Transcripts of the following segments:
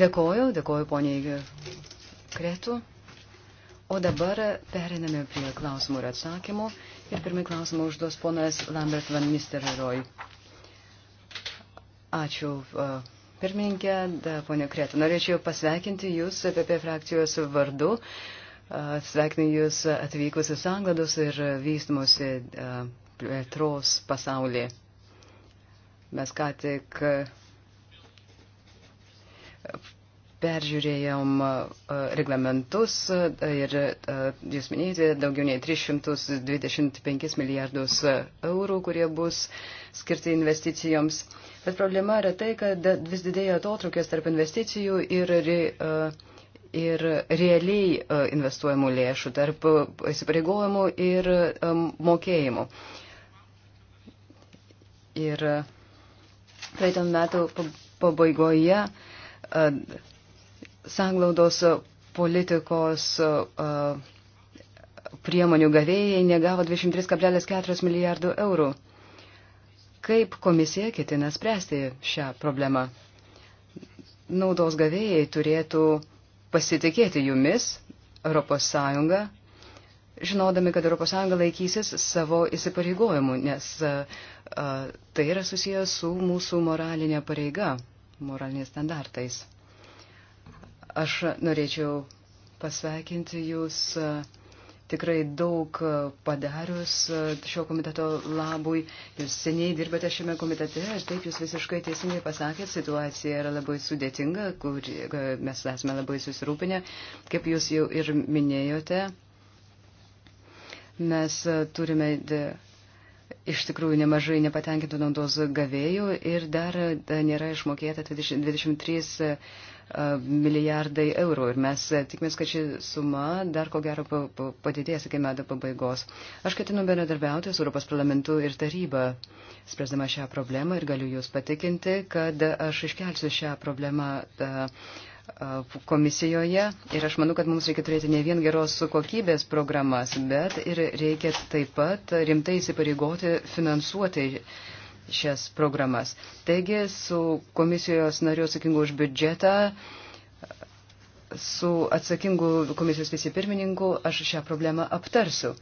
Dėkoju, dėkoju poniai Kretų. O dabar periname prie klausimų ir atsakymų. Ir pirmąjį klausimą užduos ponas Lambert van Misterroj. Ačiū. Pirmininkė, ponė Kretų, norėčiau pasveikinti Jūs apie frakcijos vardu. Sveikinu Jūs atvykus į sangladus ir vystymosi plėtros pasaulį. Mes ką tik peržiūrėjom e, reglamentus e, ir e, jūs minėjote daugiau nei 325 milijardus eurų, kurie bus skirti investicijoms. Bet problema yra tai, kad vis didėja atotrukės tarp investicijų ir, ir realiai investuojamų lėšų, tarp įsipareigojimų ir mokėjimų. Ir praeitam metų pabaigoje uh, sanglaudos politikos e, priemonių gavėjai negavo 23,4 milijardų eurų. Kaip komisija ketina spręsti šią problemą? Naudos gavėjai turėtų pasitikėti jumis, Europos Sąjunga, žinodami, kad ES laikysis savo įsipareigojimų, nes a, e, e, tai yra susijęs su mūsų moralinė pareiga moraliniais standartais. Aš norėčiau pasveikinti Jūs e, tikrai daug e, padarius e, šio komiteto labui. Jūs seniai dirbate šiame komitete, taip Jūs visiškai teisingai pasakėt, situacija yra labai sudėtinga, kur mes esame labai susirūpinę, kaip Jūs jau ir minėjote. Mes turime de iš tikrųjų nemažai nepatenkintų naudos gavėjų ir dar nėra išmokėta 23 e, milijardai eurų. Ir mes e, tikimės, kad ši suma dar ko gero padidės iki metų pabaigos. Aš ketinu bendradarbiauti su Europos parlamentu ir taryba, spręsdama šią problemą ir galiu Jūs patikinti, kad aš iškelsiu šią problemą. Ta, e, uh, komisijoje ir aš manau, kad mums reikia turėti ne vien geros kokybės programas, bet ir reikia taip pat rimtai įsipareigoti finansuoti šias programas. Taigi su komisijos nariu atsakingu už biudžetą, su atsakingu komisijos vicepirmininku aš šią problemą aptarsiu.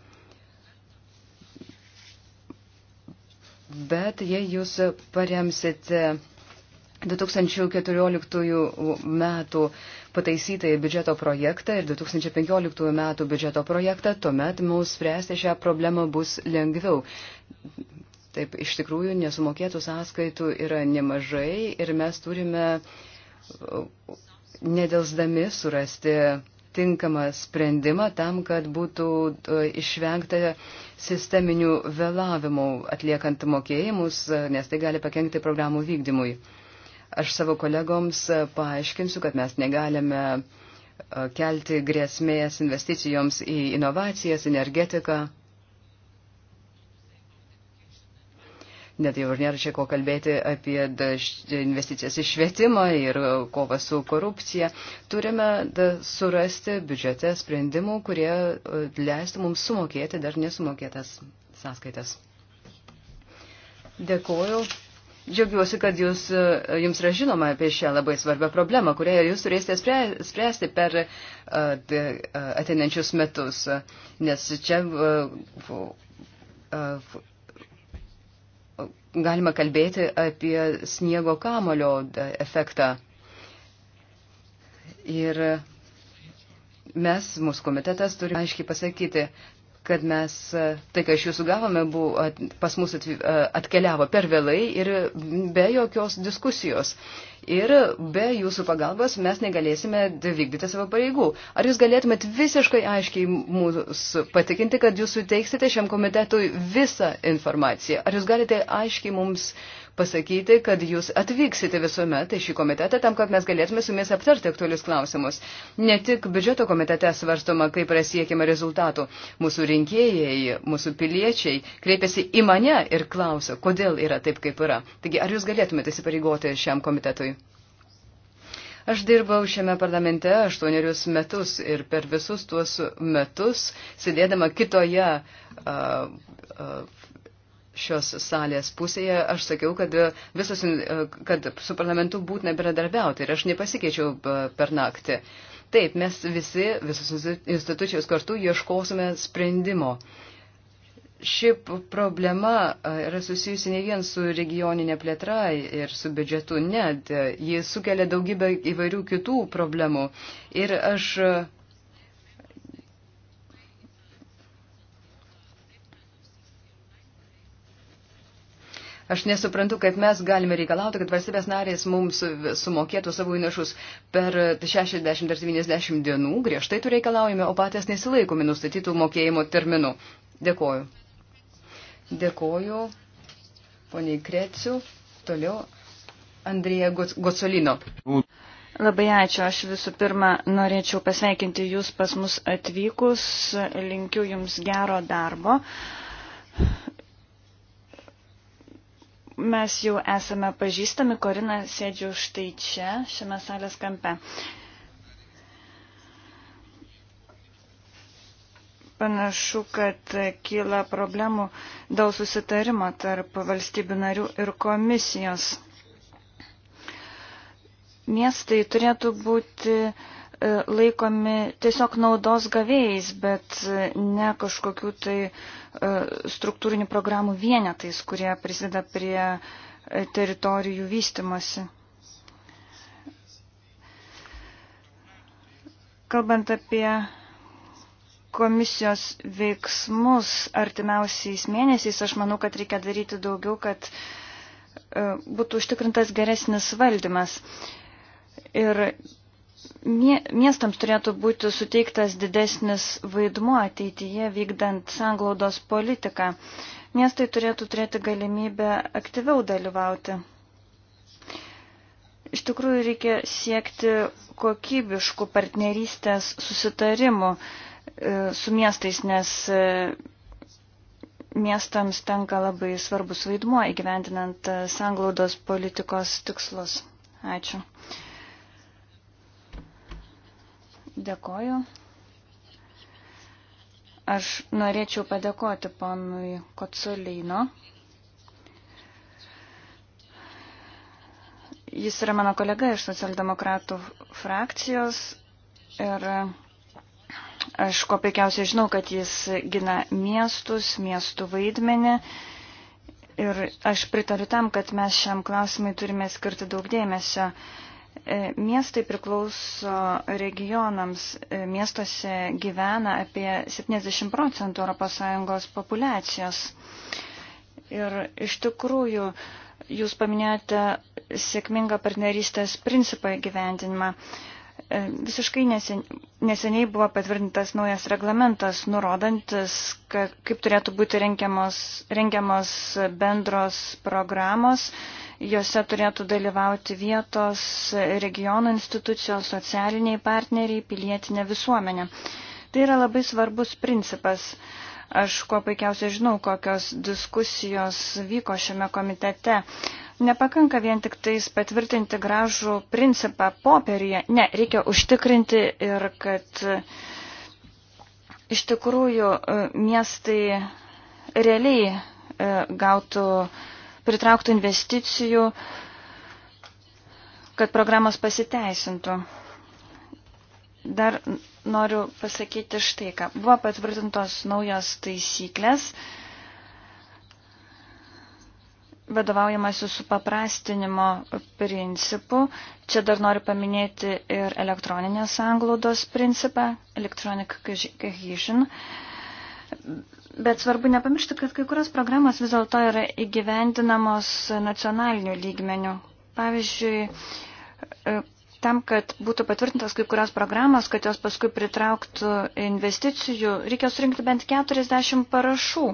Bet jei jūs paremsite 2014 metų pataisytąjį biudžeto projektą ir 2015 metų biudžeto projektą, tuomet mums spręsti šią problemą bus lengviau. Taip, iš tikrųjų, nesumokėtų sąskaitų yra nemažai ir mes turime uh, nedelsdami surasti tinkamą sprendimą tam, kad būtų uh, išvengta sisteminių vėlavimų atliekant mokėjimus, nes tai gali pakengti programų vykdymui. Aš savo kolegoms e, paaiškinsiu, kad mes negalime e, kelti grėsmės investicijoms į inovacijas, energetiką. Net jau ir nėra čia ko kalbėti apie investicijas į švietimą ir e, kovą su korupcija. Turime surasti biudžete sprendimų, kurie leistų mums sumokėti dar nesumokėtas sąskaitas. Dėkoju. Džiaugiuosi, kad jūs, e, jums yra žinoma apie šią labai svarbią problemą, kurią jūs turėsite spręsti per e, e, ateinančius metus, nes čia galima kalbėti apie sniego kamulio efektą. Ir mes, mūsų komitetas, turime aiškiai pasakyti, kad mes, tai, ką iš jūsų gavome, buvo, pas mus atkeliavo per vėlai ir be jokios diskusijos ir be jūsų pagalbos mes negalėsime vykdyti savo pareigų. Ar jūs galėtumėt visiškai aiškiai mūsų patikinti, kad jūs suteiksite šiam komitetui visą informaciją? Ar jūs galite aiškiai mums pasakyti, kad jūs atvyksite visuomet į šį komitetą tam, kad mes galėtume su jumis aptarti aktualius klausimus. Ne tik biudžeto komitete svarstoma, kaip yra siekiama rezultatų. Mūsų rinkėjai, mūsų piliečiai kreipiasi į mane ir klausia, kodėl yra taip, kaip yra. Taigi, ar jūs galėtumėte įsipareigoti šiam komitetui? Aš dirbau šiame parlamente aštuonerius metus ir per visus tuos metus, sėdėdama kitoje a, a, šios salės pusėje, aš sakiau, kad, visas, kad su parlamentu būtina bendradarbiauti ir aš nepasikeičiau per naktį. Taip, mes visi, visos institucijos kartu ieškosime sprendimo. Uh, Ši problema yra susijusi ne vien su regioninė plėtra ir su biudžetu, net ji sukelia daugybę įvairių kitų problemų. Ir aš Aš nesuprantu, kad mes galime reikalauti, kad valstybės narės mums sumokėtų savo įnašus per 60 ar 90 dienų, griežtai tų reikalaujame, o patys nesilaikome nustatytų mokėjimo terminų. Dėkoju. Dėkoju poniai Kreciu. Toliau Andrija Gocolino. Labai ačiū. Aš visų pirma norėčiau pasveikinti Jūs pas mus atvykus. Linkiu Jums gero darbo. Mes jau esame pažįstami. Korina sėdžiu štai čia, šiame salės kampe. Uh, panašu, kad kyla problemų dėl susitarimo tarp valstybių narių ir komisijos. Miestai turėtų būti e, laikomi tiesiog naudos gavėjais, bet e, ne kažkokių tai e, struktūrinių programų vienetais, kurie prisideda prie teritorijų vystimosi. Kalbant apie komisijos veiksmus artimiausiais mėnesiais, aš manau, kad reikia daryti daugiau, kad e, būtų užtikrintas geresnis valdymas. Ir miestams turėtų būti suteiktas didesnis vaidmuo ateityje vykdant sanglaudos politiką. Miestai turėtų turėti galimybę aktyviau dalyvauti. Iš tikrųjų reikia siekti kokybiškų partnerystės susitarimų E, su miestais, nes e, miestams tenka labai svarbus vaidmuo įgyventinant e, sanglaudos politikos tikslus. Ačiū. Dėkoju. Aš norėčiau padėkoti ponui Kocolino. Jis yra mano kolega iš socialdemokratų frakcijos ir Aš ko puikiausiai žinau, kad jis gina miestus, miestų vaidmenį. Ir aš pritariu tam, kad mes šiam klausimui turime skirti daug dėmesio. E, miestai priklauso regionams. E, miestuose gyvena apie 70 procentų ES populacijos. Ir iš tikrųjų, jūs paminėjote sėkmingą partnerystės principą įgyvendinimą. E, visiškai neseniai buvo patvirtintas naujas reglamentas, nurodantis, kad, kaip turėtų būti rengiamos, rengiamos bendros programos. Jose turėtų dalyvauti vietos, regiono institucijos, socialiniai partneriai, pilietinė visuomenė. Tai yra labai svarbus principas. Aš kuo puikiausiai žinau, kokios diskusijos vyko šiame komitete. Nepakanka vien tik tais patvirtinti gražų principą popieryje. Ne, reikia užtikrinti ir kad iš tikrųjų e, miestai realiai e, gautų, pritrauktų investicijų, kad programos pasiteisintų. Dar noriu pasakyti štai ką. Buvo patvirtintos naujos taisyklės vadovaujamasi su paprastinimo principu. Čia dar noriu paminėti ir elektroninės anglaudos principą, electronic cohesion. Bet svarbu nepamiršti, kad kai kurios programos vis dėlto yra įgyvendinamos nacionaliniu lygmeniu. Pavyzdžiui, e, tam, kad būtų patvirtintos kai kurios programos, kad jos paskui pritrauktų investicijų, reikia surinkti bent 40 parašų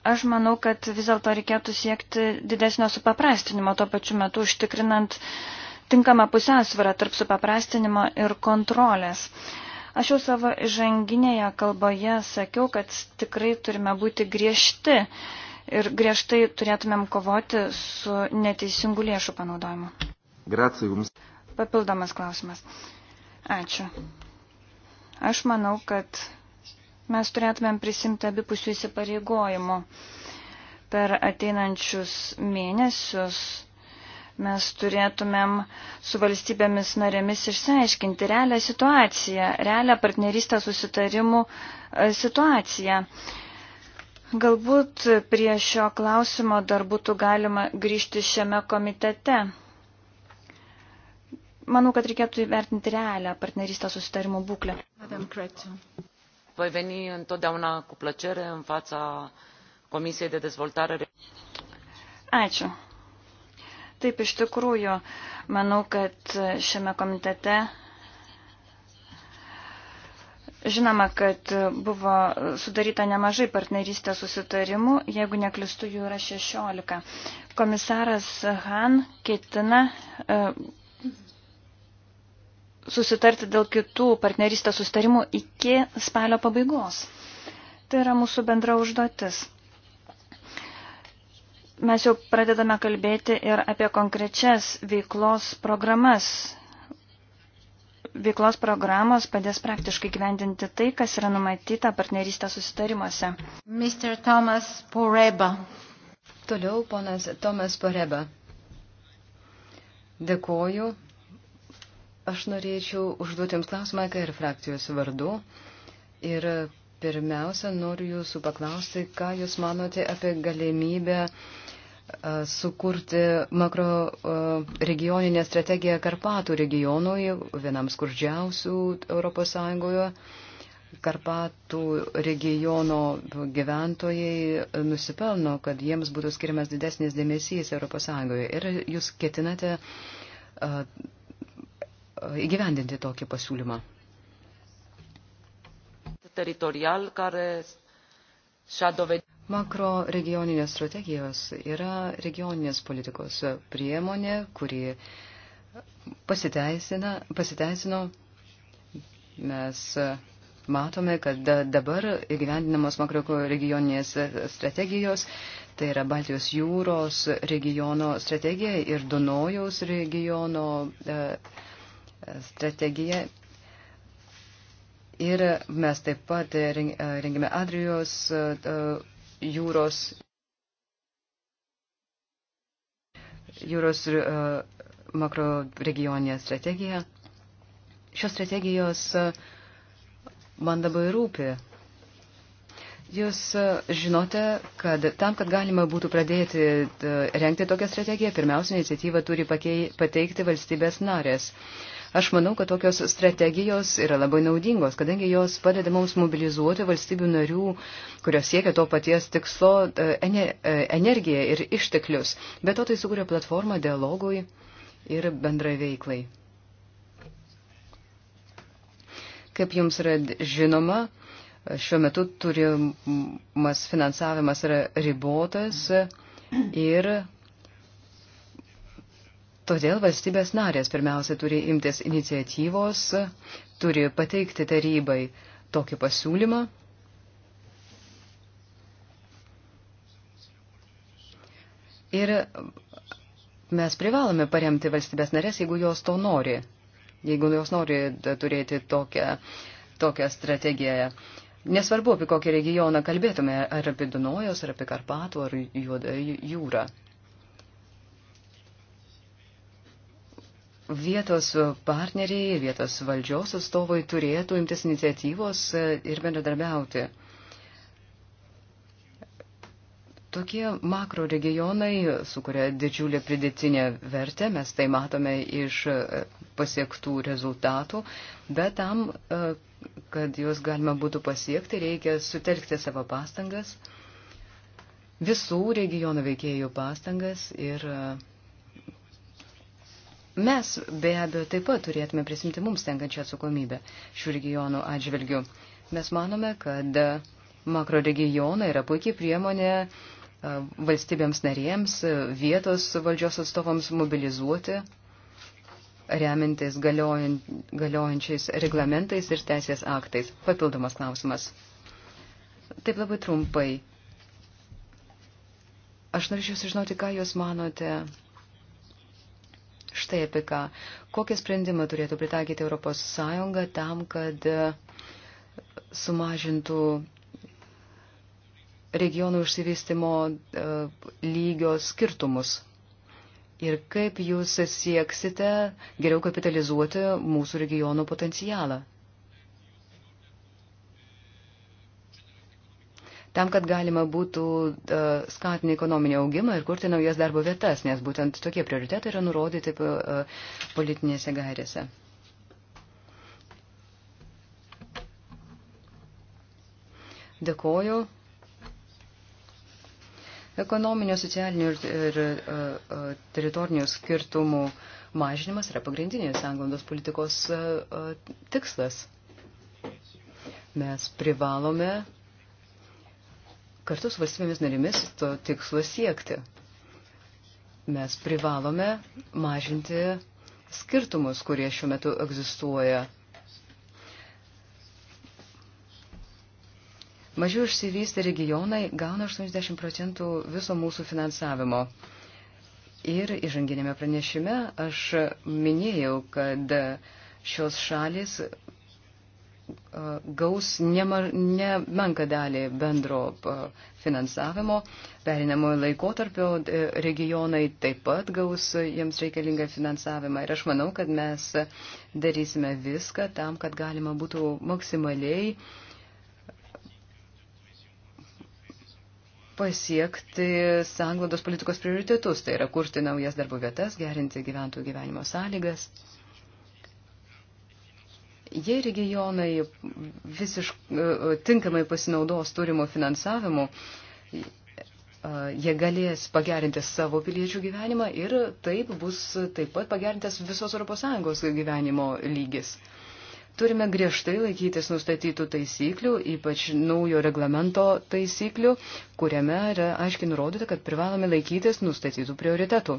Aš manau, kad vis dėlto reikėtų siekti didesnio supaprastinimo, tuo pačiu metu užtikrinant tinkamą pusiausvyrą tarp supaprastinimo ir kontrolės. Aš jau savo žanginėje kalboje sakiau, kad tikrai turime būti griežti ir griežtai turėtumėm kovoti su neteisingu lėšų panaudojimu. Gracija Jums. Papildomas klausimas. Ačiū. Aš manau, kad Mes turėtumėm prisimti abipusių įsipareigojimų. Per ateinančius mėnesius mes turėtumėm su valstybėmis narėmis išsiaiškinti realią situaciją, realią partnerystę susitarimų e, situaciją. Galbūt prie šio klausimo dar būtų galima grįžti šiame komitete. Manau, kad reikėtų įvertinti realią partnerystę susitarimų būklę. Madam Kretu voi veni întotdeauna cu plăcere în fața Comisiei de Dezvoltare. Ačiū. Taip, iš tikrųjų, manau, kad šiame komitete Žinoma, kad buvo sudaryta nemažai partnerystės susitarimų, jeigu neklistų jų yra 16. Komisaras Han ketina e, susitarti dėl kitų partnerystės sustarimų iki spalio pabaigos. Tai yra mūsų bendra užduotis. Mes jau pradedame kalbėti ir apie konkrečias veiklos programas. Veiklos programos padės praktiškai gyvendinti tai, kas yra numatyta partnerystės susitarimuose. Mr. Thomas Poreba. Toliau ponas Tomas Poreba. Dėkoju Aš norėčiau užduoti Jums klausimą, ką ir frakcijos vardu. Ir pirmiausia, noriu Jūsų paklausti, ką Jūs manote apie galimybę sukurti makro regioninę strategiją Karpatų regionui, vienam skurdžiausių ES. Karpatų regiono gyventojai nusipelno, kad jiems būtų skiriamas didesnis dėmesys ES. Ir jūs ketinate uh, įgyvendinti tokį pasiūlymą. Makro regioninės strategijos yra regioninės politikos priemonė, kuri pasiteisino. Mes matome, kad dabar įgyvendinamos makro regioninės strategijos, tai yra Baltijos jūros regiono strategija ir Dunojaus regiono. Uh, strategiją. Ir mes taip pat rengime Adrijos jūros, jūros makro regioninę strategiją. Šios strategijos man labai rūpi. Jūs žinote, kad tam, kad galima būtų pradėti rengti tokią strategiją, pirmiausia, iniciatyvą turi pateikti valstybės narės. Uh, Aš manau, kad tokios strategijos yra labai naudingos, kadangi jos padeda mums mobilizuoti valstybių narių, kurios siekia to paties tikslo e, e, energiją ir išteklius. Be to tai sukuria platformą dialogui ir bendrai veiklai. Kaip jums yra žinoma, šiuo metu turimas finansavimas yra ribotas ir Todėl valstybės narės pirmiausia turi imtis iniciatyvos, turi pateikti tarybai tokį pasiūlymą. Ir mes privalome paremti valstybės narės, jeigu jos to nori, jeigu jos nori turėti tokią, tokią strategiją. Nesvarbu, apie kokį regioną kalbėtume, ar apie Dunojos, ar apie Karpatų, ar Juodą jūrą. vietos partneriai, vietos valdžios atstovai turėtų imtis iniciatyvos e, ir bendradarbiauti. Tokie makro regionai sukuria didžiulę pridėtinę vertę, mes tai matome iš e, pasiektų rezultatų, bet tam, e, kad juos galima būtų pasiekti, reikia sutelkti savo pastangas, visų regionų veikėjų pastangas ir uh, Mes be abejo taip pat turėtume prisimti mums tenkančią atsakomybę šių regionų atžvilgių. Mes manome, kad makro regionai yra puikiai priemonė valstybėms narėms, vietos valdžios atstovams mobilizuoti, remintis galiojant, galiojančiais reglamentais ir teisės aktais. Papildomas klausimas. Taip labai trumpai. Aš norėčiau sužinoti, ką Jūs manote štai apie ką. Kokią sprendimą turėtų pritaikyti ES tam, kad e, sumažintų regionų išsivystimo e, lygio skirtumus? Ir kaip jūs sieksite geriau kapitalizuoti mūsų regionų potencialą? tam, kad galima būtų e, skatinti ekonominį augimą ir kurti naujas darbo vietas, nes būtent tokie prioritetai yra nurodyti e, politinėse gairėse. Dėkoju. Ekonominio, socialinio ir, ir e, teritorinio skirtumų mažinimas yra pagrindinis anglandos politikos tikslas. Mes privalome kartu su valstybėmis narimis to tikslo siekti. Mes privalome mažinti skirtumus, kurie šiuo metu egzistuoja. Mažiau išsivystę regionai gauna 80 procentų viso mūsų finansavimo. Ir įžanginėme pranešime aš minėjau, kad šios šalis gaus nemenka dalį bendro finansavimo. Perinamojo laikotarpio regionai taip pat gaus jiems reikalingą finansavimą. Ir aš manau, kad mes darysime viską tam, kad galima būtų maksimaliai pasiekti sanglados politikos prioritetus, tai yra kurti naujas darbo vietas, gerinti gyventojų gyvenimo sąlygas. Jei regionai visiškai e, e, tinkamai pasinaudos turimo finansavimu, e, jie galės pagerinti savo piliečių gyvenimą ir taip bus taip pat pagerintas visos ES gyvenimo lygis. Turime griežtai laikytis nustatytų taisyklių, ypač naujo reglamento taisyklių, kuriame yra aiškiai nurodyta, kad privalome laikytis nustatytų prioritetų.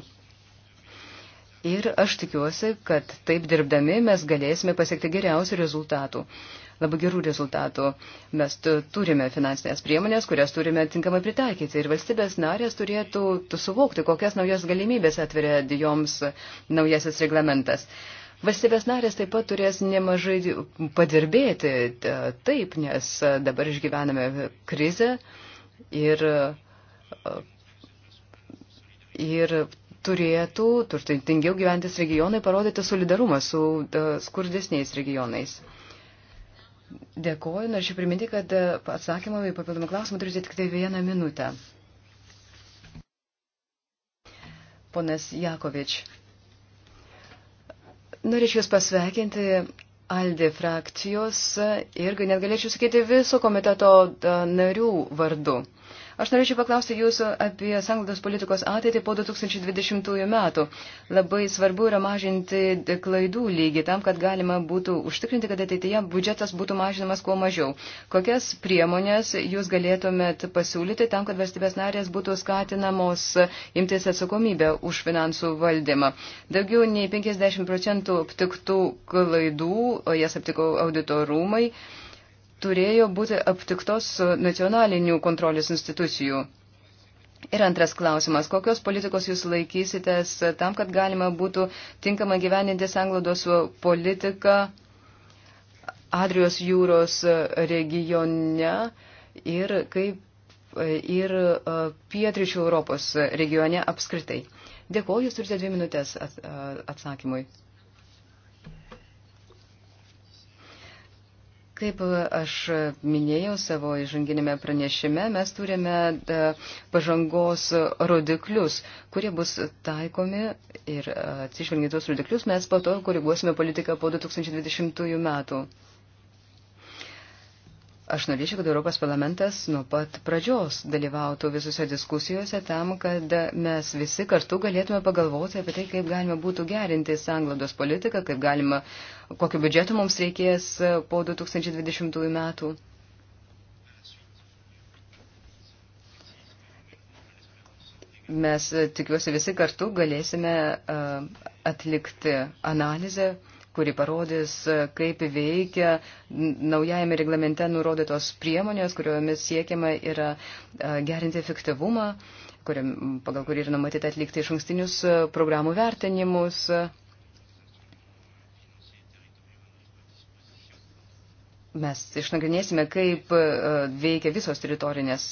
Ir aš tikiuosi, kad taip dirbdami mes galėsime pasiekti geriausių rezultatų. Labai gerų rezultatų. Mes turime finansinės priemonės, kurias turime tinkamai pritaikyti. Ir valstybės narės turėtų suvokti, kokias naujas galimybės atveria joms naujasis reglamentas. Valstybės narės taip pat turės nemažai padirbėti, taip, nes dabar išgyvename krizę ir e, Ir turėtų turtingiau gyventis regionai parodyti solidarumą su uh, skurdesniais regionais. Dėkoju, norėčiau priminti, kad e, atsakymą į papildomą klausimą turite tik tai vieną minutę. Ponas Jakovič, norėčiau Jūs pasveikinti Aldi frakcijos ir net galėčiau sakyti viso komiteto e, narių vardu. Aš norėčiau paklausti jūsų apie sanglaudos politikos ateitį po 2020 metų. Labai svarbu yra mažinti klaidų lygį tam, kad galima būtų užtikrinti, kad ateityje biudžetas būtų mažinamas kuo mažiau. Kokias priemonės jūs galėtumėt pasiūlyti tam, kad valstybės narės būtų skatinamos imtis atsakomybę už finansų valdymą? Daugiau nei 50 procentų aptiktų klaidų, jas aptiko auditorumai. rūmai turėjo būti aptiktos nacionalinių kontrolės institucijų. Ir antras klausimas, kokios politikos jūs laikysitės tam, kad galima būtų tinkamai gyveninti sanglaudos politiką Adrijos jūros regione ir, kaip, ir e, pietričių Europos regione apskritai. Dėkuoju, jūs turite dvi minutės atsakymui. Kaip aš minėjau savo įžanginėme pranešime, mes turime e, pažangos rodiklius, kurie bus taikomi ir e, atsižvelgiant tuos rodiklius mes po to koreguosime politiką po 2020 metų. Aš norėčiau, kad Europos parlamentas nuo pat pradžios dalyvautų visose diskusijose tam, kad mes visi kartu galėtume pagalvoti apie tai, kaip galima būtų gerinti sanglados politiką, kaip galima, kokiu biudžetu mums reikės po 2020 metų. Mes tikiuosi visi kartu galėsime atlikti analizę kuri parodys, e, kaip veikia naujajame reglamente nurodytos priemonės, kuriomis siekiama yra e, gerinti efektyvumą, kuriam, pagal kurį yra numatyta atlikti iš ankstinius e, programų vertinimus. Mes išnagrinėsime, kaip veikia visos teritorinės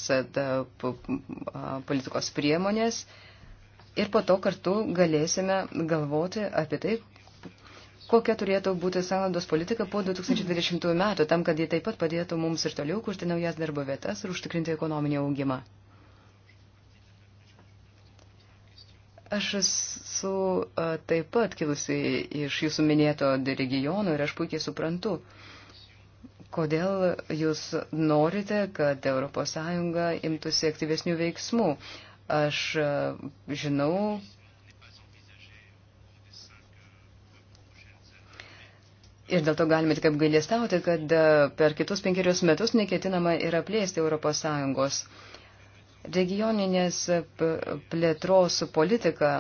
politikos priemonės ir po to kartu galėsime galvoti apie tai, kokia turėtų būti sąnaudos politika po 2020 metų, tam, kad jie taip pat padėtų mums ir toliau kurti naujas darbo vietas ir užtikrinti ekonominį augimą. Aš esu a, taip pat kilusi iš jūsų minėto regionų ir aš puikiai suprantu, kodėl jūs norite, kad ES imtųsi aktyvesnių veiksmų. Aš a, žinau, Ir dėl to galime tik apgailėstauti, kad e, per kitus penkerius metus neketinama yra plėsti ES. Regioninės plėtros politika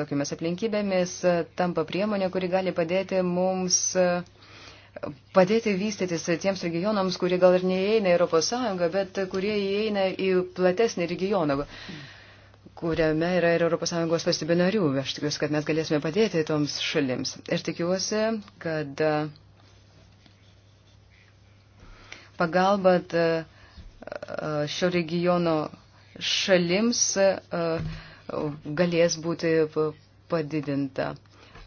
tokiamis aplinkybėmis e, tampa priemonė, kuri gali padėti mums e, padėti vystytis tiems regionams, kurie gal ir neįeina į ES, bet kurie įeina į platesnį regioną. Mm kuriame yra ir ES valstybių narių. Aš tikiuosi, kad mes galėsime padėti toms šalims. Ir tikiuosi, kad e, pagalba e, šio regiono šalims e, galės būti padidinta.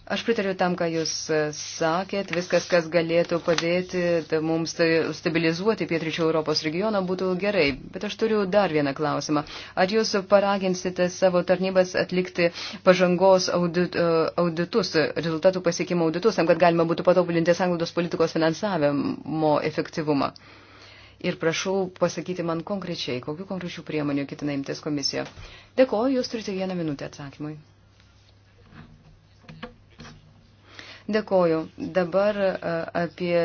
Aš pritariu tam, ką Jūs e, sakėt. Viskas, kas galėtų padėti tai mums tai stabilizuoti pietričių Europos regioną, būtų gerai. Bet aš turiu dar vieną klausimą. Ar Jūs paraginsite savo tarnybas atlikti pažangos audit, e, auditus, rezultatų pasiekimo auditus, tam, kad galima būtų patobulinti sanglaudos politikos finansavimo efektyvumą? Ir prašau pasakyti man konkrečiai, kokiu konkrečiu priemoniu ketina imtis komisija. Dėkoju, Jūs turite vieną minutę atsakymui. Dėkoju. Dabar e, apie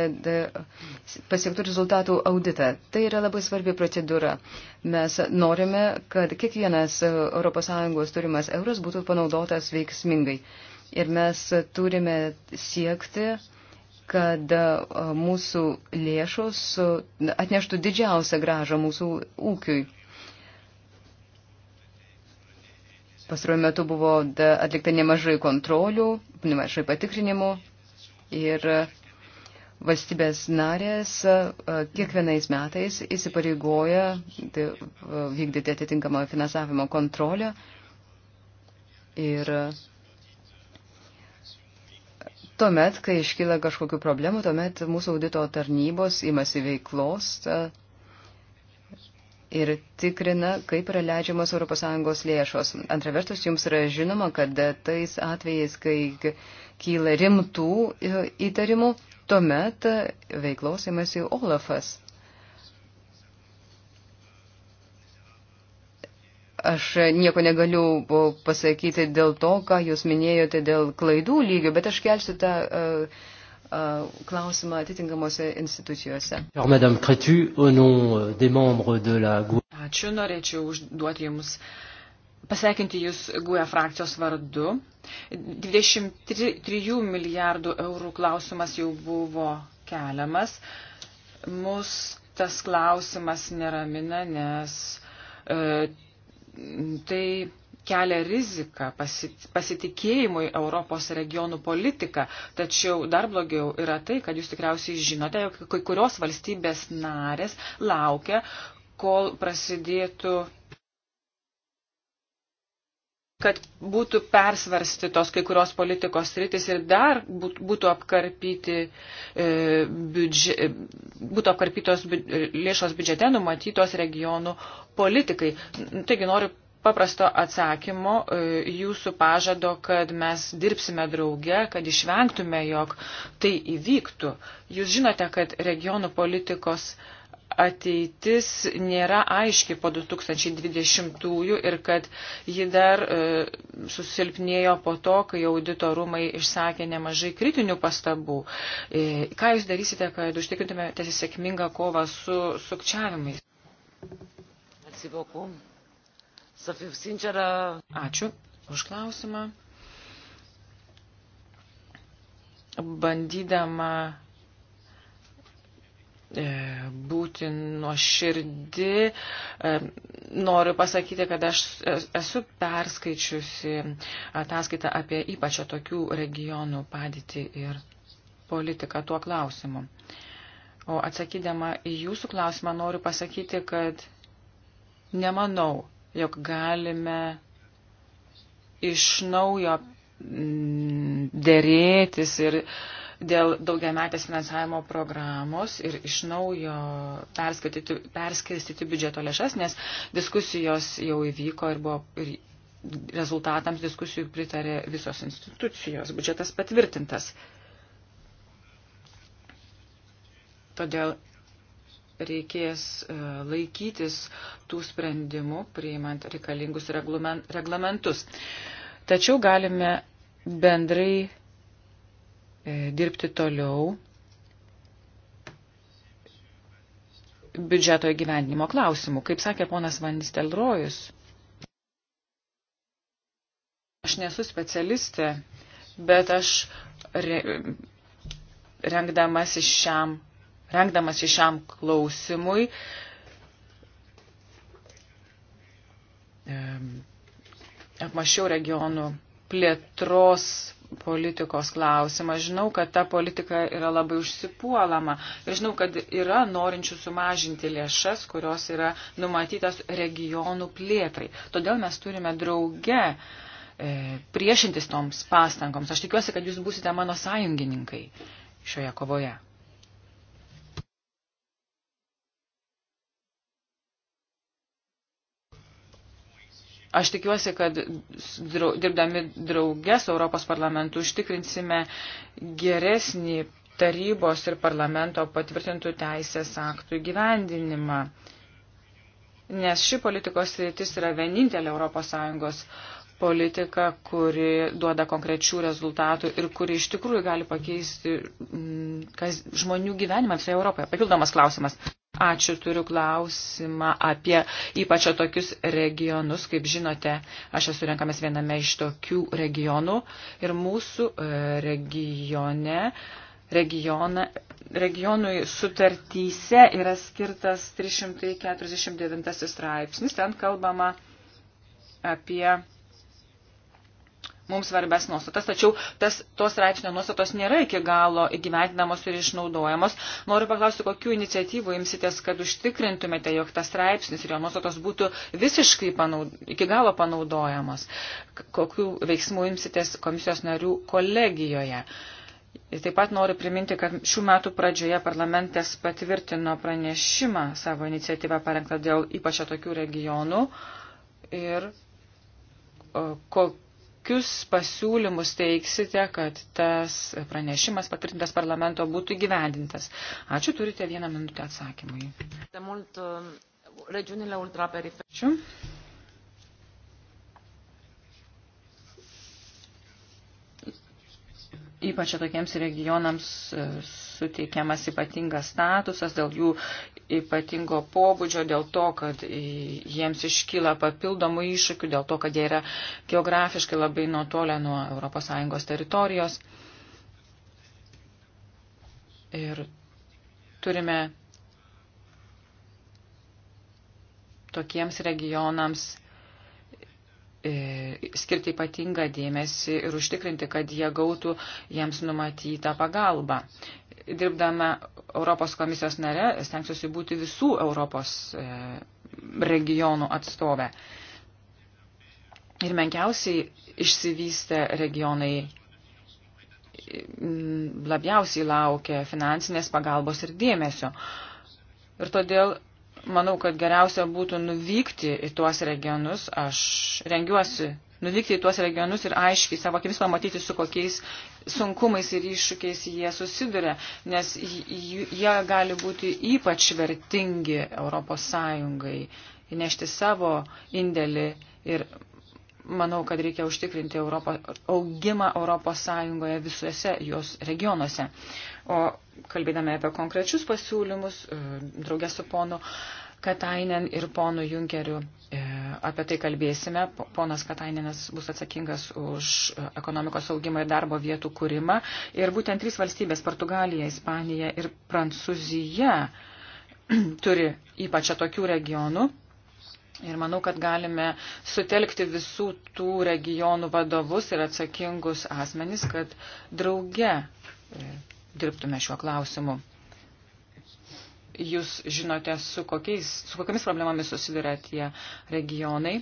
pasiektų rezultatų auditą. Tai yra labai svarbi procedūra. Mes norime, kad kiekvienas e, ES turimas euras būtų panaudotas veiksmingai. Ir mes turime siekti kad e, mūsų lėšos atneštų didžiausią gražą mūsų ūkiui. Pastaruoju metu buvo atlikta nemažai kontrolių, nemažai patikrinimų ir e, valstybės narės e, kiekvienais metais įsipareigoja tai, e, vykdyti atitinkamą finansavimo kontrolę ir tuomet, kai iškyla kažkokių problemų, tuomet mūsų audito tarnybos imasi veiklos ir tikrina, kaip yra leidžiamos ES lėšos. Antra vertus, jums yra žinoma, kad tais atvejais, kai kyla rimtų e, įtarimų, tuomet e, veiklos imasi Olafas. Aš nieko negaliu pasakyti dėl to, ką jūs minėjote dėl klaidų lygio, bet aš kelsiu tą. Uh, klausimą atitinkamuose institucijose. Euh, e. Ačiū, norėčiau užduoti Jums pasveikinti Jūs GUE frakcijos vardu. 23 milijardų eurų klausimas jau buvo keliamas. Mus tas klausimas neramina, nes e, tai kelia riziką pasitikėjimui Europos regionų politika. Tačiau dar blogiau yra tai, kad jūs tikriausiai žinote, jog kai kurios valstybės narės laukia, kol prasidėtų kad būtų persvarstytos kai kurios politikos rytis ir dar būtų, apkarpyti, e, biudžet, būtų apkarpytos biudž, lėšos biudžete numatytos regionų politikai. Taigi noriu paprasto atsakymo, e, jūsų pažado, kad mes dirbsime drauge, kad išvengtume, jog tai įvyktų. Jūs žinote, kad regionų politikos ateitis nėra aiški po 2020-ųjų ir kad ji dar e, susilpnėjo po to, kai audito rūmai išsakė nemažai kritinių pastabų. E, ką jūs darysite, kad užtikrintumėte sėkmingą kovą su sukčiavimais? Atsivokum să fiu sinceră. Ačiū už klausimą. Bandydama e, būti nuoširdi. E, noriu pasakyti, kad aš esu perskaičiusi ataskaitą apie ypač tokių regionų padėtį ir politiką tuo klausimu. O atsakydama į jūsų klausimą noriu pasakyti, kad nemanau, jog galime iš naujo mm, dėrėtis ir dėl daugiametės finansavimo programos ir iš naujo perskirstyti biudžeto lėšas, nes diskusijos jau įvyko ir buvo ir rezultatams diskusijų pritarė visos institucijos. Biudžetas patvirtintas. Todėl reikės e, laikytis tų sprendimų, priimant reikalingus reglamentus. Tačiau galime bendrai e, dirbti toliau biudžeto įgyvendinimo klausimų. Kaip sakė ponas Vandis Telrojus, aš nesu specialistė, bet aš re, rengdamas iš šiam rengdamas į šiam klausimui, apmašiau regionų plėtros politikos klausimą. Žinau, kad ta politika yra labai užsipuolama. Ir žinau, kad yra norinčių sumažinti lėšas, kurios yra numatytas regionų plėtrai. Todėl mes turime drauge e, priešintis toms pastangoms. Aš tikiuosi, kad jūs būsite mano sąjungininkai šioje kovoje. Aš tikiuosi, kad dirbdami draugės Europos parlamentu užtikrinsime geresnį tarybos ir parlamento patvirtintų teisės aktų įgyvendinimą. Nes ši politikos sritis yra vienintelė ES politika, kuri duoda konkrečių rezultatų ir kuri iš tikrųjų gali pakeisti kas, žmonių gyvenimą visoje Europoje. Papildomas klausimas. Ačiū, turiu klausimą apie ypač tokius regionus. Kaip žinote, aš esu renkamas viename iš tokių regionų ir mūsų e, regione, regiona, regionui sutartyse yra skirtas 349 straipsnis. Ten kalbama apie mums svarbes nuostatas, tačiau tas, tos straipsnio nuostatos nėra iki galo įgyvendinamos ir išnaudojamos. Noriu paklausti, kokiu iniciatyvu imsitės, kad užtikrintumėte, jog tas straipsnis ir jo nuostatos būtų visiškai panaud, iki galo panaudojamos. Kokiu veiksmu imsitės komisijos narių kolegijoje. Ir taip pat noriu priminti, kad šių metų pradžioje parlamentas patvirtino pranešimą savo iniciatyvą parengtą dėl ypač atokių regionų ir ko, kokius pasiūlymus teiksite, kad tas pranešimas patvirtintas parlamento būtų gyvendintas. Ačiū, turite vieną minutę atsakymui. Uh, Ačiū. ypač tokiems regionams uh, suteikiamas ypatingas statusas, dėl jų ypatingo pobūdžio dėl to, kad jiems iškyla papildomų iššūkių, dėl to, kad jie yra geografiškai labai nuotolę nuo ES teritorijos. Ir turime tokiems regionams E, skirti ypatingą dėmesį ir užtikrinti, kad jie gautų jiems numatytą pagalbą. Dirbdama Europos komisijos nare, stengsiuosi būti visų Europos e, regionų atstovę. Ir menkiausiai išsivystę regionai e, labiausiai laukia finansinės pagalbos ir dėmesio. Ir todėl manau, kad geriausia būtų nuvykti į tuos regionus. Aš rengiuosi nuvykti į tuos regionus ir aiškiai savo akimis pamatyti, su kokiais sunkumais ir iššūkiais jie susiduria, nes jie gali būti ypač vertingi Europos Sąjungai, įnešti savo indėlį ir manau, kad reikia užtikrinti Europo, augimą Europos Sąjungoje visuose jos regionuose. O kalbėdami apie konkrečius pasiūlymus, e, draugė su ponu Katainen ir ponu Junkeriu, e, apie tai kalbėsime. Ponas Katainenas bus atsakingas už e, ekonomikos augimą ir darbo vietų kūrimą. Ir būtent trys valstybės - Portugalija, Ispanija ir Prancūzija turi ypač atokių regionų Ir manau, kad galime sutelkti visų tų regionų vadovus ir atsakingus asmenys, kad drauge e, dirbtume šiuo klausimu. Jūs žinote, su, kokiais, su kokiamis problemomis susiduria tie regionai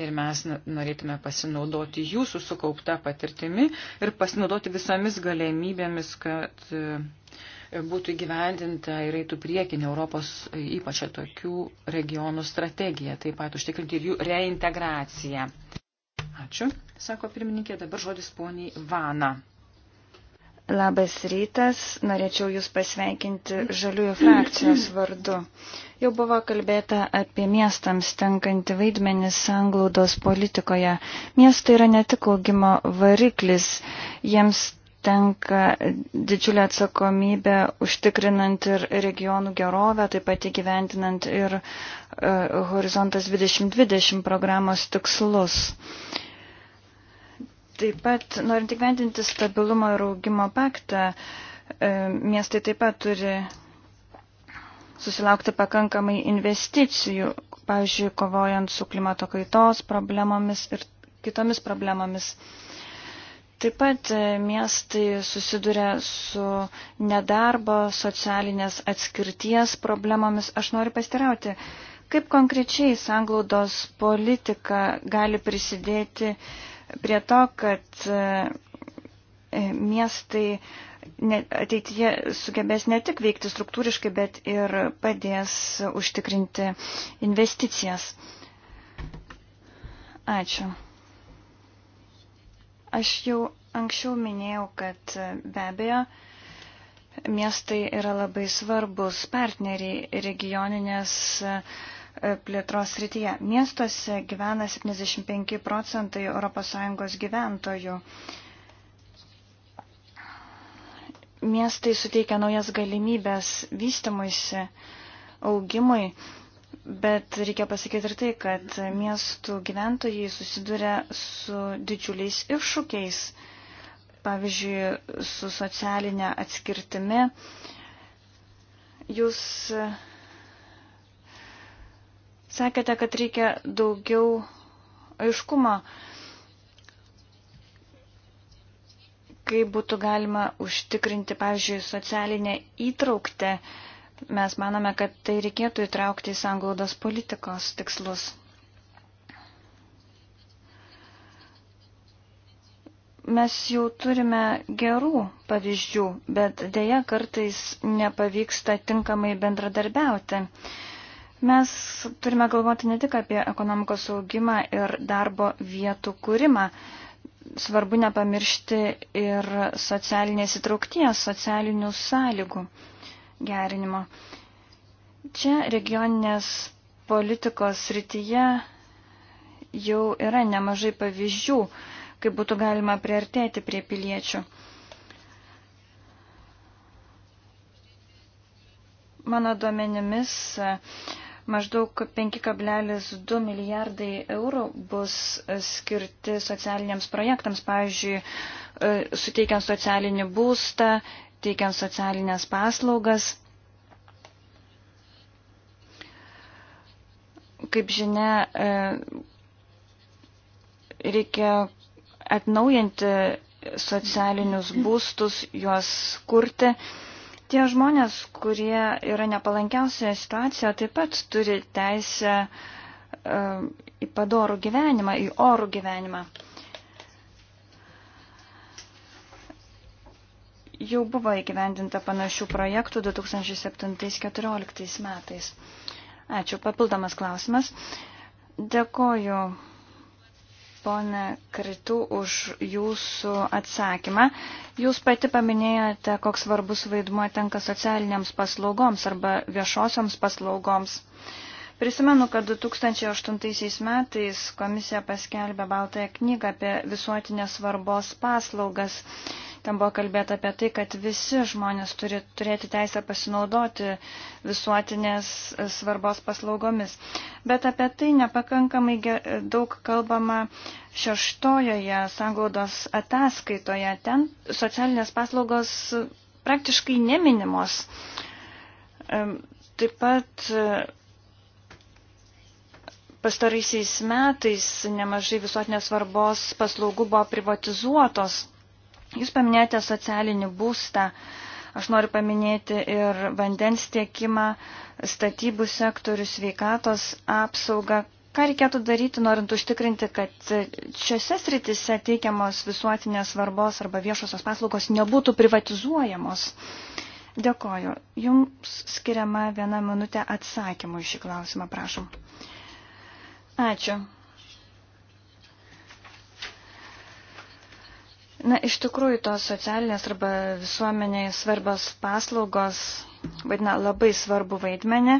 ir mes norėtume pasinaudoti jūsų sukaupta patirtimi ir pasinaudoti visomis galimybėmis, kad e, būtų gyvendinta ir eitų priekinė Europos, ypač tokių regionų strategija, taip pat užtikrinti ir jų reintegraciją. Ačiū, sako pirmininkė, dabar žodis poniai Vana. Labas rytas, norėčiau Jūs pasveikinti žaliųjų frakcijos vardu. Jau buvo kalbėta apie miestams tenkantį vaidmenį sanglaudos politikoje. Miestai yra ne tik augimo variklis, jiems tenka didžiulė atsakomybė užtikrinant ir regionų gerovę, taip pat įgyventinant ir e, Horizontas 2020 programos tikslus. Taip pat, norint įgyventinti stabilumo ir augimo paktą, e, miestai taip pat turi susilaukti pakankamai investicijų, pavyzdžiui, kovojant su klimato kaitos problemomis ir kitomis problemomis. Taip pat e, miestai susiduria su nedarbo, socialinės atskirties problemomis. Aš noriu pastirauti, kaip konkrečiai sanglaudos politika gali prisidėti prie to, kad e, e, miestai ateityje sugebės ne tik veikti struktūriškai, bet ir padės užtikrinti investicijas. Ačiū. Aš jau anksčiau minėjau, kad be abejo, miestai yra labai svarbus partneriai regioninės e, plėtros srityje. Miestuose gyvena 75 procentai ES gyventojų. Miestai suteikia naujas galimybės vystimuisi, augimui Bet reikia pasakyti ir tai, kad miestų gyventojai susiduria su didžiuliais iššūkiais, pavyzdžiui, su socialinė atskirtimi. Jūs sakėte, kad reikia daugiau aiškumo, kaip būtų galima užtikrinti, pavyzdžiui, socialinę įtrauktę Mes manome, kad tai reikėtų įtraukti į sanglaudos politikos tikslus. Mes jau turime gerų pavyzdžių, bet dėja kartais nepavyksta tinkamai bendradarbiauti. Mes turime galvoti ne tik apie ekonomikos augimą ir darbo vietų kūrimą, svarbu nepamiršti ir socialinės įtraukties, socialinių sąlygų gerinimo. Čia regioninės politikos rytyje jau yra nemažai pavyzdžių, kaip būtų galima priartėti prie piliečių. Mano duomenimis maždaug 5,2 milijardai eurų bus skirti socialiniams projektams, pavyzdžiui, suteikiant socialinį būstą, teikiant socialinės paslaugas. Kaip žinia, e, reikia atnaujinti socialinius būstus, juos kurti. Tie žmonės, kurie yra nepalankiausioje situacijoje, taip pat turi teisę e, į padorų gyvenimą, į orų gyvenimą. jau buvo įgyvendinta panašių projektų 2007-2014 metais. Ačiū. Papildomas klausimas. Dėkoju, ponė Kritų, už jūsų atsakymą. Jūs pati paminėjote, koks svarbus vaidmuo tenka socialiniams paslaugoms arba viešosioms paslaugoms. Prisimenu, kad 2008 metais komisija paskelbė Baltąją knygą apie visuotinės svarbos paslaugas. Ten buvo kalbėta apie tai, kad visi žmonės turi turėti teisę pasinaudoti visuotinės svarbos paslaugomis. Bet apie tai nepakankamai daug kalbama šeštojoje sanglaudos ataskaitoje. Ten socialinės paslaugos praktiškai neminimos. Taip pat e, pastaraisiais metais nemažai visuotinės svarbos paslaugų buvo privatizuotos. Jūs paminėjote socialinį būstą, aš noriu paminėti ir vandens tiekimą, statybų sektorių, sveikatos apsaugą. Ką reikėtų daryti, norint užtikrinti, kad šiose sritise teikiamos visuotinės svarbos arba viešosios paslaugos nebūtų privatizuojamos? Dėkoju. Jums skiriama viena minutė atsakymų iš šį klausimą, prašom. Ačiū. Na, iš tikrųjų, tos socialinės arba visuomeniai svarbios paslaugos vaidina labai svarbu vaidmenį.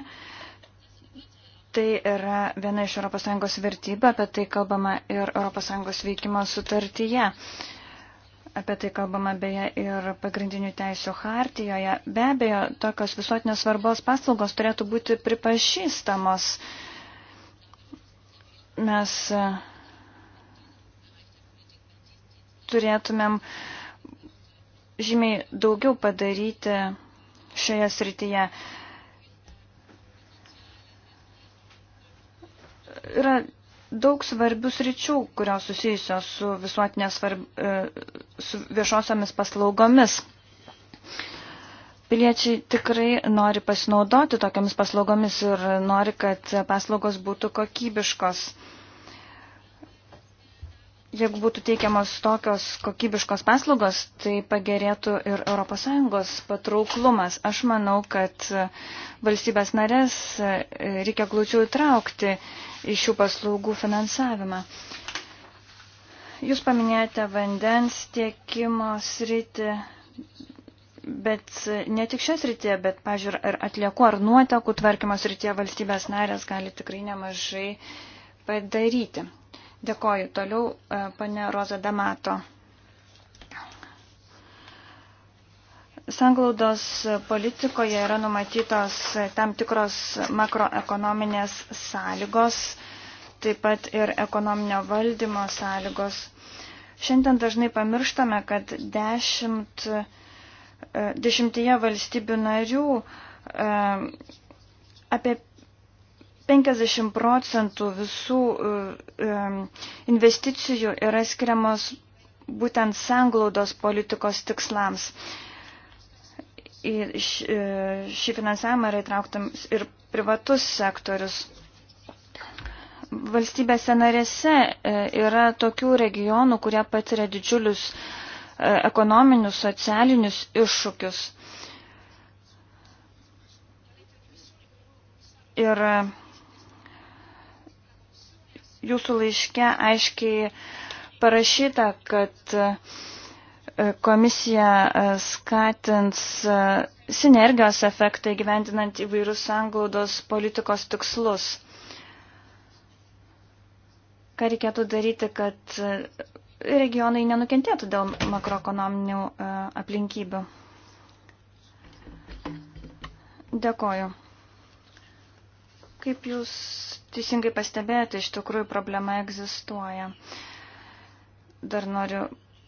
Tai yra viena iš ES vertybių, apie tai kalbama ir ES veikimo sutartyje. Apie tai kalbama beje ir pagrindinių teisų hartijoje. Be abejo, tokios visuotinės svarbos paslaugos turėtų būti pripažįstamos. Mes turėtumėm žymiai daugiau padaryti šioje srityje. Yra daug svarbių sričių, kurios susijusios su visuotinės svarb... E, su viešosiomis paslaugomis. Piliečiai tikrai nori pasinaudoti tokiamis paslaugomis ir nori, kad paslaugos būtų kokybiškos jeigu būtų teikiamos tokios kokybiškos paslaugos, tai pagerėtų ir ES patrauklumas. Aš manau, kad valstybės narės e, reikia glūčiau įtraukti į šių paslaugų finansavimą. Jūs paminėjote vandens tiekimo sritį, bet ne tik šios srityje, bet, pažiūrėjau, ir atlieku ar nuotekų tvarkymo srityje valstybės narės gali tikrai nemažai padaryti. Dėkoju. Toliau e, pane Roza Damato. Sanglaudos politikoje yra numatytos tam tikros makroekonominės sąlygos, taip pat ir ekonominio valdymo sąlygos. Šiandien dažnai pamirštame, kad dešimt, e, dešimtyje valstybių narių e, apie 50 procentų visų e, e, investicijų yra skiriamos būtent sanglaudos politikos tikslams. Į e, šį finansavimą yra įtrauktas ir privatus sektorius. Valstybėse narėse yra tokių regionų, kurie patiria didžiulius ekonominius, socialinius iššūkius. Ir jūsų laiške aiškiai parašyta, kad e, komisija e, skatins e, sinergijos efektą įgyvendinant įvairius sanglaudos politikos tikslus. Ką reikėtų daryti, kad regionai nenukentėtų dėl makroekonominių aplinkybių? Dėkoju. Kaip jūs teisingai pastebėjote, iš tikrųjų problema egzistuoja. Dar noriu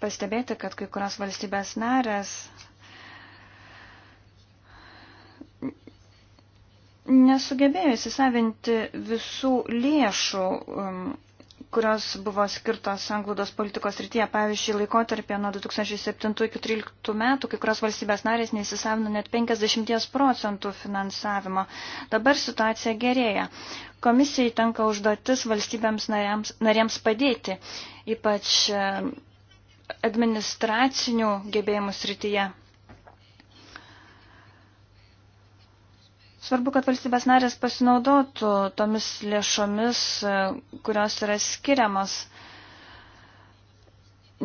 pastebėti, kad kai kurios valstybės narės nesugebėjo įsisavinti visų lėšų um, kurios buvo skirtos anglodos politikos rytyje. Pavyzdžiui, laikotarpė nuo 2007 iki 2013 metų kai kurios valstybės narės neįsisavino net 50 procentų finansavimo. Dabar situacija gerėja. Komisijai tenka užduotis valstybėms narėms, narėms padėti, ypač e, administracinių gebėjimų srityje. Svarbu, kad valstybės narės pasinaudotų tomis lėšomis, e, kurios yra skiriamas,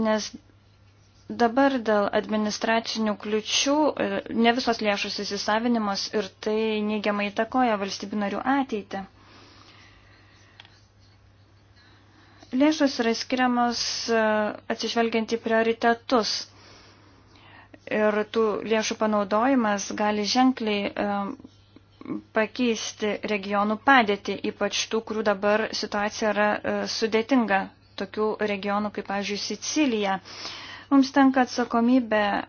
nes dabar dėl administracinių kliučių e, ne visos lėšos įsisavinimas ir tai neigiamai įtakoja valstybių narių ateitį. Lėšos yra skiriamas e, atsižvelgiant į prioritetus ir tų lėšų panaudojimas gali ženkliai pakeisti regionų padėtį, ypač tų, kurių dabar situacija yra e, sudėtinga, tokių regionų kaip, pavyzdžiui, Sicilija. Mums tenka atsakomybė e,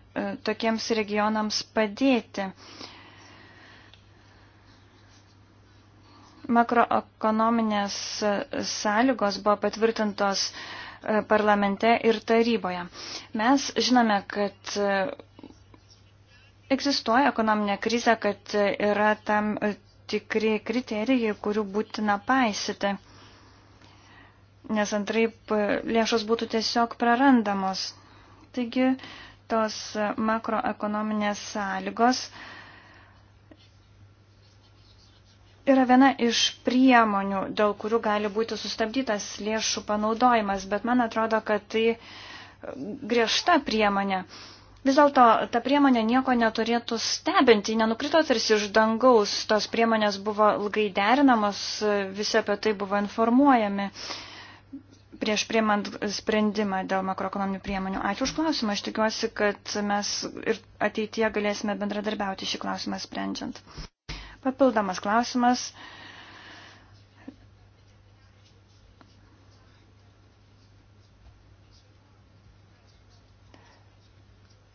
tokiems regionams padėti. Makroekonominės e, sąlygos buvo patvirtintos parlamente ir taryboje. Mes žinome, kad egzistuoja ekonominė krizė, kad yra tam tikri kriterijai, kurių būtina paisyti, nes antraip lėšos būtų tiesiog prarandamos. Taigi tos makroekonominės sąlygos yra viena iš priemonių, dėl kurių gali būti sustabdytas lėšų panaudojimas, bet man atrodo, kad tai griežta priemonė. Vis dėlto ta priemonė nieko neturėtų stebinti, nenukrito tarsi iš dangaus, tos priemonės buvo ilgai derinamos, visi apie tai buvo informuojami prieš priemant sprendimą dėl makroekonominių priemonių. Ačiū už klausimą, aš tikiuosi, kad mes ir ateityje galėsime bendradarbiauti šį klausimą sprendžiant. Papildomas klausimas. Uh,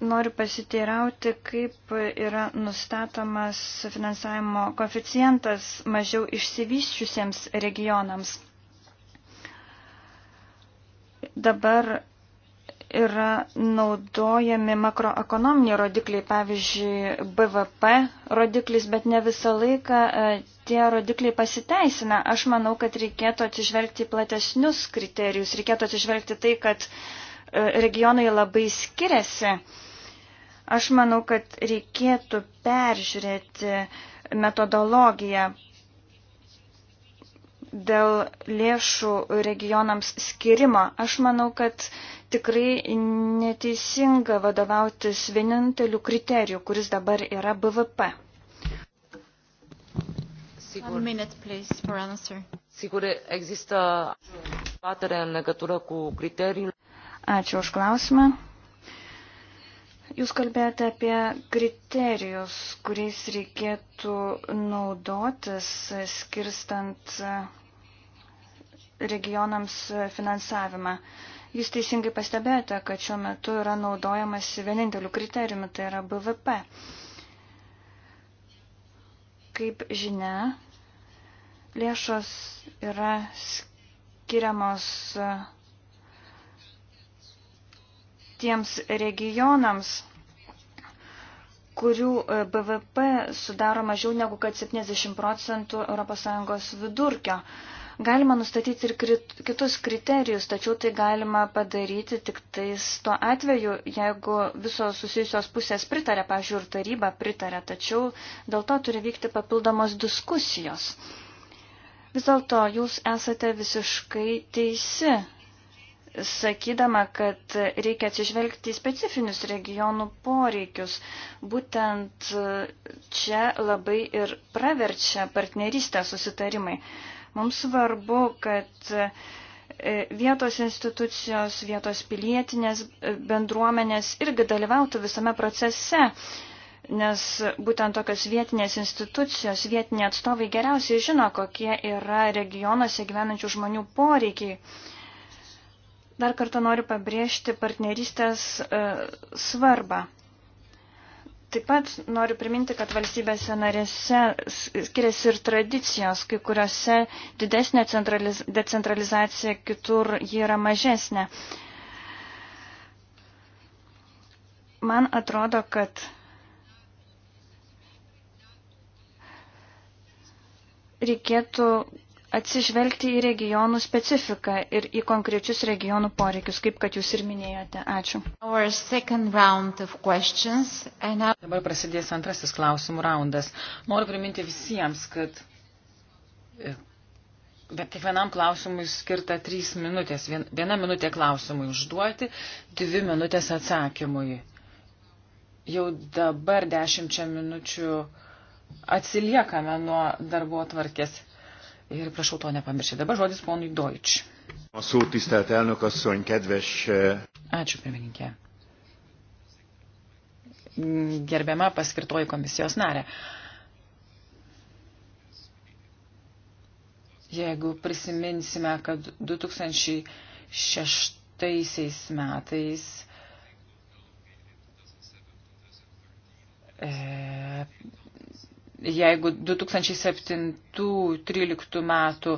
Noriu pasiteirauti, kaip yra nustatomas finansavimo koeficientas mažiau išsivyščiusiems regionams. Dabar yra naudojami makroekonominiai rodikliai, pavyzdžiui, BVP rodiklis, bet ne visą laiką e, tie rodikliai pasiteisina. Aš manau, kad reikėtų atsižvelgti platesnius kriterijus, reikėtų atsižvelgti tai, kad e, regionai labai skiriasi. Aš manau, kad reikėtų peržiūrėti metodologiją dėl lėšų regionams skirimo. Aš manau, kad tikrai neteisinga vadovautis vieninteliu kriteriju, kuris dabar yra BVP. Sigur, minute, please, for answer. Sigur există dezbatere în legătură cu criteriul. Ačiū už klausimą. Jūs kalbėjote apie kriterijus, kuriais reikėtų naudotis, skirstant regionams finansavimą. Jūs teisingai pastebėjote, kad šiuo metu yra naudojamas vieninteliu kriterijumi, tai yra BVP. Kaip žinia, lėšos yra skiriamos tiems regionams, kurių e, BVP sudaro mažiau negu kad 70 procentų ES vidurkio. Galima nustatyti ir krit, kitus kriterijus, tačiau tai galima padaryti tik tais tuo atveju, jeigu visos susijusios pusės pritarė, pažiūrėjau, ir taryba pritarė, tačiau dėl to turi vykti papildomos diskusijos. Vis dėlto jūs esate visiškai teisi, sakydama, kad reikia atsižvelgti į specifinius regionų poreikius. Būtent čia labai ir praverčia partnerystę susitarimai. Mums svarbu, kad e, vietos institucijos, vietos pilietinės e, bendruomenės irgi dalyvautų visame procese, nes būtent tokios vietinės institucijos, vietiniai atstovai geriausiai žino, kokie yra regionuose gyvenančių žmonių poreikiai. Dar kartą noriu pabrėžti partnerystės e, svarbą. Taip pat noriu priminti, kad valstybėse narėse skiriasi ir tradicijos, kai kuriuose didesnė centraliz decentralizacija, kitur ji yra mažesnė. Man atrodo, kad reikėtų atsižvelgti į regionų specifiką ir į konkrečius regionų poreikius, kaip kad jūs ir minėjote. Ačiū. Dabar prasidės antrasis klausimų raundas. Noriu priminti visiems, kad bet kiekvienam klausimui skirta trys minutės. Viena minutė klausimui užduoti, dvi minutės atsakymui. Jau dabar dešimčia minučių atsiliekame nuo darbo tvarkės ir prašau to nepamiršti. Dabar žodis ponui Deutsch. A szó tisztelt elnök asszony, kedves... E, Ačiū, pirmininkė. Gerbiama paskirtoji komisijos narė. Jeigu prisiminsime, kad 2006 metais e, jeigu 2007-2013 metų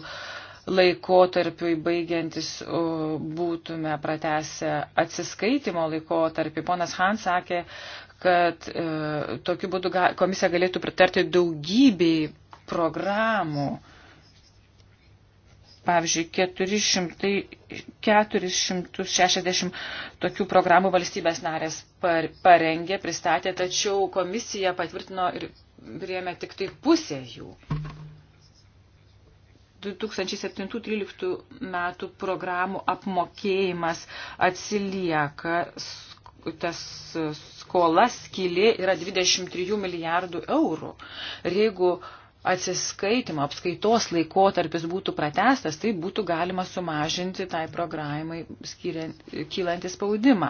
laikotarpiui baigiantis būtume pratęsę atsiskaitimo laikotarpį. Ponas Han sakė, kad e, tokiu būdu ga, komisija galėtų pritarti daugybei programų. Pavyzdžiui, 400, 460 tokių programų valstybės narės par, parengė, pristatė, tačiau komisija patvirtino ir priėmė tik tai pusę jų. 2007-2013 metų programų apmokėjimas atsilieka, tas skola skylė yra 23 milijardų eurų. Ir jeigu uh, atsiskaitimo apskaitos laikotarpis būtų pratestas, tai būtų galima sumažinti tai programai kylantį spaudimą.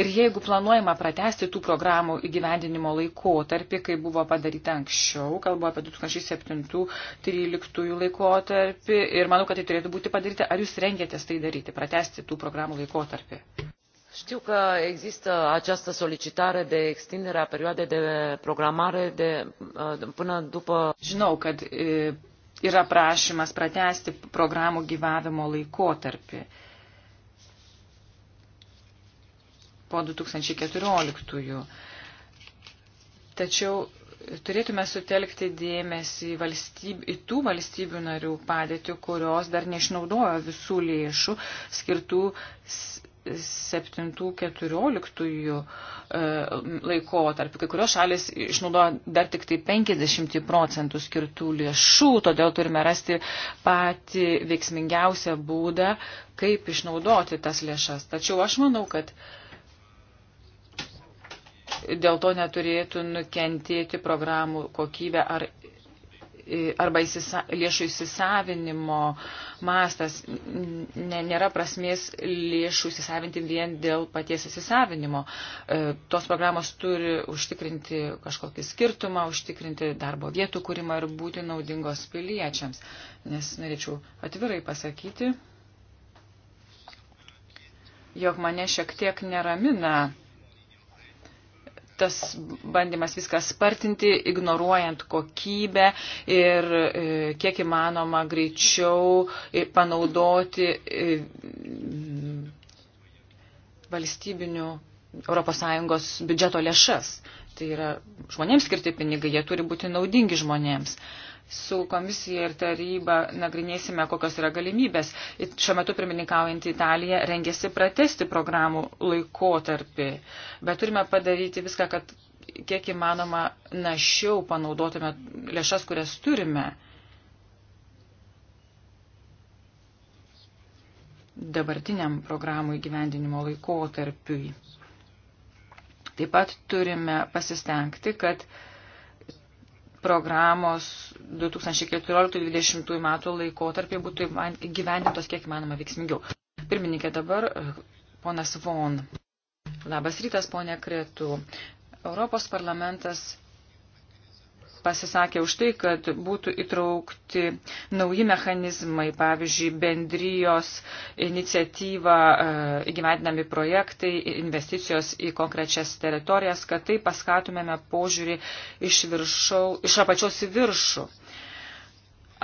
Ir jeigu planuojama pratesti tų programų įgyvendinimo laikotarpį, kai buvo padaryta anksčiau, kalbu apie 2007-2013 laikotarpį, ir manau, kad tai turėtų būti padaryti, ar jūs rengėtės tai daryti, pratesti tų programų laikotarpį? știu că există această solicitare de extindere a perioadei de programare de, uh, până după. Žinau, kad e, yra prašymas pratesti programų gyvavimo laikotarpį po 2014. Tačiau turėtume sutelkti dėmesį į, valstyb, į tų valstybių narių padėtį, kurios dar neišnaudojo visų lėšų skirtų 7-14 e, laikotarpį. Kai kurios šalis išnaudoja dar tik tai 50 procentų skirtų lėšų, todėl turime rasti patį veiksmingiausią būdą, kaip išnaudoti tas lėšas. Tačiau aš manau, kad dėl to neturėtų nukentėti programų kokybė ar arba įsisa, lėšų įsisavinimo mastas ne, nėra prasmės lėšų įsisavinti vien dėl paties įsisavinimo. E, tos programos turi užtikrinti kažkokį skirtumą, užtikrinti darbo vietų kūrimą ir būti naudingos piliečiams. Nes norėčiau atvirai pasakyti, jog mane šiek tiek neramina tas bandymas viską spartinti, ignoruojant kokybę ir e, kiek įmanoma greičiau panaudoti e, valstybinių ES biudžeto lėšas. Tai yra žmonėms skirti pinigai, jie turi būti naudingi žmonėms. Uh, su komisija ir taryba nagrinėsime, kokios yra galimybės. Šiuo metu pirmininkaujantį Italiją rengėsi pratesti programų laikotarpį, bet turime padaryti viską, kad kiek įmanoma našiau panaudotume lėšas, kurias turime. dabartiniam programų įgyvendinimo laikotarpiui. Taip pat turime pasistengti, kad uh, programos 2014-2020 metų laikotarpį būtų gyvendintos kiek įmanoma veiksmingiau. Pirmininkė dabar, e, ponas Von. Labas rytas, ponė Kretu. Europos parlamentas pasisakė už tai, kad būtų įtraukti nauji mechanizmai, pavyzdžiui, bendrijos iniciatyva, e, įgyvendinami projektai, investicijos į konkrečias teritorijas, kad tai paskatumėme požiūrį iš, viršau, iš apačios į viršų.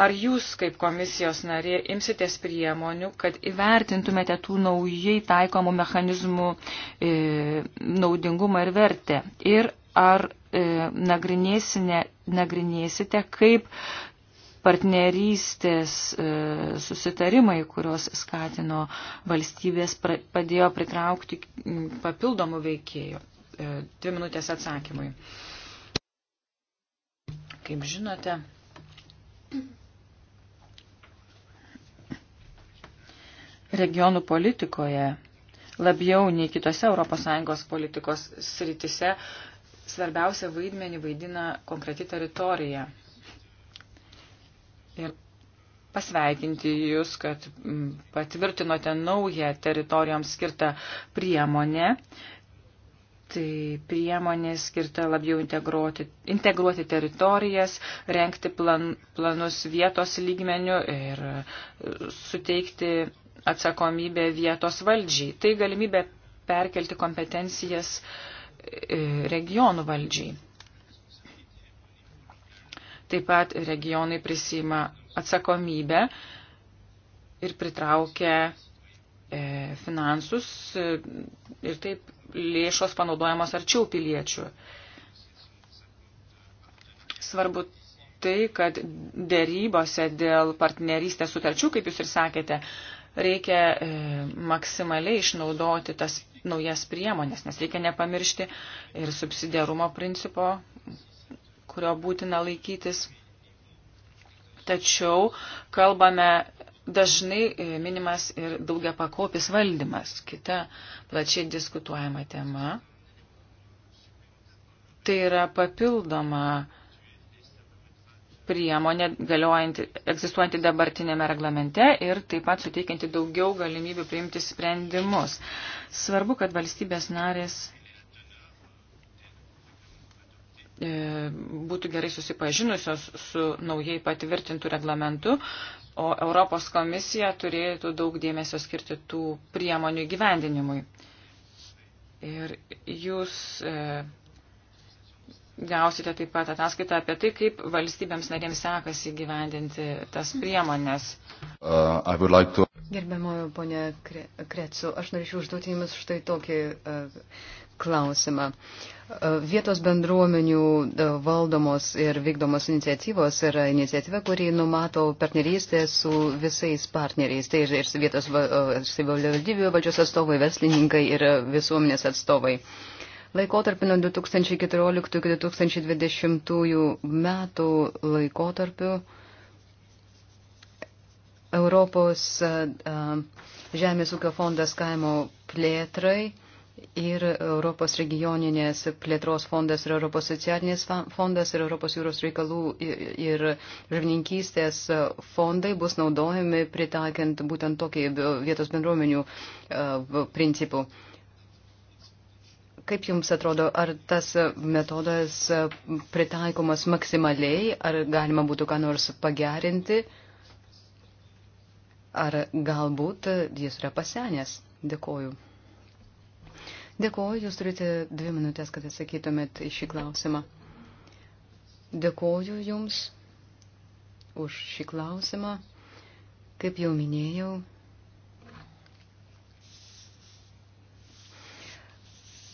Ar jūs, kaip komisijos narė, imsitės priemonių, kad įvertintumėte tų naujai taikomų mechanizmų e, naudingumą ir vertę? Ir ar e, nagrinėsite, kaip partnerystės e, susitarimai, kurios skatino valstybės, pra, padėjo pritraukti papildomų veikėjų. E, dvi minutės atsakymui. Kaip žinote, regionų politikoje labiau nei kitose ES politikos sritise svarbiausia vaidmenį vaidina konkreti teritorija. Ir pasveikinti Jūs, kad mm, patvirtinote naują teritorijoms skirtą priemonę. Tai priemonė skirta labiau integruoti, integruoti teritorijas, renkti plan, planus vietos lygmenių ir e, suteikti atsakomybę vietos valdžiai. Tai galimybė perkelti kompetencijas uh, E, regionų valdžiai. Taip pat regionai prisima atsakomybę ir pritraukia e, finansus e, ir taip lėšos panaudojamos arčiau piliečių. Svarbu tai, kad dėrybose dėl partnerystės sutarčių, kaip jūs ir sakėte, reikia e, maksimaliai išnaudoti tas naujas priemonės, nes reikia nepamiršti ir subsidiarumo principo, kurio būtina laikytis. Tačiau kalbame dažnai e, minimas ir daugia pakopis valdymas, kita plačiai diskutuojama tema. Tai yra papildoma priemonė galiojanti, egzistuojanti dabartinėme reglamente ir taip pat suteikianti daugiau galimybių priimti sprendimus. Svarbu, kad valstybės narės e, būtų gerai susipažinusios su naujai patvirtintų reglamentu, o Europos komisija turėtų daug dėmesio skirti tų priemonių gyvendinimui. Ir jūs e, gausite taip pat ataskaitą apie tai, kaip valstybėms narėms sekasi gyvendinti tas priemonės. Uh, like to... Gerbiamojo ponė Kre Kretsu, aš norėčiau užduoti Jums štai tokį uh, klausimą. Uh, vietos bendruomenių uh, valdomos ir vykdomos iniciatyvos yra iniciatyva, kuri numato partnerystę su visais partneriais. Tai ir, ir vietos uh, savivaldybių valdžios atstovai, verslininkai ir visuomenės atstovai. Uh, laikotarpį nuo 2014 iki 2020 metų laikotarpiu Europos Žemės ūkio fondas kaimo plėtrai ir Europos regioninės plėtros fondas ir Europos socialinės fondas ir Europos jūros reikalų ir žuvininkystės fondai bus naudojami pritaikant būtent tokį vietos bendruomenių principų. Kaip Jums atrodo, ar tas metodas pritaikomas maksimaliai, ar galima būtų ką nors pagerinti, ar galbūt jis yra pasenęs? Dėkoju. Dėkoju, jūs turite dvi minutės, kad atsakytumėt į šį klausimą. Dėkoju jums už šį klausimą. Kaip jau minėjau,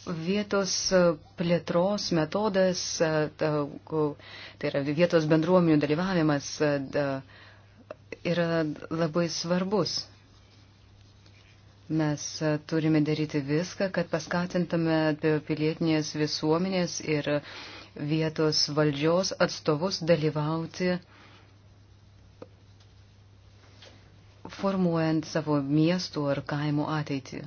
vietos e, plėtros metodas, e, tai yra vietos bendruomenių dalyvavimas, e, yra labai svarbus. Mes turime daryti viską, kad paskatintume pilietinės visuomenės ir vietos valdžios atstovus dalyvauti formuojant savo miestų ar kaimų ateitį.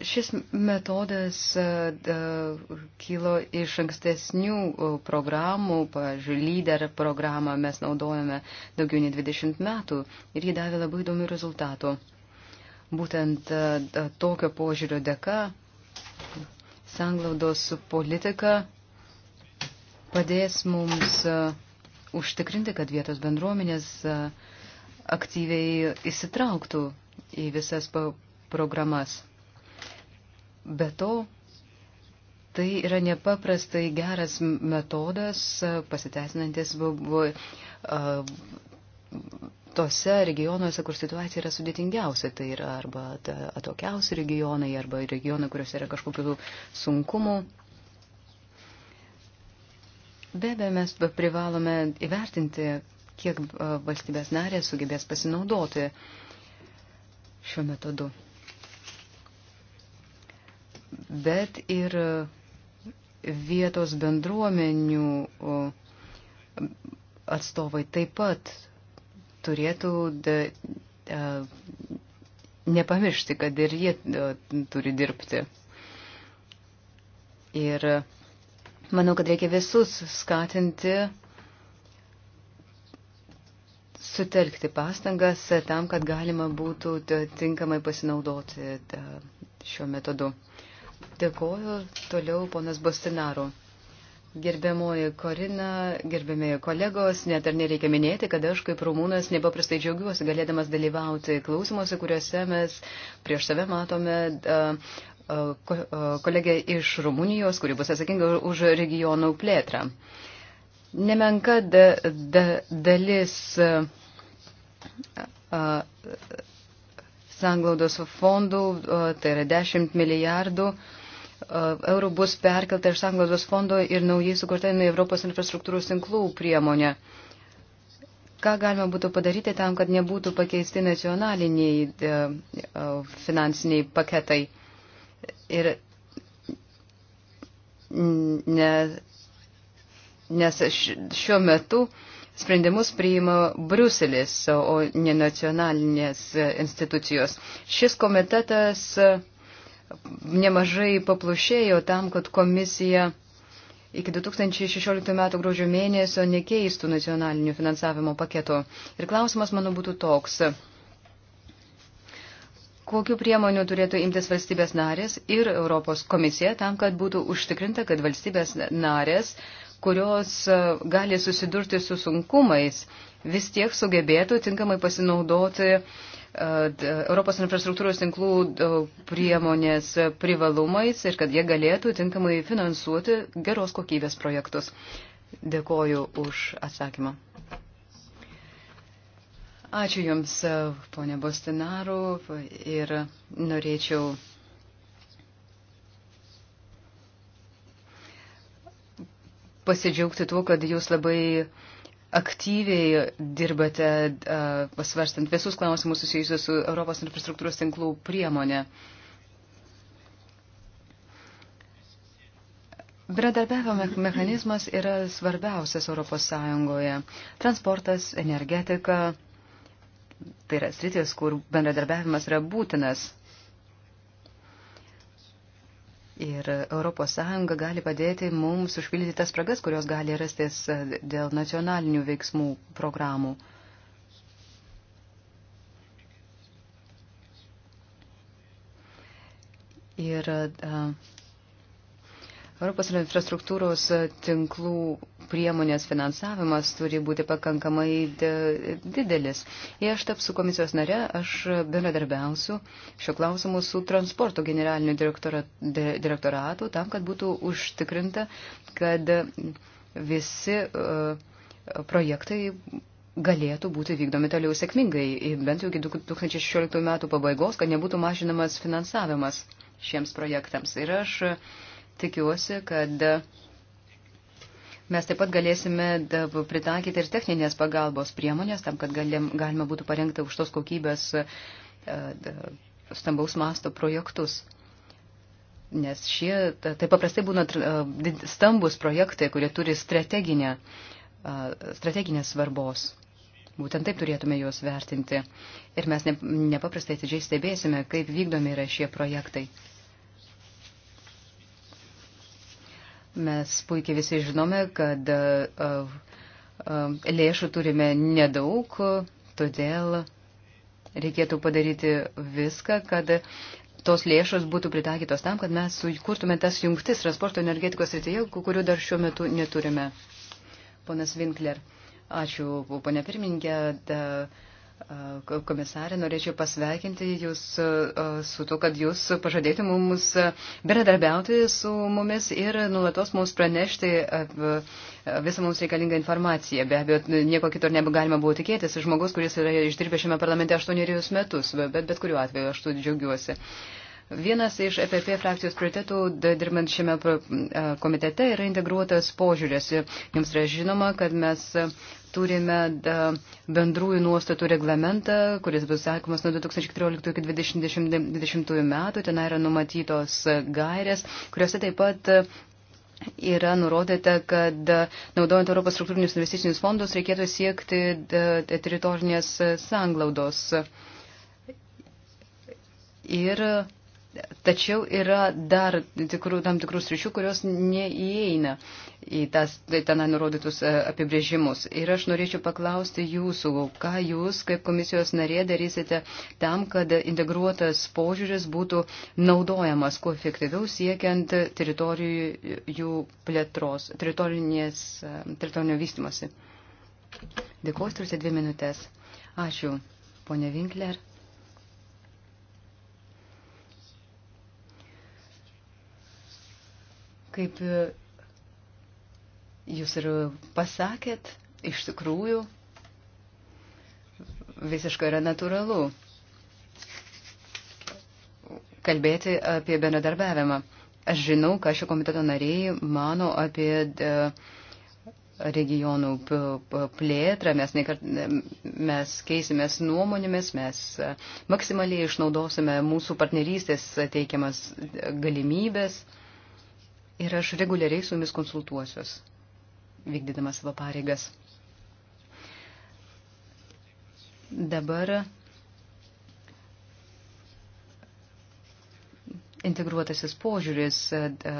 Šis metodas e, kilo iš ankstesnių e, programų, pavyzdžiui, lyder programą mes naudojame daugiau nei 20 metų ir ji davė labai įdomių rezultatų. Būtent e, tokio požiūrio dėka sanglaudos politika padės mums užtikrinti, kad vietos bendruomenės aktyviai įsitrauktų į visas programas. Be to, tai yra nepaprastai geras metodas e, pasiteisinantis e, tose regionuose, kur situacija yra sudėtingiausia. Tai yra arba atokiausi regionai, arba regionai, kuriuose yra kažkokių sunkumų. Be abejo, mes privalome įvertinti, kiek e, valstybės narės sugebės pasinaudoti šiuo metodu bet ir vietos bendruomenių atstovai taip pat turėtų de, de, nepamiršti, kad ir jie de, turi dirbti. Ir manau, kad reikia visus skatinti sutelkti pastangas tam, kad galima būtų tinkamai pasinaudoti šiuo metodu. Dėkoju toliau ponas Bostinaro. Gerbiamoji Korina, gerbiamieji kolegos, net ar nereikia minėti, kad aš kaip rumūnas nepaprastai džiaugiuosi galėdamas dalyvauti klausimuose, kuriuose mes prieš save matome kolegę iš Rumunijos, kuri bus atsakinga už regionų plėtrą. Nemenka da, da, dalis sanglaudos fondų, tai yra 10 milijardų eurų bus perkelta iš sanglaudos fondo ir naujai sukurta į Europos infrastruktūros tinklų priemonė. Ką galima būtų padaryti tam, kad nebūtų pakeisti nacionaliniai e, finansiniai paketai ir ne, nes šiuo metu uh, Sprendimus priima Bruselis, o ne nacionalinės institucijos. Šis komitetas e, nemažai paplušėjo tam, kad komisija iki 2016 m. gruodžio mėnesio nekeistų nacionalinių finansavimo paketo. Ir klausimas, manau, būtų toks. Kokiu priemoniu turėtų imtis valstybės narės ir Europos komisija tam, kad būtų užtikrinta, kad valstybės narės kurios e, gali susidurti su sunkumais, vis tiek sugebėtų tinkamai pasinaudoti e, Europos infrastruktūros tinklų priemonės privalumais ir kad jie galėtų tinkamai finansuoti geros kokybės projektus. Dėkoju už atsakymą. Ačiū Jums, e, ponė Bostinaru, ir norėčiau pasidžiaugti tuo, kad jūs labai aktyviai dirbate, pasvarstant visus klausimus susijusius su Europos infrastruktūros tinklų priemonė. Bradarbiavimo mechanizmas yra svarbiausias Europos Sąjungoje. Transportas, energetika, tai yra sritis, kur bendradarbiavimas yra būtinas. Ir ES gali padėti mums užpildyti tas spragas, kurios gali rastis e, dėl nacionalinių veiksmų programų. Ir uh, Europos infrastruktūros tinklų priemonės finansavimas turi būti pakankamai didelis. Jei aš tapsiu komisijos nare, aš bendradarbiausiu šio klausimu su transporto generaliniu direktoratu tam, kad būtų užtikrinta, kad visi e, projektai galėtų būti vykdomi toliau sėkmingai, bent jau iki 2016 metų pabaigos, kad nebūtų mažinamas finansavimas šiems projektams. Ir aš uh, tikiuosi, kad mes taip pat galėsime pritaikyti ir techninės pagalbos priemonės, tam, kad galim, galima būtų parengti už tos kokybės e, stambaus masto projektus. Nes šie, tai paprastai būna e, stambus projektai, kurie turi strateginę, e, strateginės svarbos. Būtent taip turėtume juos vertinti. Ir mes nepaprastai atidžiai stebėsime, kaip vykdomi yra šie projektai. Mes puikiai visi žinome, kad e, e, e, lėšų turime nedaug, todėl reikėtų padaryti viską, kad tos lėšos būtų pritaikytos tam, kad mes sukurtume tas jungtis transporto energetikos srityje, kurių dar šiuo metu neturime. Ponas Winkler, ačiū, ponė pirmininkė. Da, Komisarė, norėčiau pasveikinti Jūs su to, kad Jūs pažadėjote mums beradarbiauti su mumis ir nulatos mums pranešti visą mums reikalingą informaciją. Be abejo, nieko kito negalima buvo tikėtis. Žmogus, kuris yra išdirbęs šiame parlamente aštuonerius metus, bet bet kuriuo atveju aš tu džiaugiuosi. Uh, Vienas iš EPP frakcijos prioritetų, dirbant šiame komitete, yra integruotas požiūrės. Jums yra žinoma, kad mes turime bendrųjų nuostatų reglamentą, kuris bus sakomas nuo 2014 iki 2020 metų. Ten yra numatytos gairės, kuriuose taip pat yra nurodyta, kad naudojant Europos struktūrinius investicinius fondus reikėtų siekti teritorinės sanglaudos. Ir Tačiau yra dar tikrų, tam tikrų sričių, kurios neįeina į tas tenai nurodytus e, apibrėžimus. Ir aš norėčiau paklausti jūsų, ką jūs kaip komisijos narė darysite tam, kad integruotas požiūris būtų naudojamas kuo efektyviau siekiant teritorijų plėtros, e, teritorinio vystimosi. Dėkuoju, turite dvi minutės. Ačiū, ponia Winkler. Kaip e, jūs ir pasakėt, iš tikrųjų visiškai yra natūralu kalbėti apie bendradarbiavimą. Aš žinau, ką šio komiteto nariai mano apie e, regionų plėtrą, mes, nekart, mes keisimės nuomonėmis, mes e, maksimaliai išnaudosime mūsų partnerystės teikiamas galimybės ir aš reguliariai su jumis konsultuosiuos, vykdydamas savo pareigas. Dabar integruotasis požiūris e, e,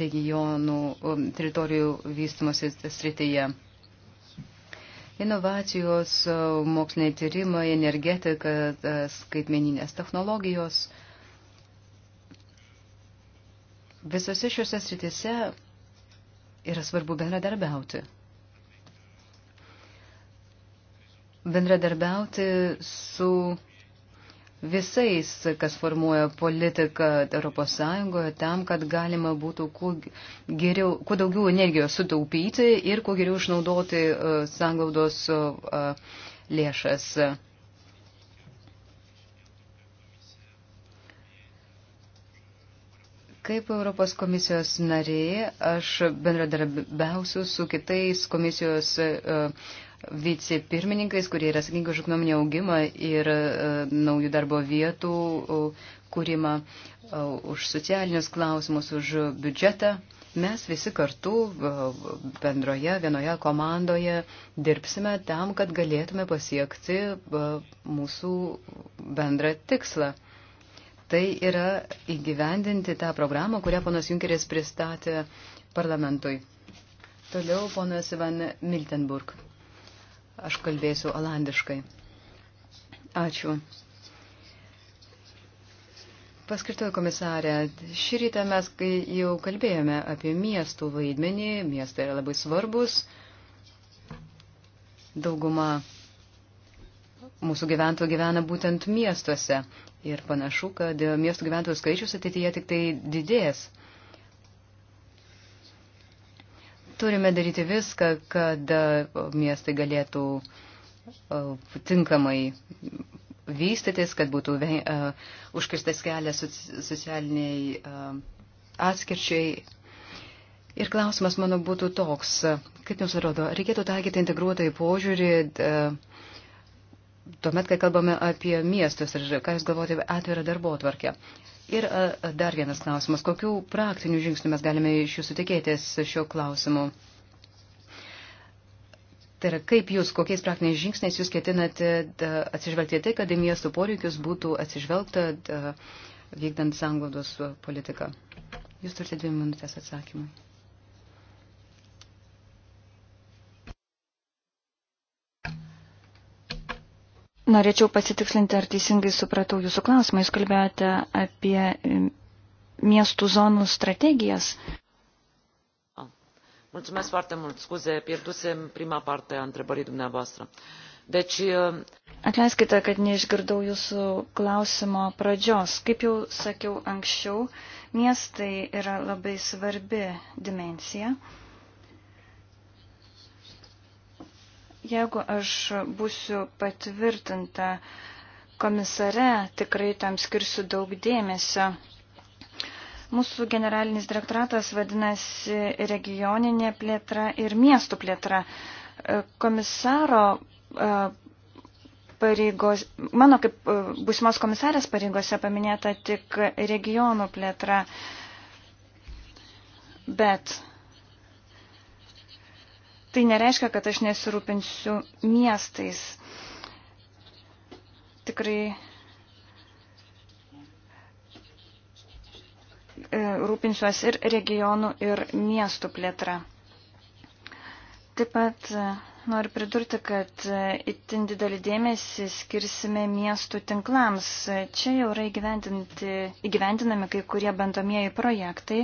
regionų e, teritorijų vystimosi srityje. Inovacijos, moksliniai tyrimai, energetika, skaitmeninės technologijos – Visose šiuose sritise yra svarbu bendradarbiauti. Bendradarbiauti su visais, kas formuoja politiką ES, tam, kad galima būtų kuo, geriau, kuo daugiau energijos sutaupyti ir kuo geriau išnaudoti uh, sanglaudos uh, lėšas. Uh, Kaip Europos komisijos narė, aš bendradarbiausiu su kitais komisijos e, vicepirmininkais, kurie yra atsakingi už ekonominį augimą ir e, naujų darbo vietų kūrimą, už socialinius klausimus, už biudžetą. Mes visi kartu e, bendroje, vienoje komandoje dirbsime tam, kad galėtume pasiekti mūsų bendrą tikslą tai yra įgyvendinti tą programą, kurią ponas Junkeris pristatė parlamentui. Toliau ponas Ivan Miltenburg. Aš kalbėsiu olandiškai. Ačiū. Paskirtoju komisarė, šį rytą mes jau kalbėjome apie miestų vaidmenį, miestai yra labai svarbus. Dauguma mūsų gyventojų gyvena būtent miestuose. Ir panašu, kad miestų gyventojų skaičius ateityje tik tai didės. Turime daryti viską, kad e, miestai galėtų e, tinkamai vystytis, kad būtų uh, užkirstas kelias socialiniai uh, atskirčiai. Ir klausimas mano būtų toks, kaip jums atrodo, reikėtų taikyti integruotą į požiūrį uh, tuomet, kai kalbame apie miestus ir ką jūs galvojate apie atvirą darbo atvarkę. Ir dar vienas klausimas. Kokių praktinių žingsnių mes galime iš jūsų tikėtis šio klausimu? Tai yra, kaip jūs, kokiais praktiniais žingsniais jūs ketinate atsižvelgti tai, kad į miestų poreikius būtų atsižvelgta vykdant sanglaudos politiką? Jūs turite dvi minutės atsakymui. Norėčiau pasitikslinti, ar teisingai supratau jūsų klausimą. Jūs kalbėjote apie miestų zonų strategijas. Mulțumesc foarte mult. Scuze, pierdusem prima parte a întrebării dumneavoastră. Deci... E, Atleiskite, kad neišgirdau jūsų klausimo pradžios. Kaip jau sakiau anksčiau, miestai yra labai svarbi dimensija. Uh, Jeigu aš būsiu patvirtinta komisare, tikrai tam skirsiu daug dėmesio. Mūsų generalinis direktoratas vadinasi regioninė plėtra ir miestų plėtra. E, komisaro e, pareigos, mano kaip e, būsimos komisarės pareigose paminėta tik regionų plėtra, bet Tai nereiškia, kad aš nesirūpinsiu miestais. Tikrai e, rūpinsiuos ir regionų, ir miestų plėtra. Taip pat e, noriu pridurti, kad e, itin didelį dėmesį skirsime miestų tinklams. Čia jau yra įgyvendinami kai kurie bandomieji projektai.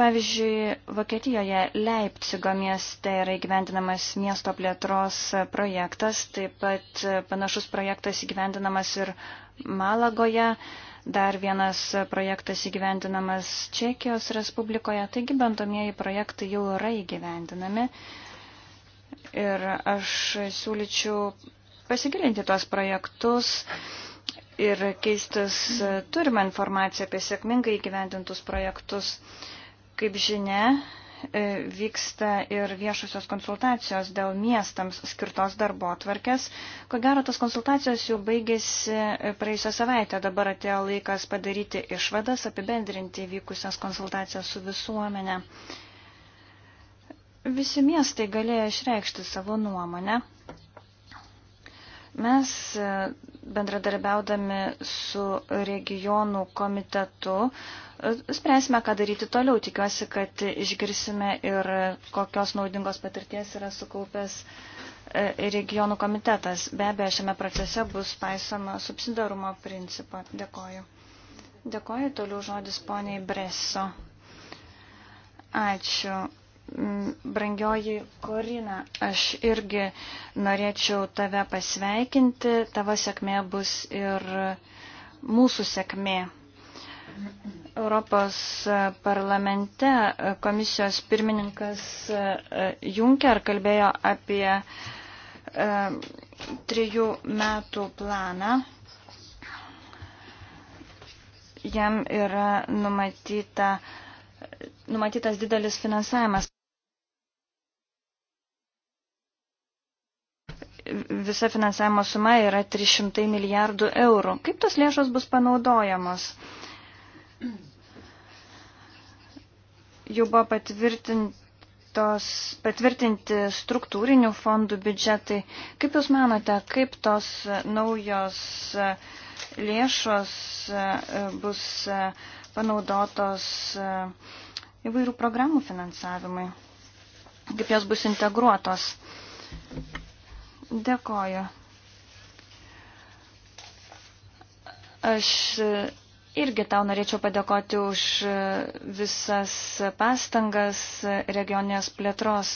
Pavyzdžiui, Vokietijoje Leipcigo mieste yra įgyvendinamas miesto plėtros projektas, taip pat panašus projektas įgyvendinamas ir Malagoje, dar vienas projektas įgyvendinamas Čekijos Respublikoje, taigi bandomieji projektai jau yra įgyvendinami. Ir aš siūlyčiau pasigilinti tuos projektus ir keistis turimą informaciją apie sėkmingai įgyvendintus projektus. Kaip žinia, e, vyksta ir viešusios konsultacijos dėl miestams skirtos darbo atvarkės. Ko gero, tas konsultacijos jau baigėsi e, praėjusią savaitę. Dabar atėjo laikas padaryti išvadas, apibendrinti vykusias konsultacijas su visuomenė. Visi miestai galėjo išreikšti savo nuomonę. Mes e, bendradarbiaudami su regionų komitetu e, spręsime, ką daryti toliau. Tikiuosi, kad išgirsime ir kokios naudingos patirties yra sukaupęs e, regionų komitetas. Be abejo, šiame procese bus paisoma subsidarumo principo. Dėkoju. Dėkoju toliau žodis poniai Breso. Ačiū. Mm, brangioji Korina, aš irgi norėčiau tave pasveikinti, tavo sėkmė bus ir mūsų sėkmė. Europos parlamente komisijos pirmininkas e, Juncker kalbėjo apie e, trijų metų planą. Jam yra numatyta, numatytas didelis finansavimas. visa finansavimo suma yra 300 milijardų eurų. Kaip tos lėšos bus panaudojamos? Jau buvo patvirtinti struktūrinių fondų biudžetai. Kaip Jūs manote, kaip tos naujos lėšos e, bus e, panaudotos e, įvairių programų finansavimui? Kaip jos bus integruotos? Dėkoju. Aš irgi tau norėčiau padėkoti už visas pastangas regionės plėtros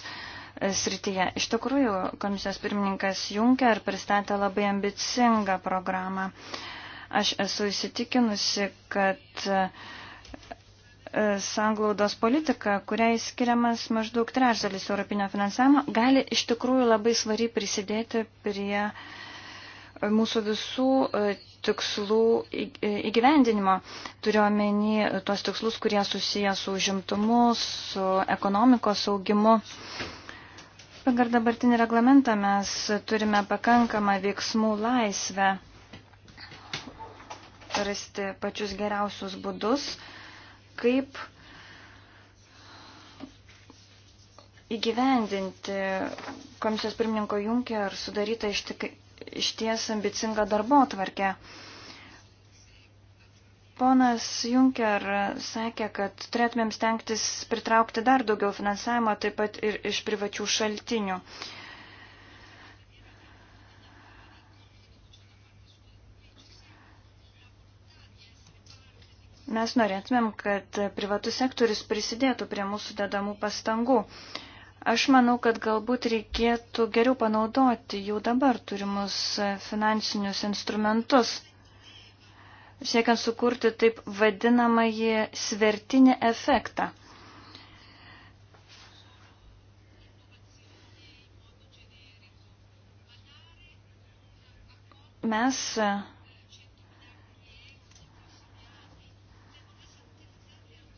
srityje. Iš tikrųjų, komisijos pirmininkas Junker pristatė labai ambicingą programą. Aš esu įsitikinusi, kad sanglaudos politika, kuriai skiriamas maždaug trečdalis europinio finansavimo, gali iš tikrųjų labai svariai prisidėti prie e, mūsų visų e, tikslų e, įgyvendinimo. Turiuomenį tuos tikslus, kurie susiję su užimtumu, su ekonomikos augimu. Pagal dabartinį reglamentą mes turime pakankamą veiksmų laisvę rasti pačius geriausius būdus kaip įgyvendinti komisijos pirmininko Junkę ir sudarytą iš, tik, iš ties ambicingą darbo tvarkę. Ponas Junker sakė, kad turėtumėm stengtis pritraukti dar daugiau finansavimo, taip pat ir iš privačių šaltinių. Uh, Mes norėtumėm, kad privatus sektorius prisidėtų prie mūsų dedamų pastangų. Aš manau, kad galbūt reikėtų geriau panaudoti jau dabar turimus finansinius instrumentus, siekiant sukurti taip vadinamąjį svertinį efektą. Mes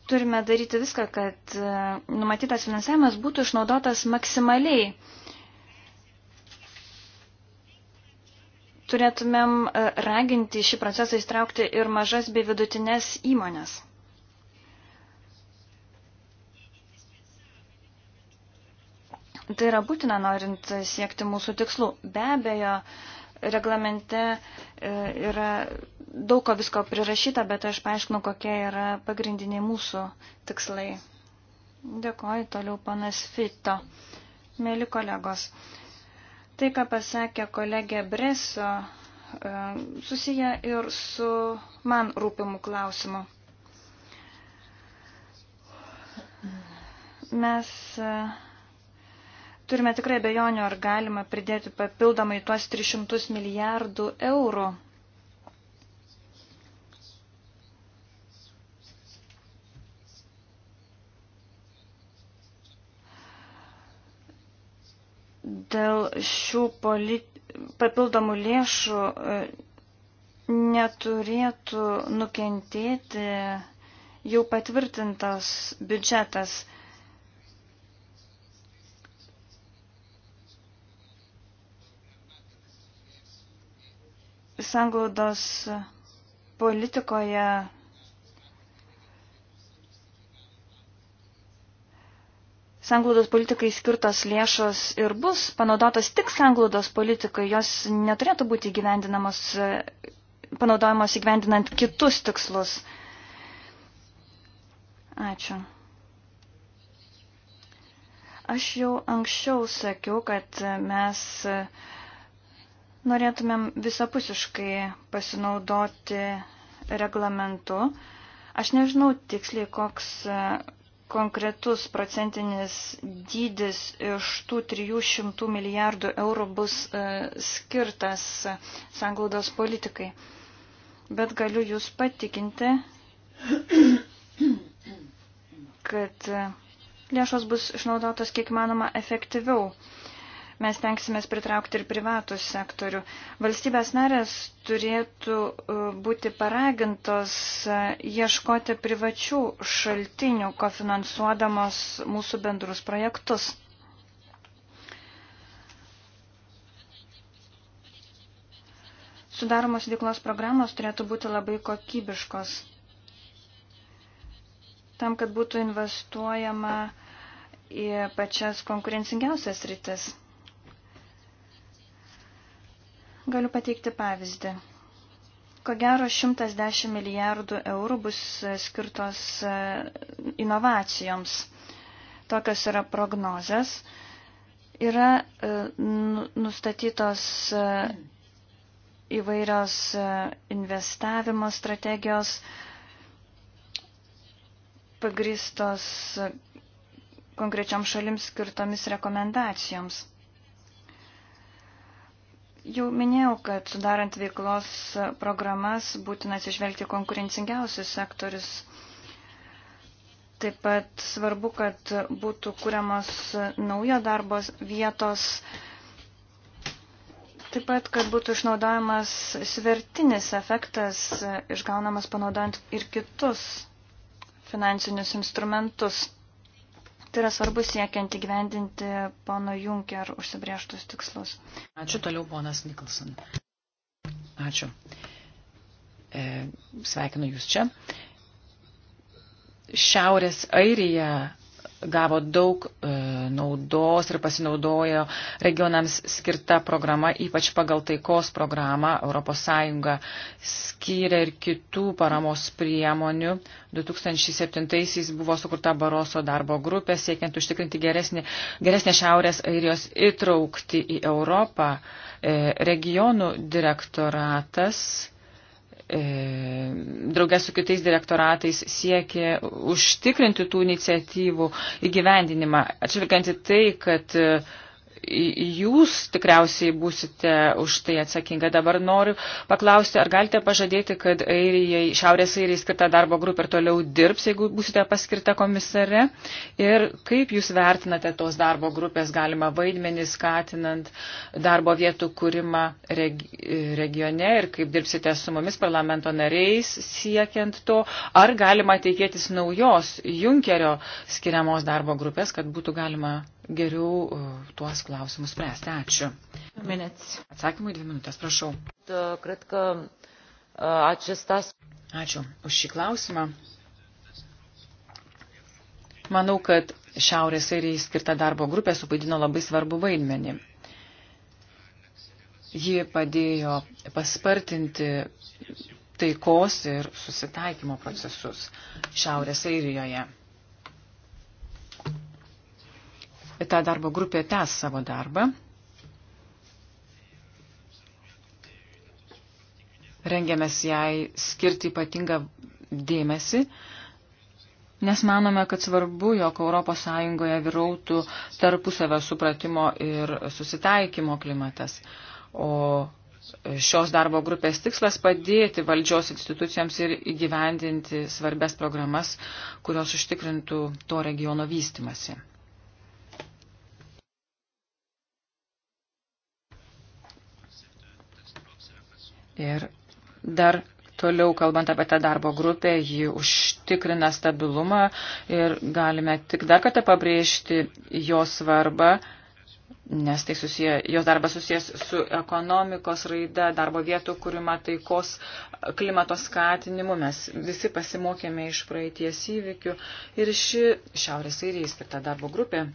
turime daryti viską, kad e, numatytas finansavimas būtų išnaudotas maksimaliai. Turėtumėm e, raginti šį procesą įstraukti ir mažas bei vidutinės įmonės. Tai yra būtina norint siekti mūsų tikslų. Be abejo, uh, reglamente e, yra daug ko visko prirašyta, bet aš paaiškinu, kokie yra pagrindiniai mūsų tikslai. Dėkoju toliau panas Fito. Mėly kolegos, tai, ką pasakė kolegė Breso, e, susiję ir su man rūpimu klausimu. Mes uh, turime tikrai bejonių, ar galima pridėti papildomai tuos 300 milijardų eurų. Dėl šių polit... papildomų lėšų e, neturėtų nukentėti jau patvirtintas biudžetas. sanglaudos politikoje sanglaudos politikai skirtos lėšos ir bus panaudotos tik sanglaudos politikai, jos neturėtų būti gyvendinamos, panaudojamos įgyvendinant kitus tikslus. Ačiū. Aš jau anksčiau sakiau, kad mes uh, Norėtumėm visapusiškai pasinaudoti reglamentu. Aš nežinau tiksliai, koks e, konkretus procentinis dydis iš tų 300 milijardų eurų bus e, skirtas sanglaudos politikai. Bet galiu Jūs patikinti, kad e, lėšos bus išnaudotos kiek manoma efektyviau. Mes tenksime pritraukti ir privatų sektorių. Valstybės narės turėtų e, būti paragintos e, ieškoti privačių šaltinių, kofinansuodamos mūsų bendrus projektus. Sudaromos veiklos programos turėtų būti labai kokybiškos tam, kad būtų investuojama į pačias konkurencingiausias rytis. Galiu pateikti pavyzdį. Ko gero 110 milijardų eurų bus e, skirtos e, inovacijoms. Tokios yra prognozės. Yra e, nu, nustatytos įvairios investavimo strategijos, pagristos konkrečiam šalims skirtomis rekomendacijoms. Jau minėjau, kad sudarant veiklos programas būtina atsižvelgti konkurencingiausius sektorius. Taip pat svarbu, kad būtų kuriamos naujo darbos vietos, taip pat, kad būtų išnaudojamas svertinis efektas, išgaunamas panaudojant ir kitus finansinius instrumentus tai yra svarbu siekiant įgyvendinti pono Junker užsibrieštus tikslus. Ačiū toliau, ponas Nikolson. Ačiū. E, sveikinu Jūs čia. Šiaurės Airija gavo daug e, naudos ir pasinaudojo regionams skirta programa, ypač pagal taikos programą ES skyrė ir kitų paramos priemonių. 2007-aisiais buvo sukurta Baroso darbo grupė, siekiant užtikrinti geresnį, geresnę Šiaurės Airijos įtraukti į Europą. E, regionų direktoratas E, draugės su kitais direktoratais siekė užtikrinti tų iniciatyvų įgyvendinimą, atšvilgiant į tai, kad jūs tikriausiai būsite už tai atsakinga. Dabar noriu paklausti, ar galite pažadėti, kad airijai, Šiaurės airijai skirta darbo grupė ir toliau dirbs, jeigu būsite paskirta komisare? Ir kaip jūs vertinate tos darbo grupės galima vaidmenį skatinant darbo vietų kūrimą regione ir kaip dirbsite su mumis parlamento nariais siekiant to? Ar galima teikėtis naujos Junkerio skiriamos darbo grupės, kad būtų galima geriau e, tuos klausimus spręsti. Ačiū. Minutes. Atsakymui dvi minutės, prašau. Cred că acestas. Ačiū už šį klausimą. Manau, kad Šiaurės airijai skirta darbo grupė suvaidino labai svarbu vaidmenį. Ji padėjo paspartinti taikos ir susitaikymo procesus Šiaurės Airijoje. ta darbo grupė tęs savo darbą. Rengiamės jai skirti ypatingą dėmesį, nes manome, kad svarbu, jog ES vyrautų tarpusavio supratimo ir susitaikymo klimatas. O šios darbo grupės tikslas padėti valdžios institucijoms ir įgyvendinti svarbės programas, kurios užtikrintų to regiono vystimasi. Ir dar toliau, kalbant apie tą darbo grupę, ji užtikrina stabilumą ir galime tik dar kartą pabrėžti jo svarbą, nes tai susiję, jos darbas susijęs su ekonomikos raida, darbo vietų kūrima taikos klimato skatinimu. Mes visi pasimokėme iš praeities įvykių ir ši Šiaurės Airijai skirta darbo grupė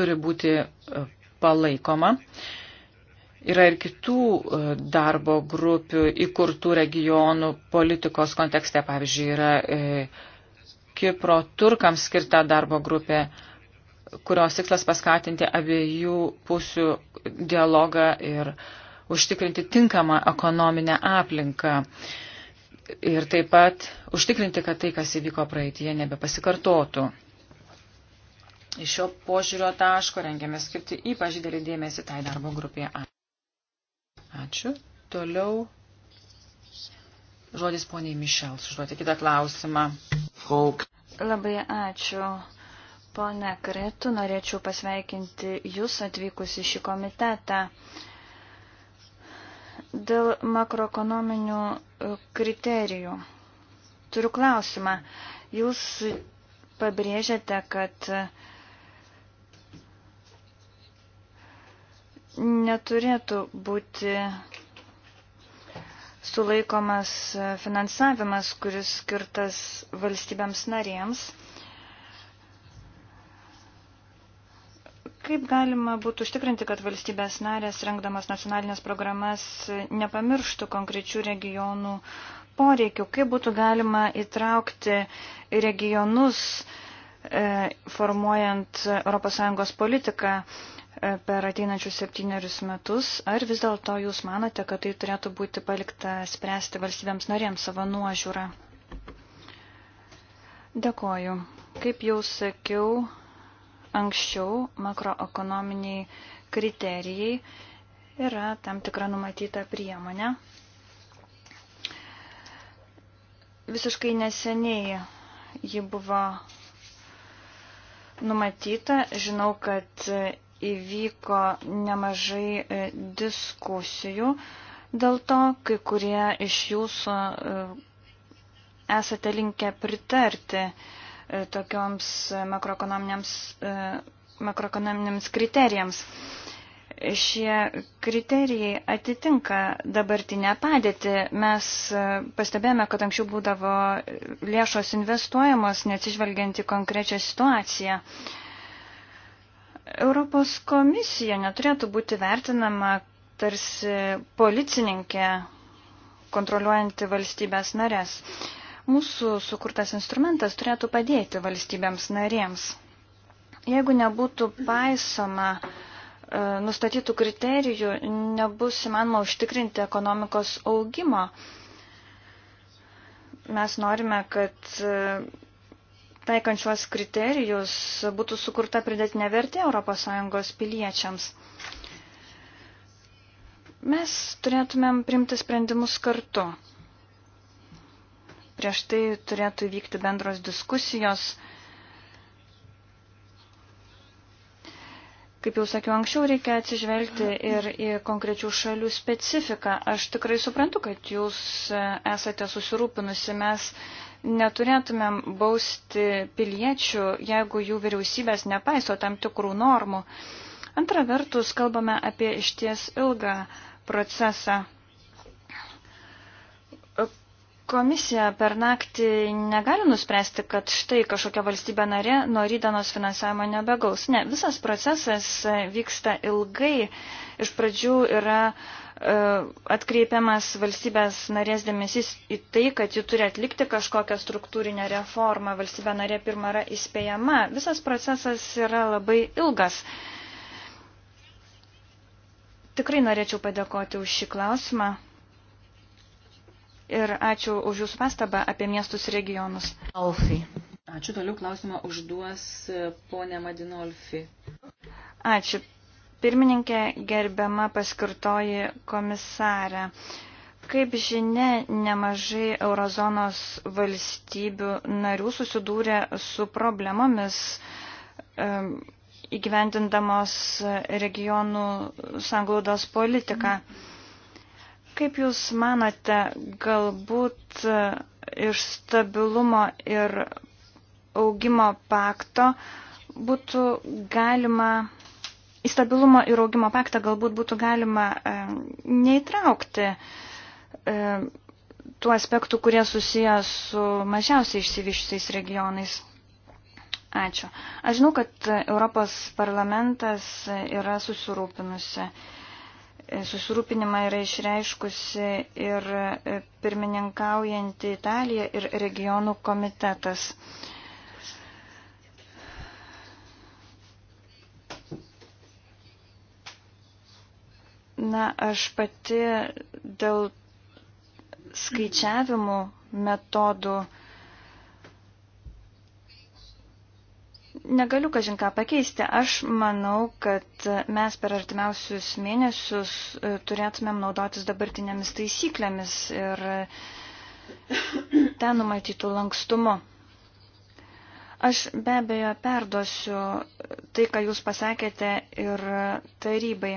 turi būti palaikoma. Yra ir kitų e, darbo grupių įkurtų regionų politikos kontekste. Pavyzdžiui, yra e, Kipro turkams skirta darbo grupė, kurios tikslas paskatinti abiejų pusių dialogą ir užtikrinti tinkamą ekonominę aplinką. Ir taip pat užtikrinti, kad tai, kas įvyko praeitie, nebepasikartotų. Iš šio požiūrio taško rengiame skirti ypač didelį dėmesį tai darbo grupėje. Ačiū. Toliau žodis poniai Mišels užduoti kitą klausimą. Folk. Labai ačiū. Pone Kretu, norėčiau pasveikinti Jūs atvykus į šį komitetą. Dėl makroekonominių e, kriterijų. Turiu klausimą. Jūs pabrėžiate, kad uh, neturėtų būti sulaikomas finansavimas, kuris skirtas valstybėms narėms. Kaip galima būtų užtikrinti, kad valstybės narės, rengdamas nacionalinės programas, nepamirštų konkrečių regionų poreikių? Kaip būtų galima įtraukti regionus, e, formuojant ES politiką? per ateinančius septynerius metus, ar vis dėlto jūs manote, kad tai turėtų būti palikta spręsti valstybėms narėms savo nuožiūrą? Dėkoju. Kaip jau sakiau, anksčiau makroekonominiai kriterijai yra tam tikra numatyta priemonė. Visiškai neseniai ji buvo numatyta. Žinau, kad įvyko nemažai e, diskusijų dėl to, kai kurie iš jūsų e, esate linkę pritarti e, tokioms makroekonominiams, makroekonominiams kriterijams. Šie kriterijai atitinka dabartinę padėtį. Mes pastebėjome, kad anksčiau būdavo lėšos investuojamos, neatsižvelgiant į konkrečią situaciją. Uh, Europos komisija neturėtų būti vertinama tarsi policininkė kontroliuojanti valstybės narės. Mūsų sukurtas instrumentas turėtų padėti valstybėms narėms. Jeigu nebūtų paisoma e, nustatytų kriterijų, nebus įmanoma užtikrinti ekonomikos augimo. Mes norime, kad e, taikančios kriterijus būtų sukurta pridėtinė vertė ES piliečiams. Mes turėtumėm primti sprendimus kartu. Prieš tai turėtų vykti bendros diskusijos. Kaip jau sakiau anksčiau, reikia atsižvelgti ir į konkrečių šalių specifiką. Aš tikrai suprantu, kad jūs esate susirūpinusi. Mes neturėtumėm bausti piliečių, jeigu jų vyriausybės nepaiso tam tikrų normų. Antra vertus, kalbame apie išties ilgą procesą. Komisija per naktį negali nuspręsti, kad štai kažkokia valstybė narė nuo rydanos finansavimo nebegaus. Ne, visas procesas vyksta ilgai. Iš pradžių yra uh, E, atkreipiamas valstybės narės dėmesys į tai, kad ji turi atlikti kažkokią struktūrinę reformą. Valstybė narė pirma yra įspėjama. Visas procesas yra labai ilgas. Tikrai norėčiau padėkoti už šį klausimą. Ir ačiū už Jūsų pastabą apie miestus regionus. Alfi. Ačiū toliau klausimą užduos ponė Madinolfi. Ačiū Pirmininkė gerbiama paskirtoji komisarė. Kaip žinia, nemažai eurozonos valstybių narių susidūrė su problemomis įgyvendindamos regionų sanglaudos politiką. Kaip Jūs manote, galbūt iš stabilumo ir augimo pakto būtų galima į stabilumo ir augimo paktą galbūt būtų galima e, neįtraukti e, tų aspektų, kurie susiję su mažiausiai išsivyščiusiais regionais. Ačiū. Aš žinau, kad Europos parlamentas yra susirūpinusi. E, susirūpinimą yra išreiškusi ir pirmininkaujanti Italija ir regionų komitetas. Na, aš pati dėl skaičiavimų metodų negaliu kažinką pakeisti. Aš manau, kad mes per artimiausius mėnesius e, turėtumėm naudotis dabartinėmis taisyklėmis ir ten numatytų lankstumu. Aš be abejo perduosiu tai, ką jūs pasakėte ir tarybai.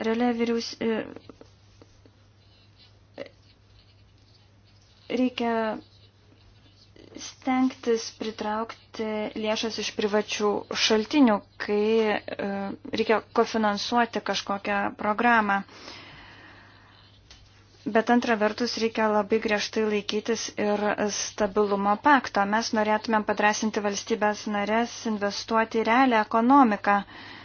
Realia vyriaus... E, reikia stengtis pritraukti lėšas iš privačių šaltinių, kai e, reikia kofinansuoti kažkokią programą. Bet antra vertus reikia labai griežtai laikytis ir stabilumo pakto. Mes norėtumėm padrasinti valstybės narės investuoti į realią ekonomiką. Uh,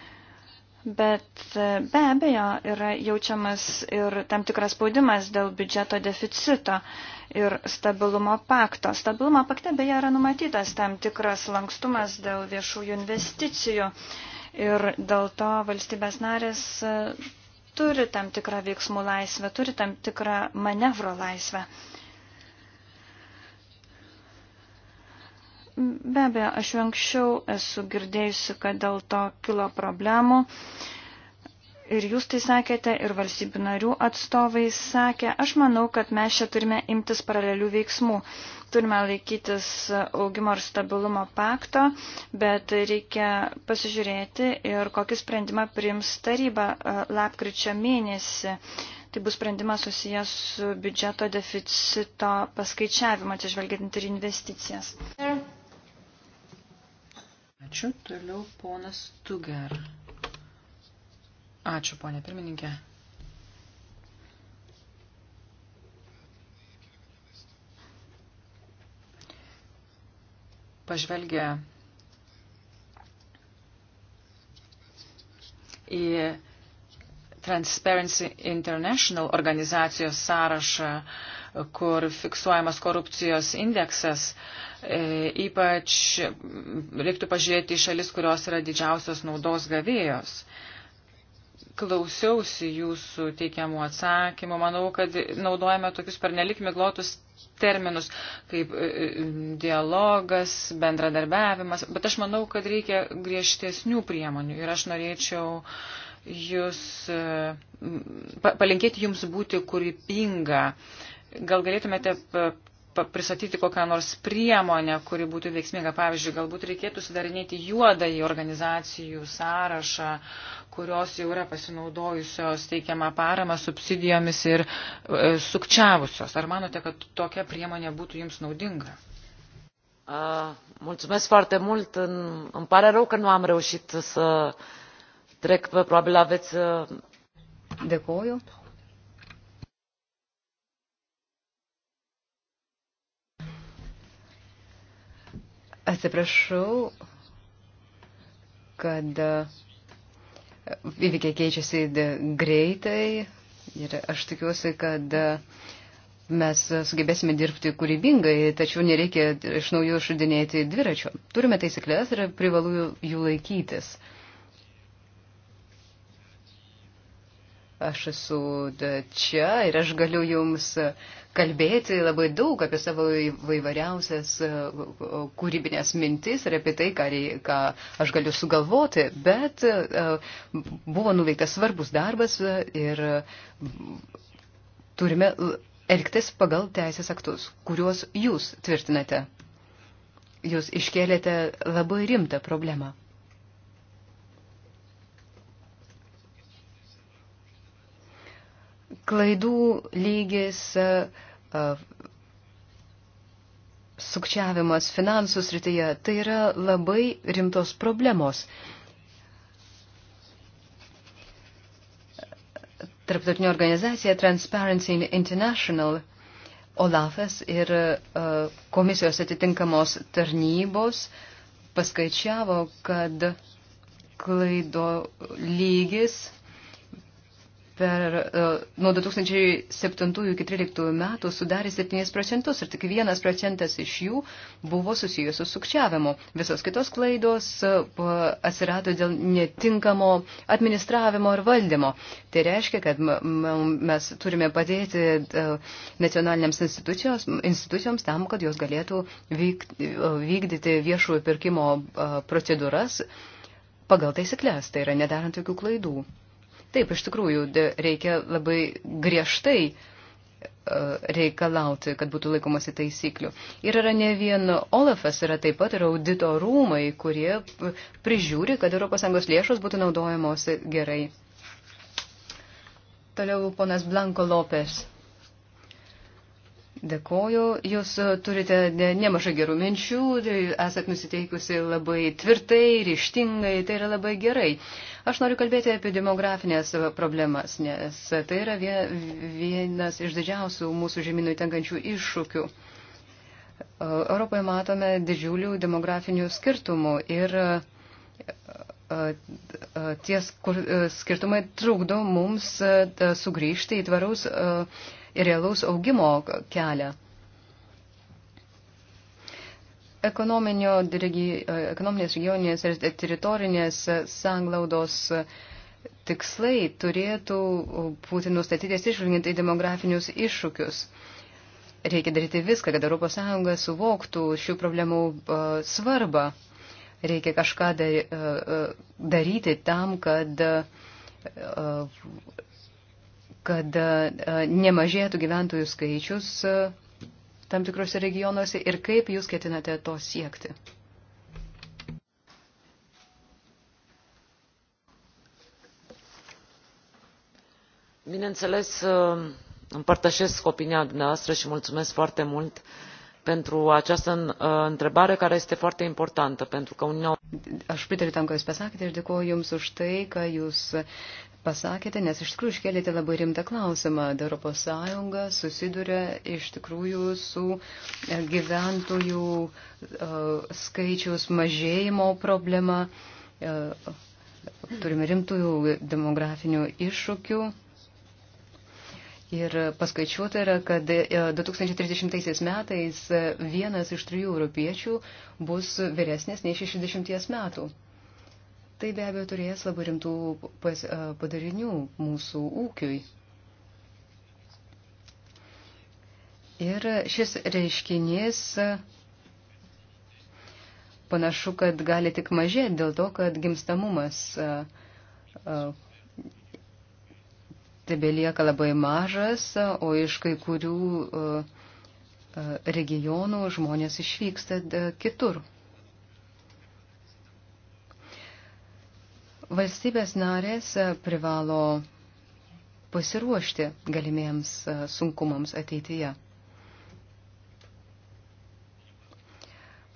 bet e, be abejo yra jaučiamas ir tam tikras spaudimas dėl biudžeto deficito ir stabilumo pakto. Stabilumo pakte beje yra numatytas tam tikras lankstumas dėl viešųjų investicijų ir dėl to valstybės narės e, turi tam tikrą veiksmų laisvę, turi tam tikrą manevro laisvę. Be abejo, aš jau anksčiau esu girdėjusi, kad dėl to kilo problemų. Ir jūs tai sakėte, ir valstybių narių atstovai sakė. Aš manau, kad mes čia turime imtis paralelių veiksmų. Turime laikytis augimo ir stabilumo pakto, bet reikia pasižiūrėti ir kokį sprendimą priims taryba e, lapkričio mėnesį. Tai bus sprendimas susijęs su biudžeto deficito paskaičiavimu, atsižvelgiant ir investicijas. There. Ačiū. Toliau ponas Tuger. Ačiū, ponė pirmininkė. Pažvelgę į Transparency International organizacijos sąrašą, kur fiksuojamas korupcijos indeksas, uh, E, ypač reiktų pažiūrėti į šalis, kurios yra didžiausios naudos gavėjos. Klausiausi jūsų teikiamų atsakymų. Manau, kad naudojame tokius pernelik miglotus terminus kaip e, e, dialogas, bendradarbiavimas, bet aš manau, kad reikia griežtesnių priemonių ir aš norėčiau jūs, palinkėti jums būti kūrybinga. Gal galėtumėte pristatyti kokią nors priemonę, kuri būtų veiksminga. Pavyzdžiui, galbūt reikėtų sudarinėti juodą į organizacijų sąrašą, kurios jau yra pasinaudojusios teikiamą paramą subsidijomis ir e, sukčiavusios. Ar manote, kad tokia priemonė būtų jums naudinga? Uh, mulțumesc foarte mult. Îmi pare rău că nu am reușit să trec, probabil aveți. Dėkoju. Atsiprašau, kad e, įvykiai keičiasi greitai ir aš tikiuosi, kad e, mes sugebėsime dirbti kūrybingai, tačiau nereikia iš naujo išradinėti dviračio. Turime taisyklės ir privalu jų laikytis. Aš esu čia ir aš galiu jums kalbėti labai daug apie savo įvairiausias e, kūrybinės mintis ir apie tai, ką, ką aš galiu sugalvoti, bet e, buvo nuveiktas svarbus darbas ir turime elgtis pagal teisės aktus, kuriuos jūs tvirtinate. Jūs iškėlėte labai rimtą problemą. klaidų lygis, sukčiavimas finansų srityje, tai yra labai rimtos problemos. Tarptautinė organizacija Transparency International, OLAFas ir komisijos atitinkamos tarnybos paskaičiavo, kad klaido lygis per, e, nuo 2007 iki 2013 metų sudarė 7 procentus ir tik 1 procentas iš jų buvo susijęs su sukčiavimu. Visos kitos klaidos e, atsirado dėl netinkamo administravimo ir valdymo. Tai reiškia, kad mes turime padėti e, nacionaliniams institucijoms, institucijoms tam, kad jos galėtų vykdyti viešųjų pirkimo procedūras pagal taisyklės, tai yra nedarant jokių klaidų. Taip, iš tikrųjų, reikia labai griežtai e, reikalauti, kad būtų laikomasi taisyklių. Ir yra ne vien Olafas, yra taip pat ir audito rūmai, kurie prižiūri, kad ES lėšos būtų naudojamos gerai. Toliau ponas Blanko Lopes. Dėkoju, jūs e, turite nemažai gerų minčių, e, esat nusiteikusi labai tvirtai, ryštingai, tai yra labai gerai. Aš noriu kalbėti apie demografinės problemas, nes tai yra vienas iš didžiausių mūsų žemynų tenkančių iššūkių. E, Europoje matome didžiulių demografinių skirtumų ir tie skirtumai trukdo mums sugrįžti į tvaraus ir realaus augimo kelią. Regi, ekonominės regioninės ir teritorinės sanglaudos tikslai turėtų būti nustatytis išvilginti į demografinius iššūkius. Reikia daryti viską, kad ES suvoktų šių problemų e, svarbą. Reikia kažką e, e, daryti tam, kad kad e, e, nemažėtų gyventojų skaičius e, tam tikrose regionuose ir kaip jūs ketinate to siekti? bineînțeles împărtășesc opinia dumneavoastră și mulțumesc foarte mult pentru această întrebare care este foarte importantă pentru că uniunea Aš pritariu tam, ką Jūs pasakėte ir dėkuoju Jums už tai, ką Jūs pasakėte, nes iš tikrųjų iškelėte labai rimtą klausimą. Europos Sąjunga susiduria iš tikrųjų su e, gyventojų uh, skaičiaus mažėjimo problema. Uh, turime rimtųjų demografinių iššūkių. Ir paskaičiuota yra, kad 2030 metais vienas iš trijų europiečių bus vyresnis nei 60 metų tai be abejo turės labai rimtų padarinių mūsų ūkiui. Ir šis reiškinys panašu, kad gali tik mažėti dėl to, kad gimstamumas tebelieka labai mažas, o iš kai kurių regionų žmonės išvyksta kitur. Valstybės narės e, privalo pasiruošti galimiems e, sunkumams ateityje.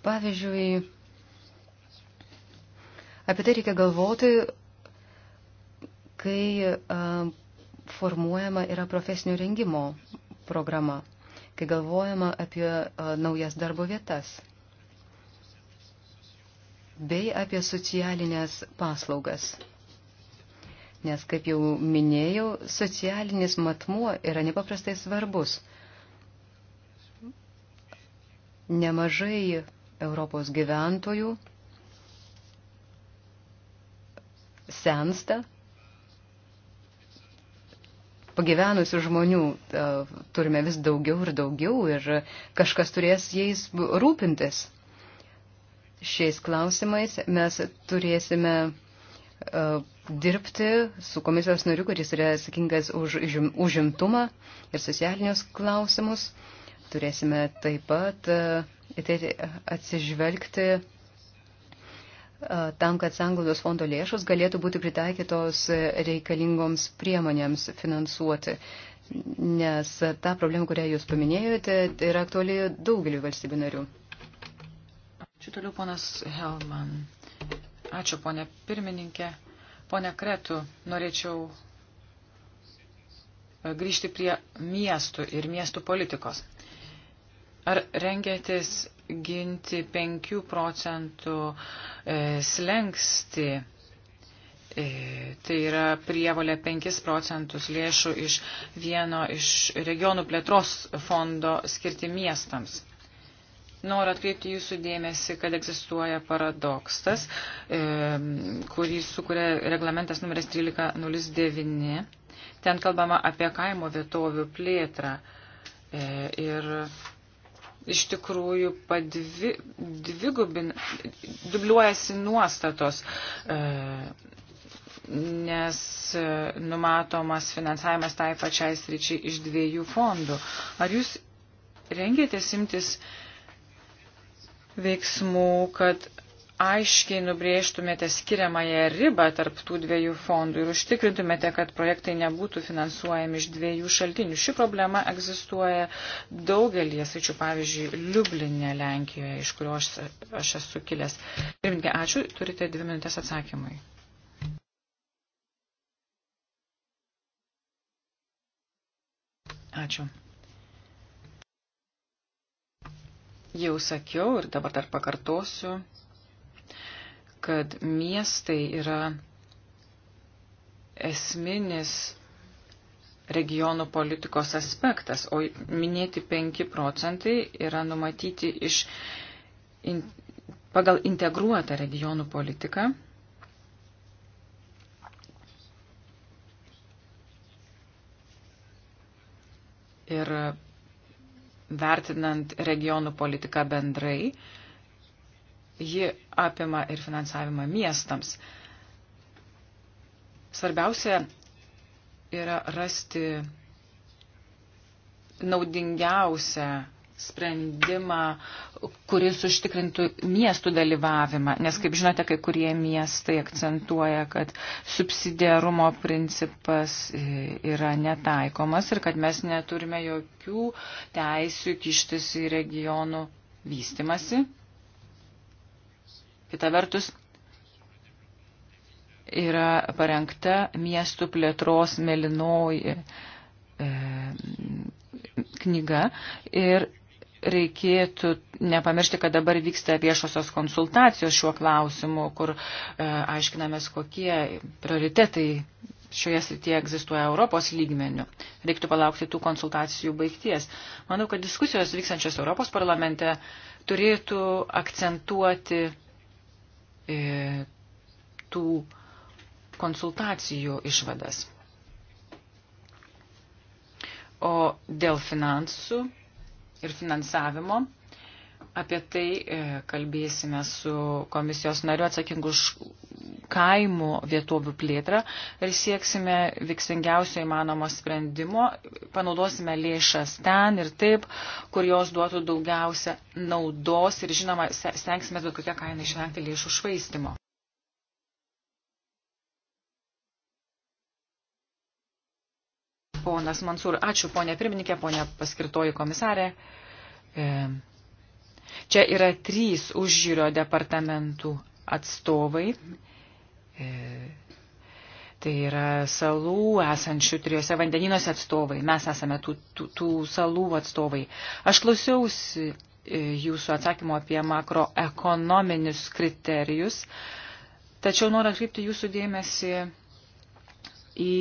Pavyzdžiui, apie tai reikia galvoti, kai e, formuojama yra profesinio rengimo programa, kai galvojama apie naujas darbo vietas bei apie socialinės paslaugas. Nes, kaip jau minėjau, socialinis matmuo yra nepaprastai svarbus. Nemažai Europos gyventojų sensta. Pagyvenusių žmonių e, turime vis daugiau ir daugiau ir kažkas turės jais rūpintis šiais klausimais mes turėsime uh, dirbti su komisijos nariu, kuris yra atsakingas už užimtumą ir socialinius klausimus. Turėsime taip pat uh, atsižvelgti e, tam, kad sanglaudos fondo lėšos galėtų būti pritaikytos reikalingoms priemonėms finansuoti. Nes ta problema, kurią jūs paminėjote, tai yra aktuali daugeliu valstybių narių. Ačiū toliau, ponas Helman. Ačiū, ponė pirmininkė. Pone Kretu, norėčiau e, grįžti prie miestų ir miestų politikos. Ar rengėtis ginti 5 procentų e, slengsti e, Tai yra prievalė 5 procentus lėšų iš vieno iš regionų plėtros fondo skirti miestams. Noriu atkreipti jūsų dėmesį, kad egzistuoja paradoksas, e, kurį sukuria reglamentas numeris 1309. Ten kalbama apie kaimo vietovių plėtrą. E, ir iš tikrųjų padvi, dvigubin, dubliuojasi nuostatos. E, nes e, numatomas finansavimas tai pačiai sričiai iš dviejų fondų. Ar jūs rengėtės imtis uh, veiksmų, kad aiškiai nubrėžtumėte skiriamąją ribą tarp tų dviejų fondų ir užtikrintumėte, kad projektai nebūtų finansuojami iš dviejų šaltinių. Ši problema egzistuoja daugelį sričių, pavyzdžiui, Liublinė Lenkijoje, iš kurio aš, aš esu kilęs. Pirmininkė, ačiū, turite dvi minutės atsakymui. Ačiū. Jau sakiau ir dabar dar pakartosiu, kad miestai yra esminis regionų politikos aspektas, o minėti 5 procentai yra numatyti iš in, pagal integruotą regionų politiką. Ir vertinant regionų politiką bendrai, ji apima ir finansavimą miestams. Svarbiausia yra rasti naudingiausią sprendimą, kuris užtikrintų miestų dalyvavimą. Nes, kaip žinote, kai kurie miestai akcentuoja, kad subsidiarumo principas yra netaikomas ir kad mes neturime jokių teisių kištis į regionų vystimasi. Kita vertus, yra parengta miestų plėtros melinoji e, knyga ir reikėtų nepamiršti, kad dabar vyksta viešosios konsultacijos šiuo klausimu, kur e, aiškinamės, kokie prioritetai šioje srityje egzistuoja Europos lygmeniu. Reiktų palaukti tų konsultacijų baigties. Manau, kad diskusijos vykstančios Europos parlamente turėtų akcentuoti e, tų konsultacijų išvadas. O dėl finansų ir finansavimo. Apie tai e, kalbėsime su komisijos nariu atsakingu už kaimų vietovių plėtrą ir sieksime veiksmingiausio įmanomo sprendimo, panaudosime lėšas ten ir taip, kur jos duotų daugiausia naudos ir žinoma, stengsime bet kokią kainą išvengti lėšų švaistimo. Ponas Mansūr, ačiū ponė pirmininkė, ponė paskirtoji komisarė. E, čia yra trys užžiūrio departamentų atstovai. E, tai yra salų esančių trijose vandenynuose atstovai. Mes esame tų, tų, tų salų atstovai. Aš klausiausi e, jūsų atsakymo apie makroekonominius kriterijus, tačiau noriu atkreipti jūsų dėmesį į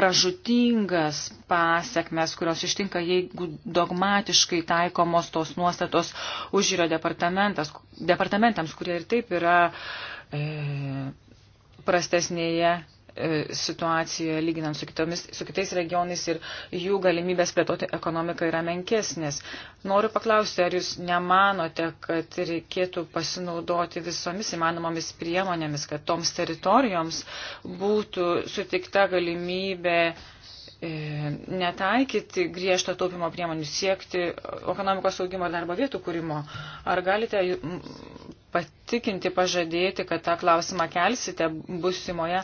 pražutingas pasiekmes, kurios ištinka, jeigu dogmatiškai taikomos tos nuostatos užžiūrio departamentams, kurie ir taip yra e, prastesnėje E, situacijoje lyginant su, kitomis, su kitais regionais ir jų galimybės plėtoti ekonomiką yra menkesnės. Noriu paklausti, ar jūs nemanote, kad reikėtų pasinaudoti visomis įmanomomis priemonėmis, kad toms teritorijoms būtų sutikta galimybė E, netaikyti griežto taupimo priemonių, siekti ekonomikos augimo ir darbo vietų kūrimo. Ar galite patikinti, pažadėti, kad tą klausimą kelsite busimoje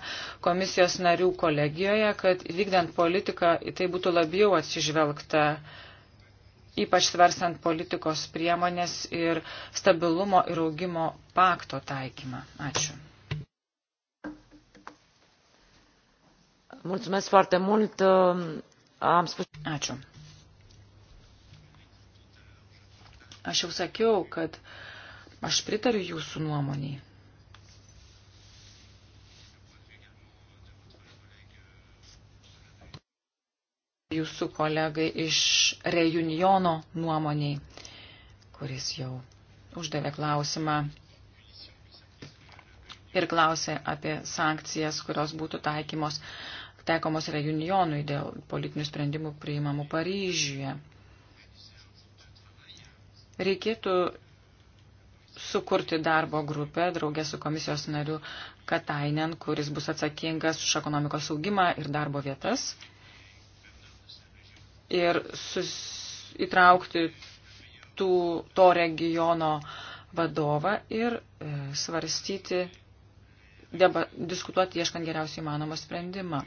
komisijos narių kolegijoje, kad vykdant politiką į tai būtų labiau atsižvelgta, ypač svarstant politikos priemonės ir stabilumo ir augimo pakto taikymą? Ačiū. Mulțumesc foarte mult. Uh, am spus. Ačiū. Aš jau sakiau, kad aš pritariu jūsų nuomonį. Jūsų kolegai iš Reunijono nuomoniai, kuris jau uždavė klausimą ir klausė apie sankcijas, kurios būtų taikymos taikomos regionui dėl politinių sprendimų priimamų Paryžiuje. Reikėtų sukurti darbo grupę draugė su komisijos nariu Katainen, kuris bus atsakingas už ekonomikos saugimą ir darbo vietas. Ir sus, įtraukti tų, to regiono vadovą ir e, svarstyti, deba, diskutuoti ieškant geriausiai įmanomą sprendimą.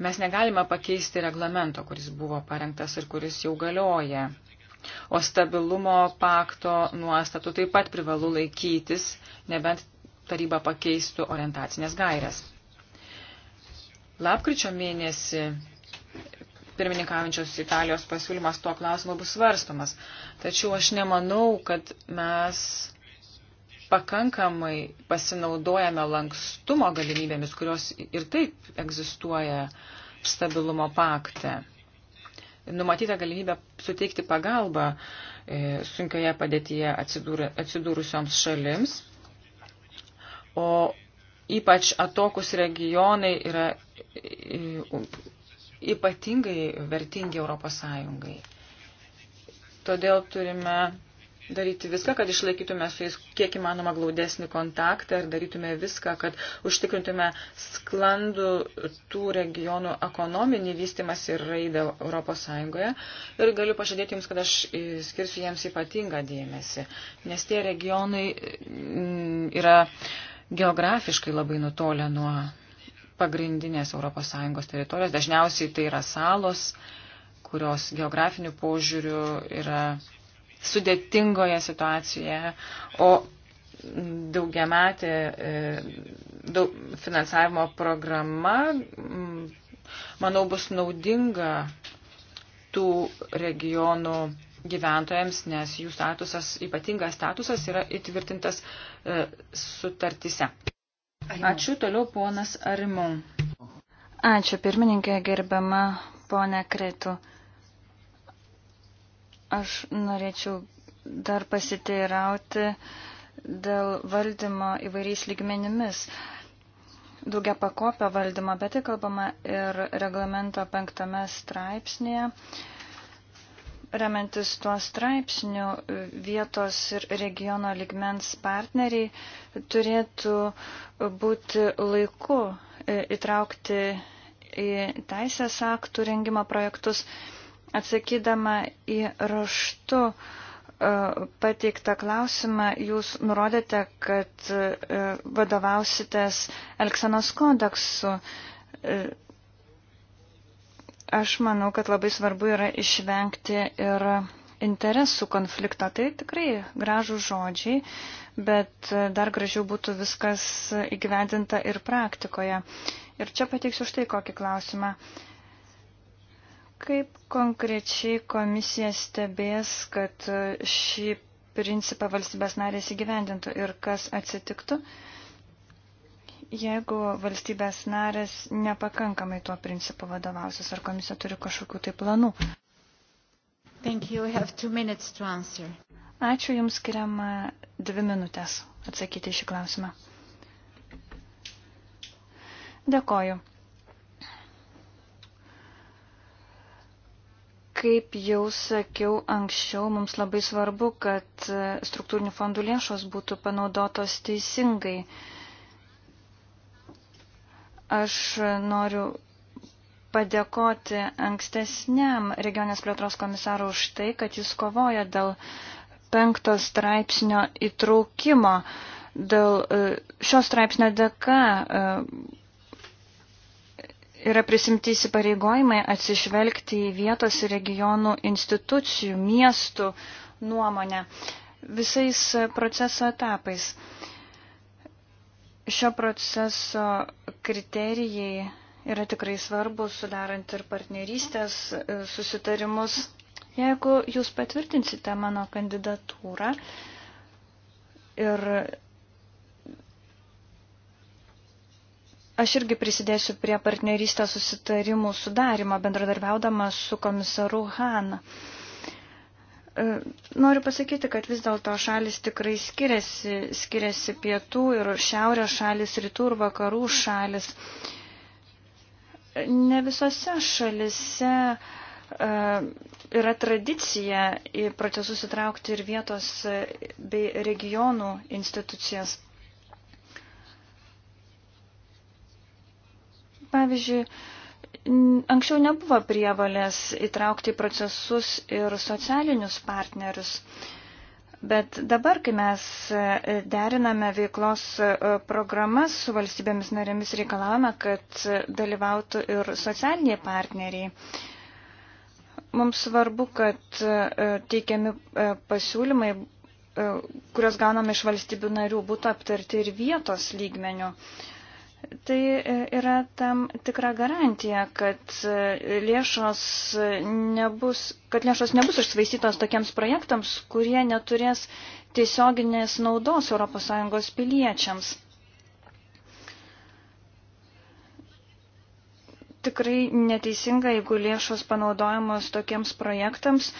Mes negalime pakeisti reglamento, kuris buvo parengtas ir kuris jau galioja. O stabilumo pakto nuostatų taip pat privalu laikytis, nebent taryba pakeistų orientacinės gairias. Lapkričio mėnesį pirmininkaujančios Italijos pasiūlymas tuo klausimu bus svarstomas. Tačiau aš nemanau, kad mes pakankamai pasinaudojame lankstumo galimybėmis, kurios ir taip egzistuoja stabilumo pakte. Numatyta galimybė suteikti pagalbą e, sunkioje padėtyje atsidūrusioms šalims, o ypač atokus regionai yra e, ypatingai vertingi Europos Sąjungai. Todėl turime daryti viską, kad išlaikytume su jais kiek įmanoma glaudesnį kontaktą ir darytume viską, kad užtikrintume sklandų tų regionų ekonominį vystimas ir raidą Europos Sąjungoje. Ir galiu pažadėti Jums, kad aš skirsiu jiems ypatingą dėmesį, nes tie regionai mm, yra geografiškai labai nutolę nuo pagrindinės ES teritorijos. Dažniausiai tai yra salos, kurios geografiniu požiūriu yra sudėtingoje situacijoje, o daugiametė e, daug, finansavimo programa, manau, bus naudinga tų regionų gyventojams, nes jų statusas, ypatingas statusas yra įtvirtintas e, sutartise. Ačiū toliau ponas Arimon. Ačiū pirmininkė gerbiama ponė Kretu. Aš norėčiau dar pasiteirauti dėl valdymo įvairiais lygmenimis. Daugia pakopio valdymo, bet tai kalbama ir reglamento penktame straipsnėje. Remiantis tuo straipsniu, vietos ir regiono ligmens partneriai turėtų būti laiku įtraukti į teisės aktų rengimo projektus. Atsakydama į raštu e, pateiktą klausimą, jūs nurodėte, kad e, vadovausitės Elksenos kodeksu. E, aš manau, kad labai svarbu yra išvengti ir interesų konflikto. Tai tikrai gražų žodžiai, bet dar gražiau būtų viskas įgyvendinta ir praktikoje. Ir čia pateiksiu štai kokį klausimą. Kaip konkrečiai komisija stebės, kad šį principą valstybės narės įgyvendintų ir kas atsitiktų, jeigu valstybės narės nepakankamai tuo principu vadovausis, ar komisija turi kažkokių tai planų? Ačiū Jums skiriama dvi minutės atsakyti šį klausimą. Dėkoju. Kaip jau sakiau anksčiau, mums labai svarbu, kad struktūrinių fondų lėšos būtų panaudotos teisingai. Aš noriu padėkoti ankstesniam regionės plėtros komisarų už tai, kad jis kovoja dėl penkto straipsnio įtraukimo. Dėl e, šio straipsnio dėka e, yra prisimti įsipareigojimai atsižvelgti į vietos ir regionų institucijų, miestų nuomonę visais proceso etapais. Šio proceso kriterijai yra tikrai svarbus, sudarant ir partnerystės e, susitarimus. Jeigu jūs patvirtinsite mano kandidatūrą ir Aš irgi prisidėsiu prie partnerystės susitarimų sudarimo, bendradarbiaudama su komisaru Hana. E, noriu pasakyti, kad vis dėlto šalis tikrai skiriasi, skiriasi pietų ir šiaurės šalis, rytų ir vakarų šalis. Ne visose šalise e, yra tradicija į procesus įtraukti ir vietos bei regionų institucijas. Pavyzdžiui, anksčiau nebuvo prievalės įtraukti į procesus ir socialinius partnerius. Bet dabar, kai mes deriname veiklos programas su valstybėmis narėmis, reikalavome, kad dalyvautų ir socialiniai partneriai. Mums svarbu, kad e, teikiami e, pasiūlymai, e, kurios gauname iš valstybių narių, būtų aptarti ir vietos lygmenių. Tai e, yra tam tikra garantija, kad e, lėšos nebus, kad lėšos nebus išsvaistytos tokiems projektams, kurie neturės tiesioginės naudos ES piliečiams. tikrai neteisinga, jeigu lėšos panaudojamos tokiems projektams,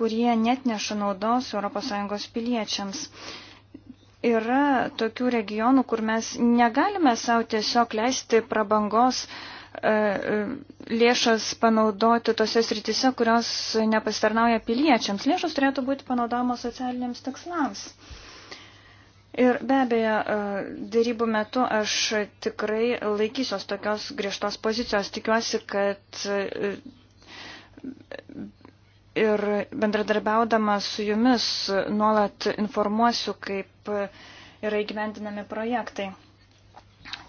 kurie net neša naudos ES piliečiams yra tokių regionų, kur mes negalime savo tiesiog leisti prabangos e, e, lėšas panaudoti tose sritise, kurios nepasitarnauja piliečiams. Lėšos turėtų būti panaudojamos socialiniams tikslams. Ir be abejo, e, dėrybų metu aš tikrai laikysiuos tokios griežtos pozicijos. Tikiuosi, kad ir bendradarbiaudama su jumis nuolat informuosiu, kaip yra įgyvendinami projektai.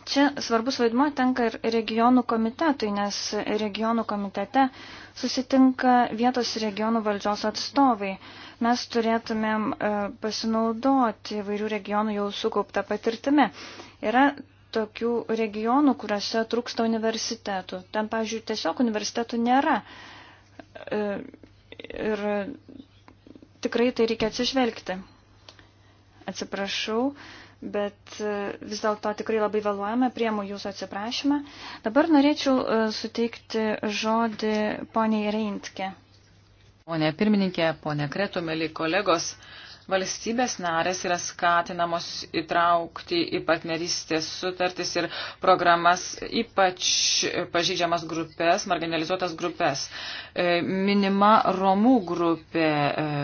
Čia svarbus vaidmuo tenka ir regionų komitetui, nes regionų komitete susitinka vietos regionų valdžios atstovai. Mes turėtumėm e, pasinaudoti vairių regionų jau sukauptą patirtimį. Yra tokių regionų, kuriuose trūksta universitetų. Ten, pavyzdžiui, tiesiog universitetų nėra e, ir tikrai tai reikia atsižvelgti. Atsiprašau, bet e, vis dėlto tikrai labai vėluojame, priemu jūsų atsiprašymą. Dabar norėčiau e, suteikti žodį poniai Reintke. Pone pirmininkė, pone Kretu, mėly kolegos, uh, Valstybės narės yra skatinamos įtraukti į partnerystės sutartis ir programas ypač pažydžiamas grupės, marginalizuotas grupės. E, minima Romų grupė e,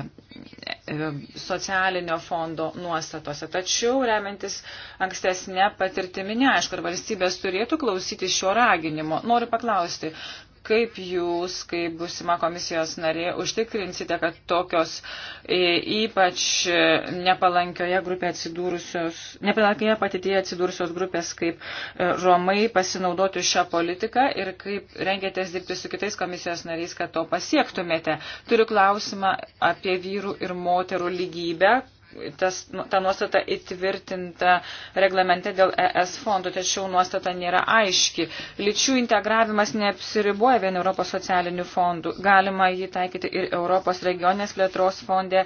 e, socialinio fondo nuostatose. Tačiau, remiantis ankstesnė patirtimi, neaišku, ar valstybės turėtų klausyti šio raginimo. Noriu paklausti, Kaip jūs, kaip būsima komisijos narė, užtikrinsite, kad tokios e, ypač e, nepalankioje grupėje atsidūrusios, nepalankioje patirtyje atsidūrusios grupės kaip e, Romai pasinaudotų šią politiką ir kaip rengėtės dirbti su kitais komisijos nariais, kad to pasiektumėte? Turiu klausimą apie vyrų ir moterų lygybę, tas, nu, ta nuostata įtvirtinta reglamente dėl ES fondų, tačiau nuostata nėra aiški. Lyčių integravimas neapsiriboja vien Europos socialinių fondų. Galima jį taikyti ir Europos regionės plėtros fonde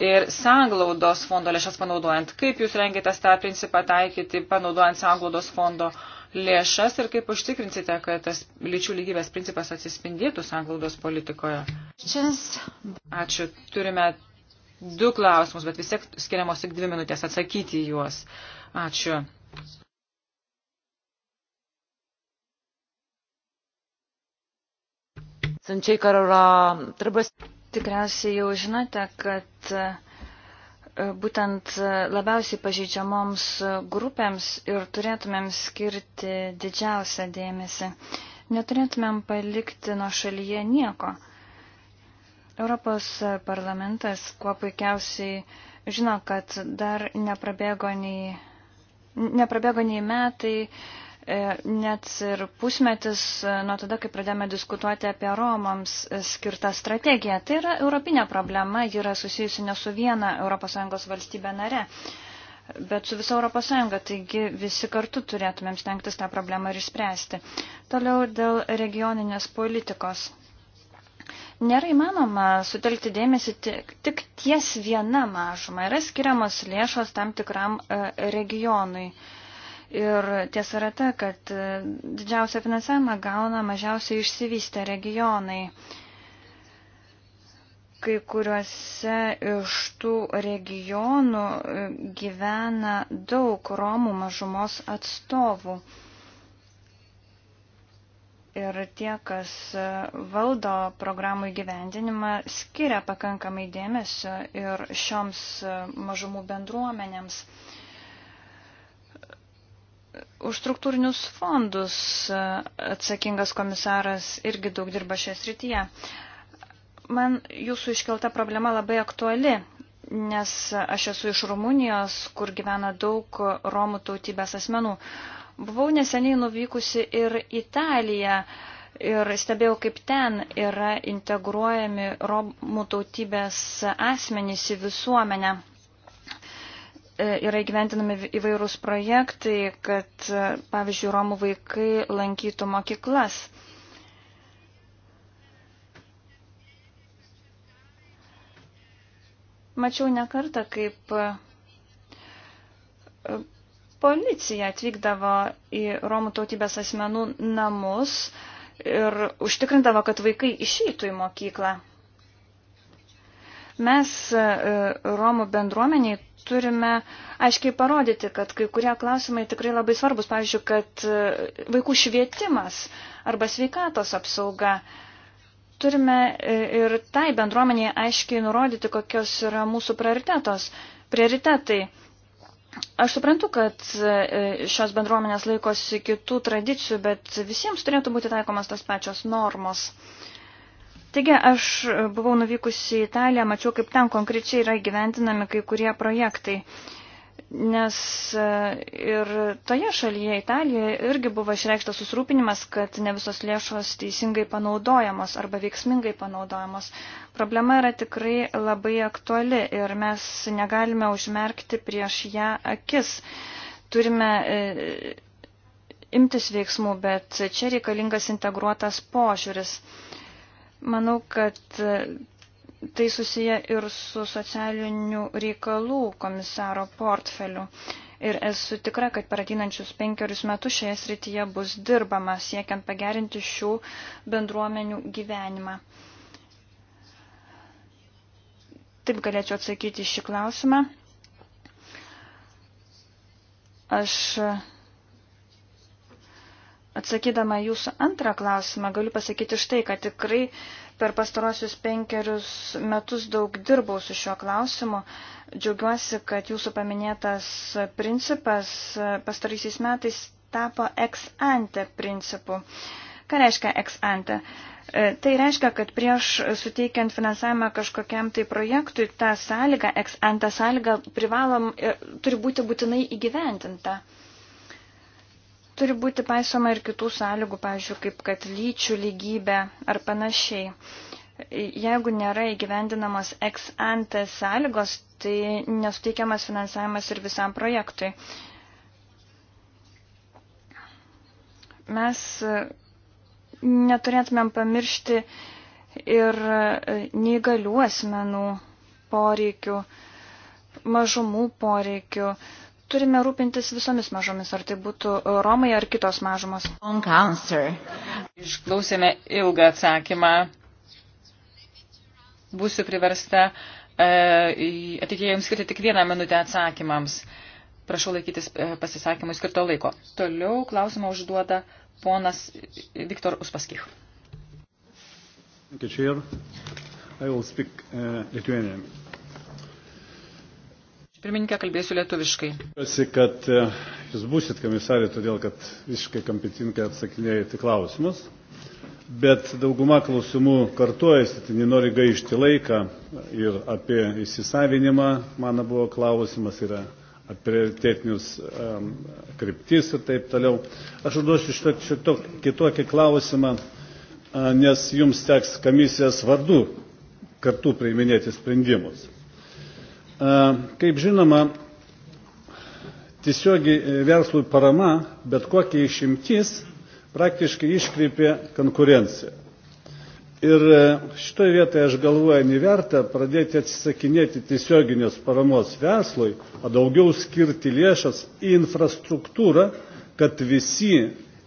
ir sanglaudos fondo lėšas panaudojant. Kaip jūs rengite tą principą taikyti, panaudojant sanglaudos fondo lėšas ir kaip užtikrinsite, kad tas lyčių lygybės principas atsispindėtų sanglaudos politikoje? Ačiū. Turime du klausimus, bet vis tiek skiriamos tik dvi minutės atsakyti juos. Ačiū. Sunt cei cărora trebuie să... Tikriausiai jau žinote, kad e, būtent labiausiai pažeidžiamoms grupėms ir turėtumėm skirti didžiausią dėmesį. Neturėtumėm palikti nuo šalyje nieko. Europos parlamentas kuo puikiausiai žino, kad dar neprabėgo nei, neprabėgo nei metai, e, net ir pusmetis nuo tada, kai pradėjome diskutuoti apie Romams skirtą strategiją. Tai yra europinė problema, ji yra susijusi ne su viena ES valstybė nare, bet su visa ES, taigi visi kartu turėtumėm stengtis tą problemą ir išspręsti. Toliau dėl regioninės politikos. Nėra įmanoma sutelkti dėmesį tik, tik ties viena mažuma. Yra skiriamos lėšos tam tikram e, regionui. Ir tiesa yra ta, kad e, didžiausią finansavimą gauna mažiausiai išsivystę regionai. Kai kuriuose iš tų regionų e, gyvena daug Romų mažumos atstovų ir tie, kas e, valdo programų įgyvendinimą, skiria pakankamai dėmesio ir šioms e, mažumų bendruomenėms. Už struktūrinius fondus e, atsakingas komisaras irgi daug dirba šioje srityje. Man jūsų iškelta problema labai aktuali, nes aš esu iš Rumunijos, kur gyvena daug Romų tautybės asmenų. Buvau neseniai nuvykusi ir Italiją ir stebėjau, kaip ten yra integruojami romų tautybės asmenys į visuomenę. E, yra įgyventinami įvairūs projektai, kad, e, pavyzdžiui, romų vaikai lankytų mokyklas. Mačiau nekartą, kaip e, policija atvykdavo į Romų tautybės asmenų namus ir užtikrindavo, kad vaikai išeitų į mokyklą. Mes e, Romų bendruomeniai turime aiškiai parodyti, kad kai kurie klausimai tikrai labai svarbus. Pavyzdžiui, kad e, vaikų švietimas arba sveikatos apsauga. Turime e, ir tai bendruomeniai aiškiai nurodyti, kokios yra mūsų prioritetos. Prioritetai. Aš suprantu, kad e, šios bendruomenės laikosi kitų tradicijų, bet visiems turėtų būti taikomas tas pačios normos. Taigi, aš buvau nuvykusi į Italiją, mačiau, kaip ten konkrečiai yra gyventinami kai kurie projektai. Uh, nes e, ir toje šalyje, Italijoje, irgi buvo išreikštas susirūpinimas, kad ne visos lėšos teisingai panaudojamos arba veiksmingai panaudojamos. Problema yra tikrai labai aktuali ir mes negalime užmerkti prieš ją akis. Turime e, imtis veiksmų, bet čia reikalingas integruotas požiūris. Manau, kad tai susiję ir su socialinių reikalų komisaro portfeliu. Ir esu tikra, kad per ateinančius penkerius metus šioje srityje bus dirbama siekiant pagerinti šių bendruomenių gyvenimą. Taip galėčiau atsakyti šį klausimą. Aš atsakydama jūsų antrą klausimą galiu pasakyti štai, kad tikrai per pastarosius penkerius metus daug dirbau su šiuo klausimu. Džiaugiuosi, kad jūsų paminėtas principas pastaraisiais metais tapo ex ante principu. Ką reiškia ex ante? E, tai reiškia, kad prieš suteikiant finansavimą kažkokiam tai projektui, ta sąlyga, ex ante sąlyga privalom, e, turi būti būtinai įgyvendinta. Uh, Turi būti paisoma ir kitų sąlygų, pavyzdžiui, kaip kad lyčių lygybė ar panašiai. Jeigu nėra įgyvendinamos ex ante sąlygos, tai nesuteikiamas finansavimas ir visam projektui. Mes neturėtumėm pamiršti ir neįgalių asmenų poreikių, mažumų poreikių turime rūpintis visomis mažomis, ar tai būtų Romai ar kitos mažumos. Išklausėme ilgą atsakymą. Būsiu priversta e, ateityje jums skirti tik vieną minutę atsakymams. Prašau laikytis e, pasisakymui skirto laiko. Toliau klausimą užduoda ponas Viktor Uspaskich. Thank you, Chair. I will speak uh, Lithuanian. Pirmininkė, kalbėsiu lietuviškai. Tikiuosi, kad e, jūs būsit komisarė, todėl kad visiškai kompetinkai atsakinėjate klausimus, bet dauguma klausimų kartuojasi, tai nenori gaišti laiką ir apie įsisavinimą, mano buvo klausimas, yra apie prioritetinius um, kryptis ir taip toliau. Aš užduosiu šitą kitokį klausimą, nes jums teks komisijos vardu kartu priiminėti sprendimus. E, kaip žinoma, tiesiogiai e, verslui parama, bet kokia išimtis praktiškai iškreipė konkurenciją. Ir e, šitoje vietoje aš galvoju, neverta pradėti atsisakinėti tiesioginės paramos verslui, o daugiau skirti lėšas į infrastruktūrą, kad visi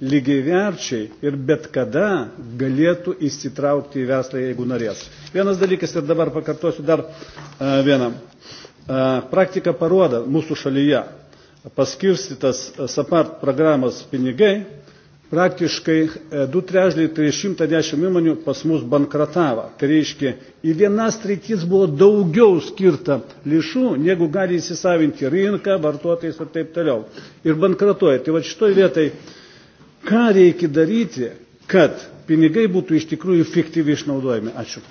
lygiai verčiai ir bet kada galėtų įsitraukti į verslą, jeigu norės. Vienas dalykas ir dabar pakartosiu dar vieną praktika parodo mūsų šalyje paskirstytas SAPART programos pinigai, praktiškai 2 trešdėliai 310 įmonių pas mus bankratavo. Tai reiškia, į vienas reikis buvo daugiau skirta lėšų, negu gali įsisavinti rinką, vartotojais ir taip toliau. Ir bankratuoja. Tai va šitoj vietai, ką reikia daryti, kad pinigai būtų iš tikrųjų efektyviai išnaudojami. Ačiū.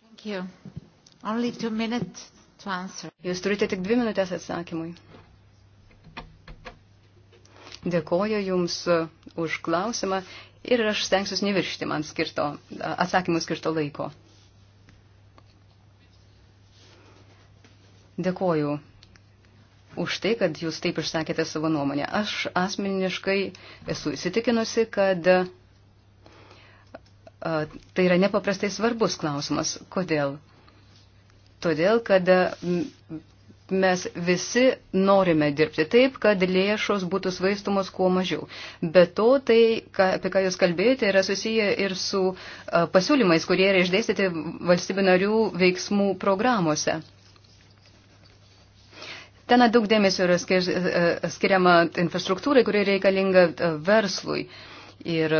Thank you. Jūs turite tik dvi minutės atsakymui. Dėkoju Jums uh, už klausimą ir aš stengsiuosi neviršti man skirto, uh, atsakymų skirto laiko. Dėkoju už tai, kad jūs taip išsakėte savo nuomonę. Aš asmeniškai esu įsitikinusi, kad a, uh, tai yra nepaprastai svarbus klausimas. Kodėl? Todėl, kad mes visi norime dirbti taip, kad lėšos būtų svaistumos kuo mažiau. Be to, tai, ką, apie ką Jūs kalbėjote, yra susiję ir su a, pasiūlymais, kurie yra išdėstyti valstybių narių veiksmų programuose. Ten daug dėmesio yra skir, a, skiriama infrastruktūrai, kuri reikalinga a, verslui. Ir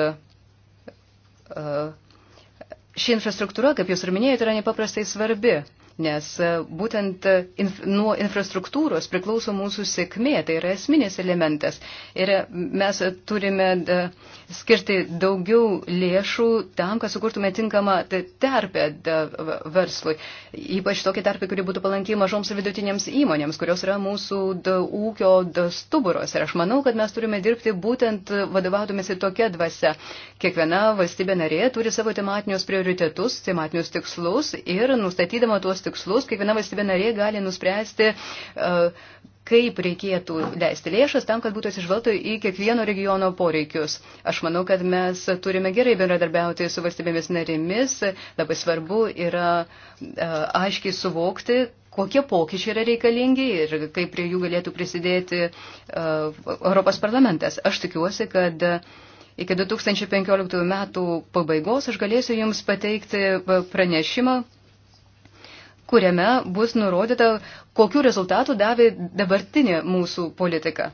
ši infrastruktūra, kaip Jūs ir minėjote, yra nepaprastai svarbi nes e, būtent e, inf nuo infrastruktūros priklauso mūsų sėkmė, tai yra esminis elementas. Ir e, mes turime skirti daugiau lėšų tam, kad sukurtume tinkamą terpę verslui, ypač tokį terpę, kuri būtų palankiai mažoms ir vidutinėms įmonėms, kurios yra mūsų ūkio stuburos. Ir aš manau, kad mes turime dirbti būtent vadovaudomėsi tokia dvasia. Kiekviena valstybė narė turi savo tematinius prioritetus, tematinius tikslus ir nustatydama tuos tikslus tikslus, kiekviena valstybė narė gali nuspręsti, e, kaip reikėtų leisti lėšas tam, kad būtų atsižvelgta į kiekvieno regiono poreikius. Aš manau, kad mes turime gerai bendradarbiauti su valstybėmis narėmis. Labai svarbu yra e, aiškiai suvokti, kokie pokyčiai yra reikalingi ir kaip prie jų galėtų prisidėti e, Europos parlamentas. Aš tikiuosi, kad iki 2015 metų pabaigos aš galėsiu Jums pateikti pranešimą kuriame bus nurodyta, kokiu rezultatu davė dabartinė mūsų politika.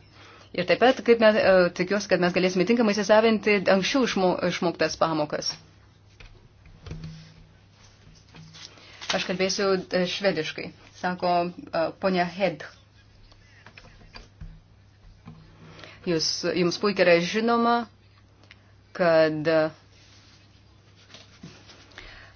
Ir taip pat, kaip mes, e, tikiuosi, kad mes galėsime tinkamai įsisavinti anksčiau išmo, išmoktas pamokas. Aš kalbėsiu e, švediškai, sako e, ponia Hed. Jūs, jums puikiai yra žinoma, kad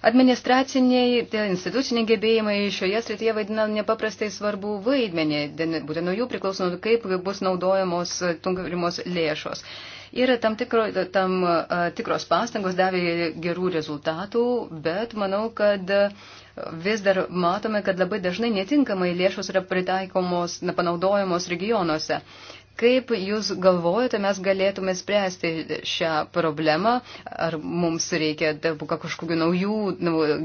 Administraciniai, instituciniai gebėjimai šioje srityje vaidina nepaprastai svarbu vaidmenį, būtent nuo jų priklauso, kaip bus naudojamos tunkarimos lėšos. Ir tam, tikro, tam tikros pastangos davė gerų rezultatų, bet manau, kad vis dar matome, kad labai dažnai netinkamai lėšos yra pritaikomos, panaudojamos regionuose. Kaip Jūs galvojate, mes galėtume spręsti šią problemą? Ar mums reikia kažkokių naujų,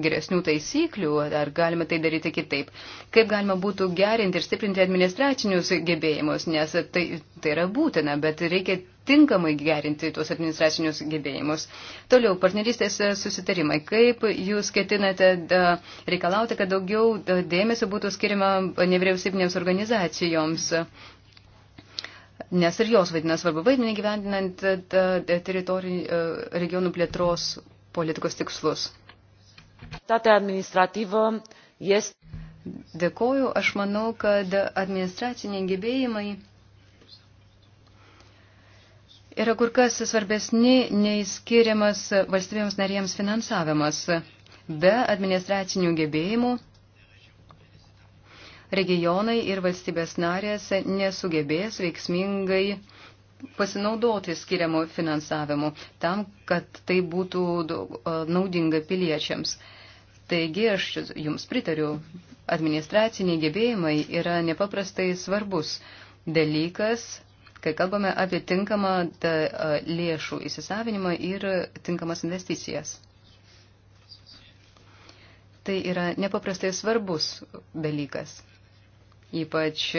geresnių taisyklių, ar galime tai daryti kitaip? Kaip galima būtų gerinti ir stiprinti administracinius gebėjimus, nes tai, tai yra būtina, bet reikia tinkamai gerinti tuos administracinius gebėjimus. Toliau, partnerystės susitarimai. Kaip jūs ketinate reikalauti, kad daugiau dėmesio būtų skirima nevyriausybinėms organizacijoms? nes ir jos vaidina svarbu vaidmenį gyvendinant e, e, teritorijų e, regionų plėtros politikos tikslus. Dėkoju, aš manau, kad administraciniai gebėjimai yra kur kas svarbesni nei skiriamas valstybėms narėms finansavimas. Be administracinių gebėjimų regionai ir valstybės narės nesugebės veiksmingai pasinaudoti skiriamo finansavimu tam, kad tai būtų e, naudinga piliečiams. Taigi aš jums pritariu, administraciniai gebėjimai yra nepaprastai svarbus dalykas, kai kalbame apie tinkamą e, lėšų įsisavinimą ir tinkamas investicijas. Tai yra nepaprastai svarbus dalykas ypač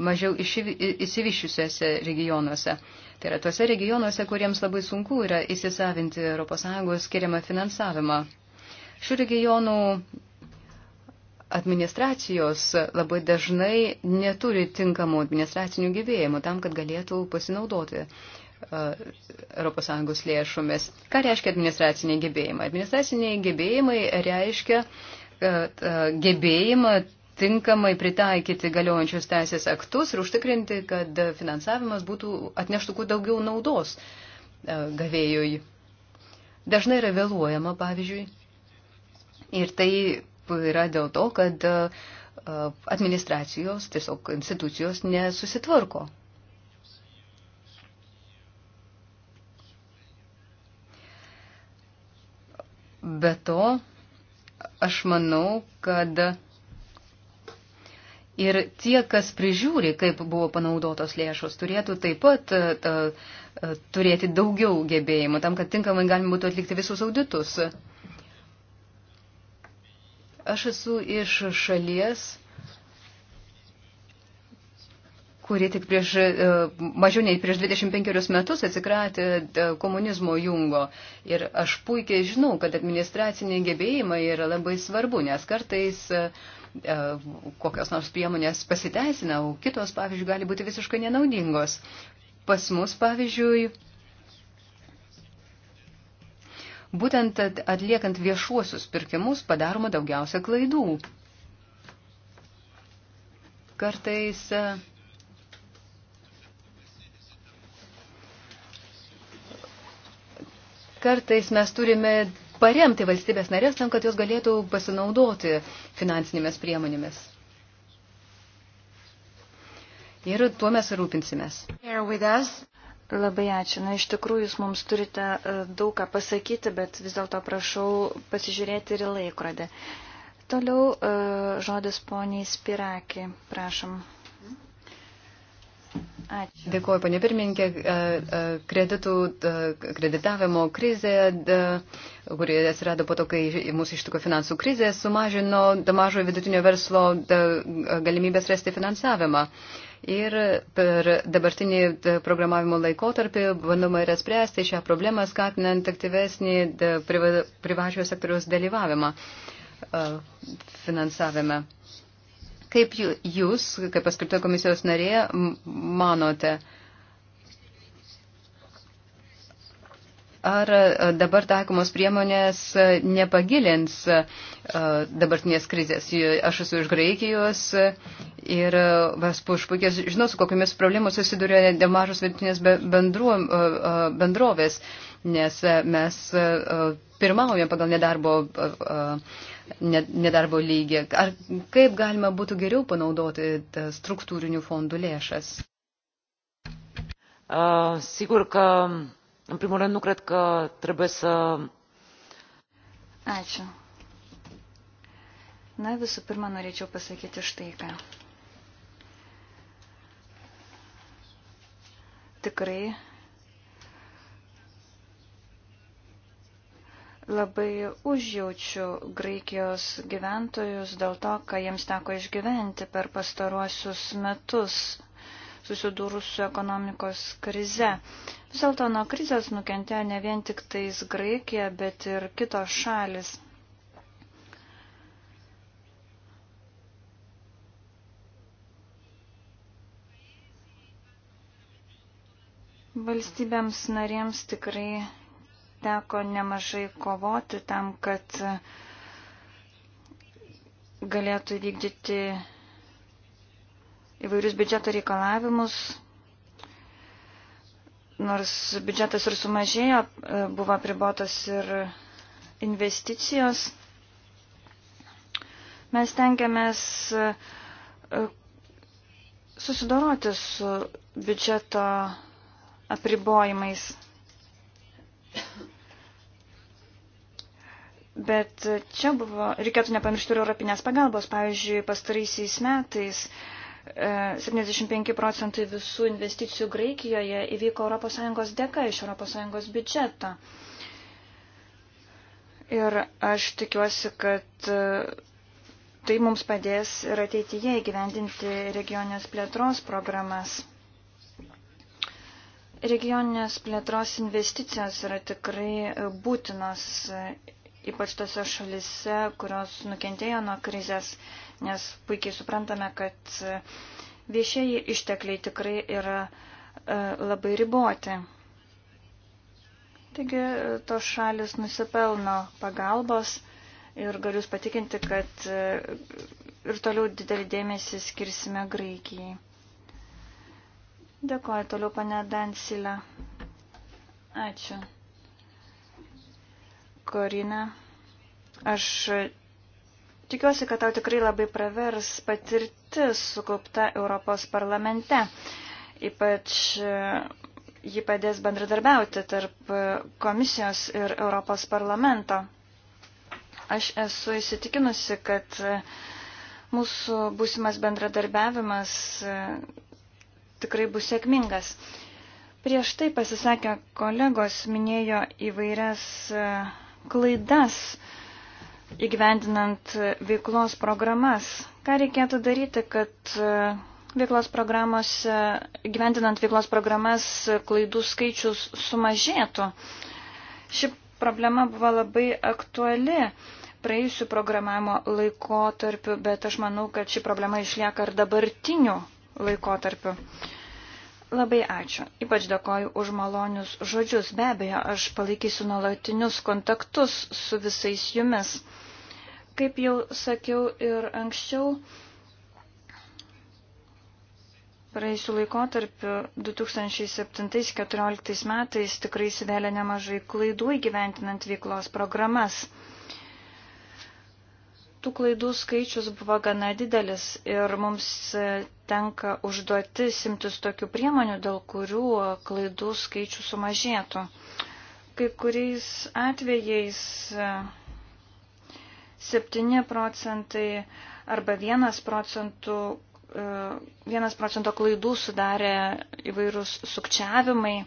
mažiau įsivyščiusiuose regionuose. Tai yra tuose regionuose, kuriems labai sunku yra įsisavinti ES skiriamą finansavimą. Šių regionų administracijos labai dažnai neturi tinkamų administracinių gyvėjimų tam, kad galėtų pasinaudoti ES lėšomis. Ką reiškia administraciniai gebėjimai? Administraciniai gebėjimai reiškia e, gebėjimą tinkamai pritaikyti galiojančius teisės aktus ir užtikrinti, kad finansavimas būtų atneštų kuo daugiau naudos e, gavėjui. Dažnai yra vėluojama, pavyzdžiui. Ir tai yra dėl to, kad e, e, administracijos, tiesiog institucijos nesusitvarko. Be to, aš manau, kad Ir tie, kas prižiūri, kaip buvo panaudotos lėšos, turėtų taip pat e, ta, e, turėti daugiau gebėjimų tam, kad tinkamai galima būtų atlikti visus auditus. Aš esu iš šalies, kuri tik prieš, e, mažiau nei prieš 25 metus atsikratė komunizmo jungo. Ir aš puikiai žinau, kad administraciniai gebėjimai yra labai svarbu, nes kartais uh, E, kokios nors priemonės pasiteisina, o kitos, pavyzdžiui, gali būti visiškai nenaudingos. Pas mus, pavyzdžiui, būtent atliekant viešuosius pirkimus padaroma daugiausia klaidų. Kartais e, Kartais mes turime paremti valstybės narės tam, kad jos galėtų pasinaudoti finansinėmis priemonėmis. Ir tuo mes rūpinsimės. Labai ačiū. Na, iš tikrųjų, jūs mums turite e, daug ką pasakyti, bet vis dėlto prašau pasižiūrėti ir į laikrodį. Toliau e, žodis poniai Spiraki. Prašom. Ačiū. Dėkuoju, panė pirmininkė, e, e, kreditų, e, kreditavimo krizė, kuri atsirado po to, kai mūsų ištiko finansų krizė, sumažino mažo vidutinio verslo galimybės rasti finansavimą. Ir per dabartinį programavimo laikotarpį bandoma yra spręsti šią problemą, skatinant aktyvesnį privačios sektoriaus dalyvavimą finansavime. Kaip jūs, kaip paskirta komisijos narė, manote, ar e, dabar taikomos priemonės e, nepagilins e, dabartinės krizės? Aš esu iš Graikijos ir vaspu išpūkės, žinau, su kokiamis problemus susiduria nemažos vidutinės bendrovės, nes mes pirmaujame pagal nedarbo nedarbo lygį. Ar kaip galima būtų geriau panaudoti struktūrinių fondų lėšas? Uh, sigur că, în primul rând, nu cred că trebuie să... Ačiū. Na, visų pirma, norėčiau pasakyti štai ką. Tikrai Labai užjaučiu Graikijos gyventojus dėl to, ką jiems teko išgyventi per pastaruosius metus susidūrus su ekonomikos krize. Vis dėlto nuo krizės nukentėjo ne vien tik tais Graikija, bet ir kitos šalis. Valstybėms narėms tikrai teko nemažai kovoti tam, kad galėtų vykdyti įvairius biudžeto reikalavimus. Nors biudžetas ir sumažėjo, buvo pribotas ir investicijos. Mes tengiamės e, susidoroti su biudžeto apribojimais. Bet čia buvo, reikėtų nepamiršti ir europinės pagalbos. Pavyzdžiui, pastaraisiais metais 75 e, procentai visų investicijų Graikijoje įvyko ES dėka iš ES biudžeto. Ir aš tikiuosi, kad e, tai mums padės ir ateityje įgyvendinti regionės plėtros programas. Regioninės plėtros investicijos yra tikrai būtinos ypač tose šalise, kurios nukentėjo nuo krizės, nes puikiai suprantame, kad e, viešieji ištekliai tikrai yra e, labai riboti. Taigi e, tos šalis nusipelno pagalbos ir galiu patikinti, kad ir toliau didelį dėmesį skirsime Graikijai. Dėkuoju toliau, pane Dansilė. Ačiū. Korinė. Aš tikiuosi, kad tau tikrai labai pravers patirtis sukaupta Europos parlamente. Ypač e, ji padės bendradarbiauti tarp komisijos ir Europos parlamento. Aš esu įsitikinusi, kad e, mūsų būsimas bendradarbiavimas e, tikrai bus sėkmingas. Prieš tai pasisakę kolegos minėjo įvairias klaidas įgyvendinant veiklos programas. Ką reikėtų daryti, kad e, veiklos programos, gyvendinant veiklos programas klaidų skaičius sumažėtų? Ši problema buvo labai aktuali praėjusių programavimo laikotarpiu, bet aš manau, kad ši problema išlieka ir dabartiniu laikotarpiu. Labai ačiū. Ypač dėkoju už malonius žodžius. Be abejo, aš palaikysiu nuolatinius kontaktus su visais jumis. Kaip jau sakiau ir anksčiau, praėjusiu laikotarpiu 2007-2014 metais tikrai įsivėlė nemažai klaidų įgyventinant veiklos programas tų klaidų skaičius buvo gana didelis ir mums e, tenka užduoti simtis tokių priemonių, dėl kurių klaidų skaičių sumažėtų. Kai kuriais atvejais 7 e, procentai arba 1 procentų 1 e, procento klaidų sudarė įvairūs sukčiavimai,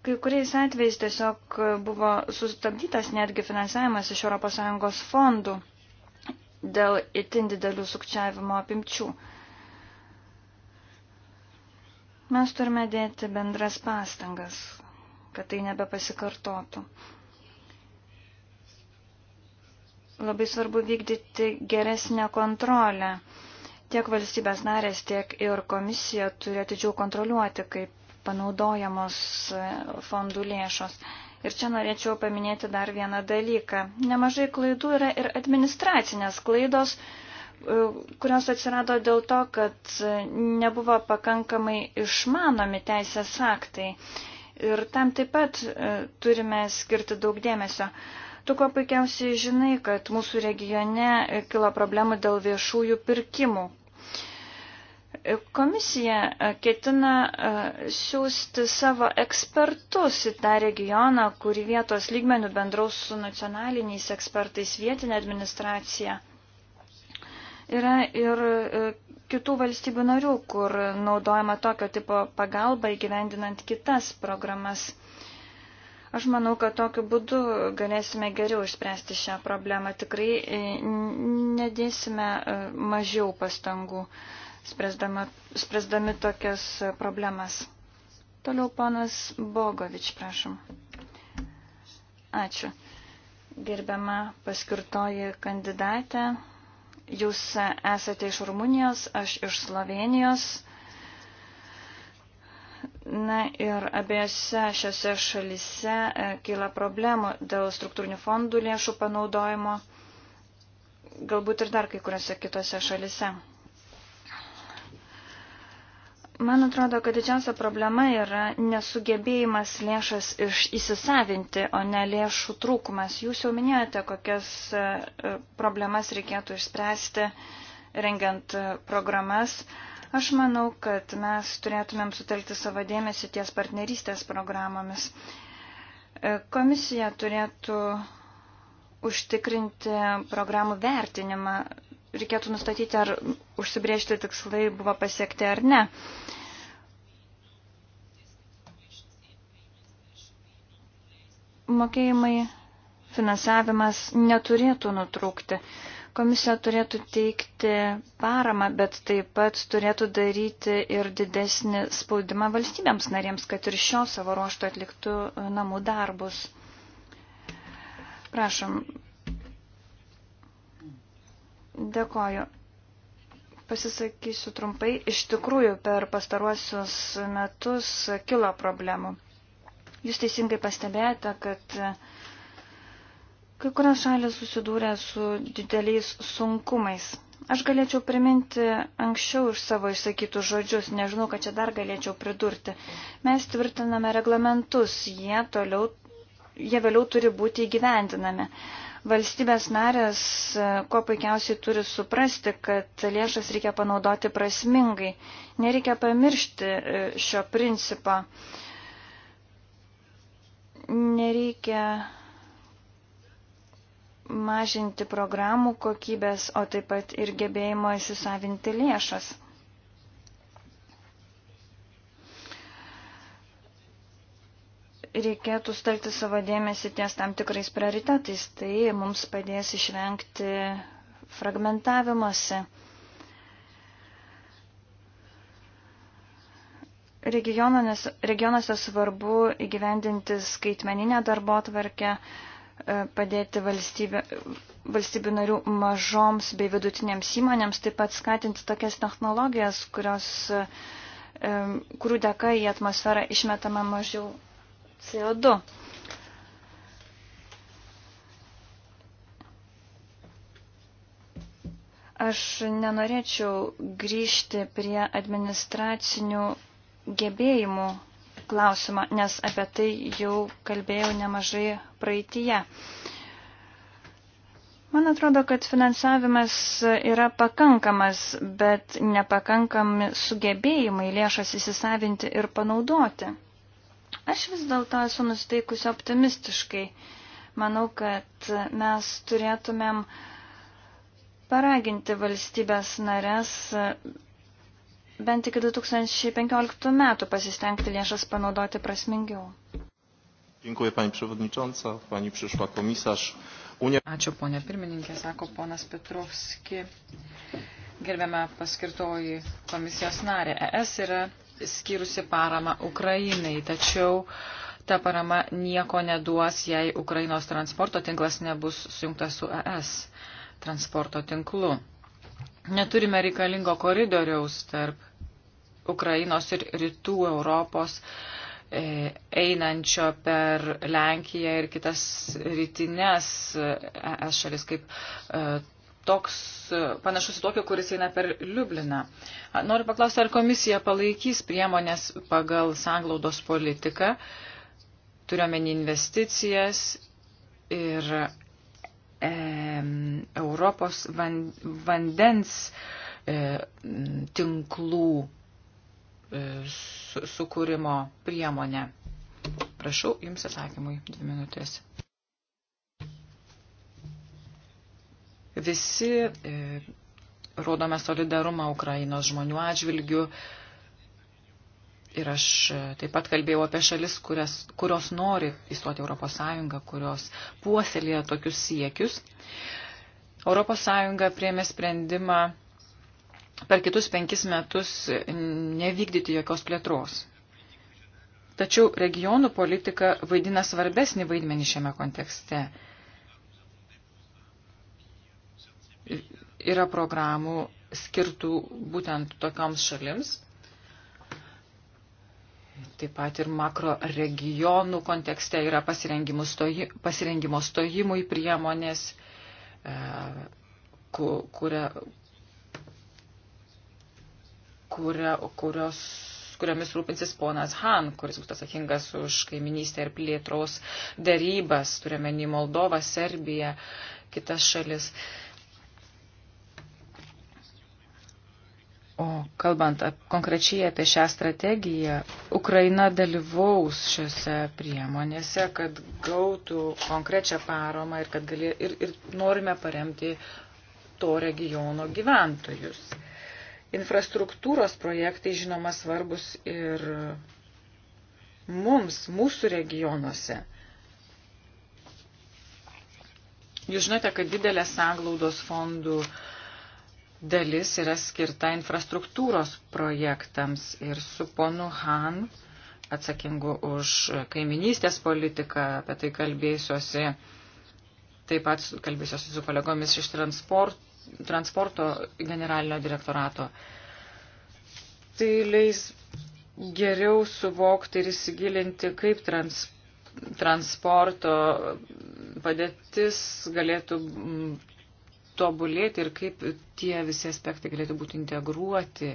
Kai kuriais atvejais tiesiog buvo sustabdytas netgi finansavimas iš ES fondų dėl itin didelių sukčiavimo apimčių. Mes turime dėti bendras pastangas, kad tai nebepasikartotų. Labai svarbu vykdyti geresnę kontrolę. Tiek valstybės narės, tiek ir komisija turi atidžiau kontroliuoti, kaip panaudojamos e, fondų lėšos. Ir čia norėčiau paminėti dar vieną dalyką. Nemažai klaidų yra ir administracinės klaidos, e, kurios atsirado dėl to, kad e, nebuvo pakankamai išmanomi teisės aktai. Ir tam taip pat turime skirti daug dėmesio. Tu ko puikiausiai žinai, kad mūsų regione kilo problemų dėl viešųjų pirkimų, Komisija e, ketina e, siūsti savo ekspertus į tą regioną, kurį vietos lygmenių bendraus su nacionaliniais ekspertais vietinė administracija. Yra ir e, kitų valstybių narių, kur naudojama tokio tipo pagalba įgyvendinant kitas programas. Aš manau, kad tokiu būdu galėsime geriau išspręsti šią problemą. Tikrai nedėsime mažiau pastangų spręsdami tokias problemas. Toliau ponas Bogovič, prašom. Ačiū. Gerbiama paskirtoji kandidatė, jūs esate iš Rumunijos, aš iš Slovenijos. Na ir abiejose šiose šalise e, kyla problemų dėl struktūrinių fondų lėšų panaudojimo, galbūt ir dar kai kuriuose kitose šalise. Man atrodo, kad didžiausia problema yra nesugebėjimas lėšas iš įsisavinti, o ne lėšų trūkumas. Jūs jau minėjote, kokias e, problemas reikėtų išspręsti rengiant e, programas. Aš manau, kad mes turėtumėm sutelkti savo dėmesį ties partnerystės programomis. E, komisija turėtų užtikrinti programų vertinimą reikėtų nustatyti, ar užsibriežti tikslai buvo pasiekti ar ne. Mokėjimai, finansavimas neturėtų nutrūkti. Komisija turėtų teikti paramą, bet taip pat turėtų daryti ir didesnį spaudimą valstybėms narėms, kad ir šio savo ruoštų atliktų namų darbus. Prašom, Dėkoju. Pasisakysiu trumpai. Iš tikrųjų, per pastaruosius metus kilo problemų. Jūs teisingai pastebėjote, kad kai kurios šalis susidūrė su dideliais sunkumais. Aš galėčiau priminti anksčiau iš savo išsakytų žodžius, nežinau, kad čia dar galėčiau pridurti. Mes tvirtiname reglamentus, jie, toliau, jie vėliau turi būti įgyvendinami. Valstybės narės e, kuo puikiausiai turi suprasti, kad lėšas reikia panaudoti prasmingai. Nereikia pamiršti e, šio principo. Nereikia mažinti programų kokybės, o taip pat ir gebėjimo įsisavinti lėšas. reikėtų stalti savo dėmesį ties tam tikrais prioritetais. Tai mums padės išvengti fragmentavimuose. Regionuose, regionuose svarbu įgyvendinti skaitmeninę darbo tvarkę, e, padėti valstybė, valstybių narių mažoms bei vidutinėms įmonėms, taip pat skatinti tokias technologijas, kurios, e, kurių dėka į atmosferą išmetama mažiau CO2. Aš nenorėčiau grįžti prie administracinių gebėjimų klausimą, nes apie tai jau kalbėjau nemažai praeitie. Man atrodo, kad finansavimas yra pakankamas, bet nepakankami sugebėjimai lėšas įsisavinti ir panaudoti. Aš vis dėlto esu nusteikusi optimistiškai. Manau, kad mes turėtumėm paraginti valstybės narės bent iki 2015 metų pasistengti lėšas panaudoti prasmingiau. Dziękuję Pani Przewodnicząca, Pani przyszła komisarz. Unia... Ačiū ponia pirmininkė, sako ponas Petrovski. Gerbiame paskirtoji komisijos narė. ES yra skyrusi paramą Ukrainai, tačiau ta parama nieko neduos, jei Ukrainos transporto tinklas nebus sujungtas su ES transporto tinklu. Neturime reikalingo koridoriaus tarp Ukrainos ir rytų Europos e, einančio per Lenkiją ir kitas rytinės ES e šalis kaip e, toks panašus į tokį, kuris eina per Liubliną. Noriu paklausti, ar komisija palaikys priemonės pagal sanglaudos politiką, turiuomenį investicijas ir e, Europos van, vandens e, tinklų e, sukūrimo priemonę. Prašau, jums atsakymui dvi minutės. Visi e, rodome solidarumą Ukrainos žmonių atžvilgių. Ir aš e, taip pat kalbėjau apie šalis, kurias, kurios nori įstoti Europos Sąjungą, kurios puoselėja tokius siekius. Europos Sąjunga priemė sprendimą per kitus penkis metus e, nevykdyti jokios plėtros. Tačiau regionų politika vaidina svarbesnį vaidmenį šiame kontekste. yra programų skirtų būtent tokioms šalims. Taip pat ir makro regionų kontekste yra stoji, pasirengimo stojimui priemonės, e, kuria, kuria, kurios kuriomis rūpinsis ponas Han, kuris bus atsakingas už kaiminystę ir plėtros darybas, turiuomenį Moldovą, Serbiją, kitas šalis. Uh, O kalbant ap, konkrečiai apie šią strategiją, Ukraina dalyvaus šiuose priemonėse, kad gautų konkrečią paramą ir kad galė, ir, ir norime paremti to regiono gyventojus. Infrastruktūros projektai, žinoma, svarbus ir mums, mūsų regionuose. Jūs žinote, kad didelė sanglaudos fondų uh, dalis yra skirta infrastruktūros projektams ir su ponu Han atsakingu už kaiminystės politiką, apie tai kalbėsiuosi, taip pat kalbėsiuosi su kolegomis iš transport, transporto generalinio direktorato. Tai leis geriau suvokti ir įsigilinti, kaip trans, transporto padėtis galėtų tobulėti ir kaip tie visi aspektai galėtų būti integruoti,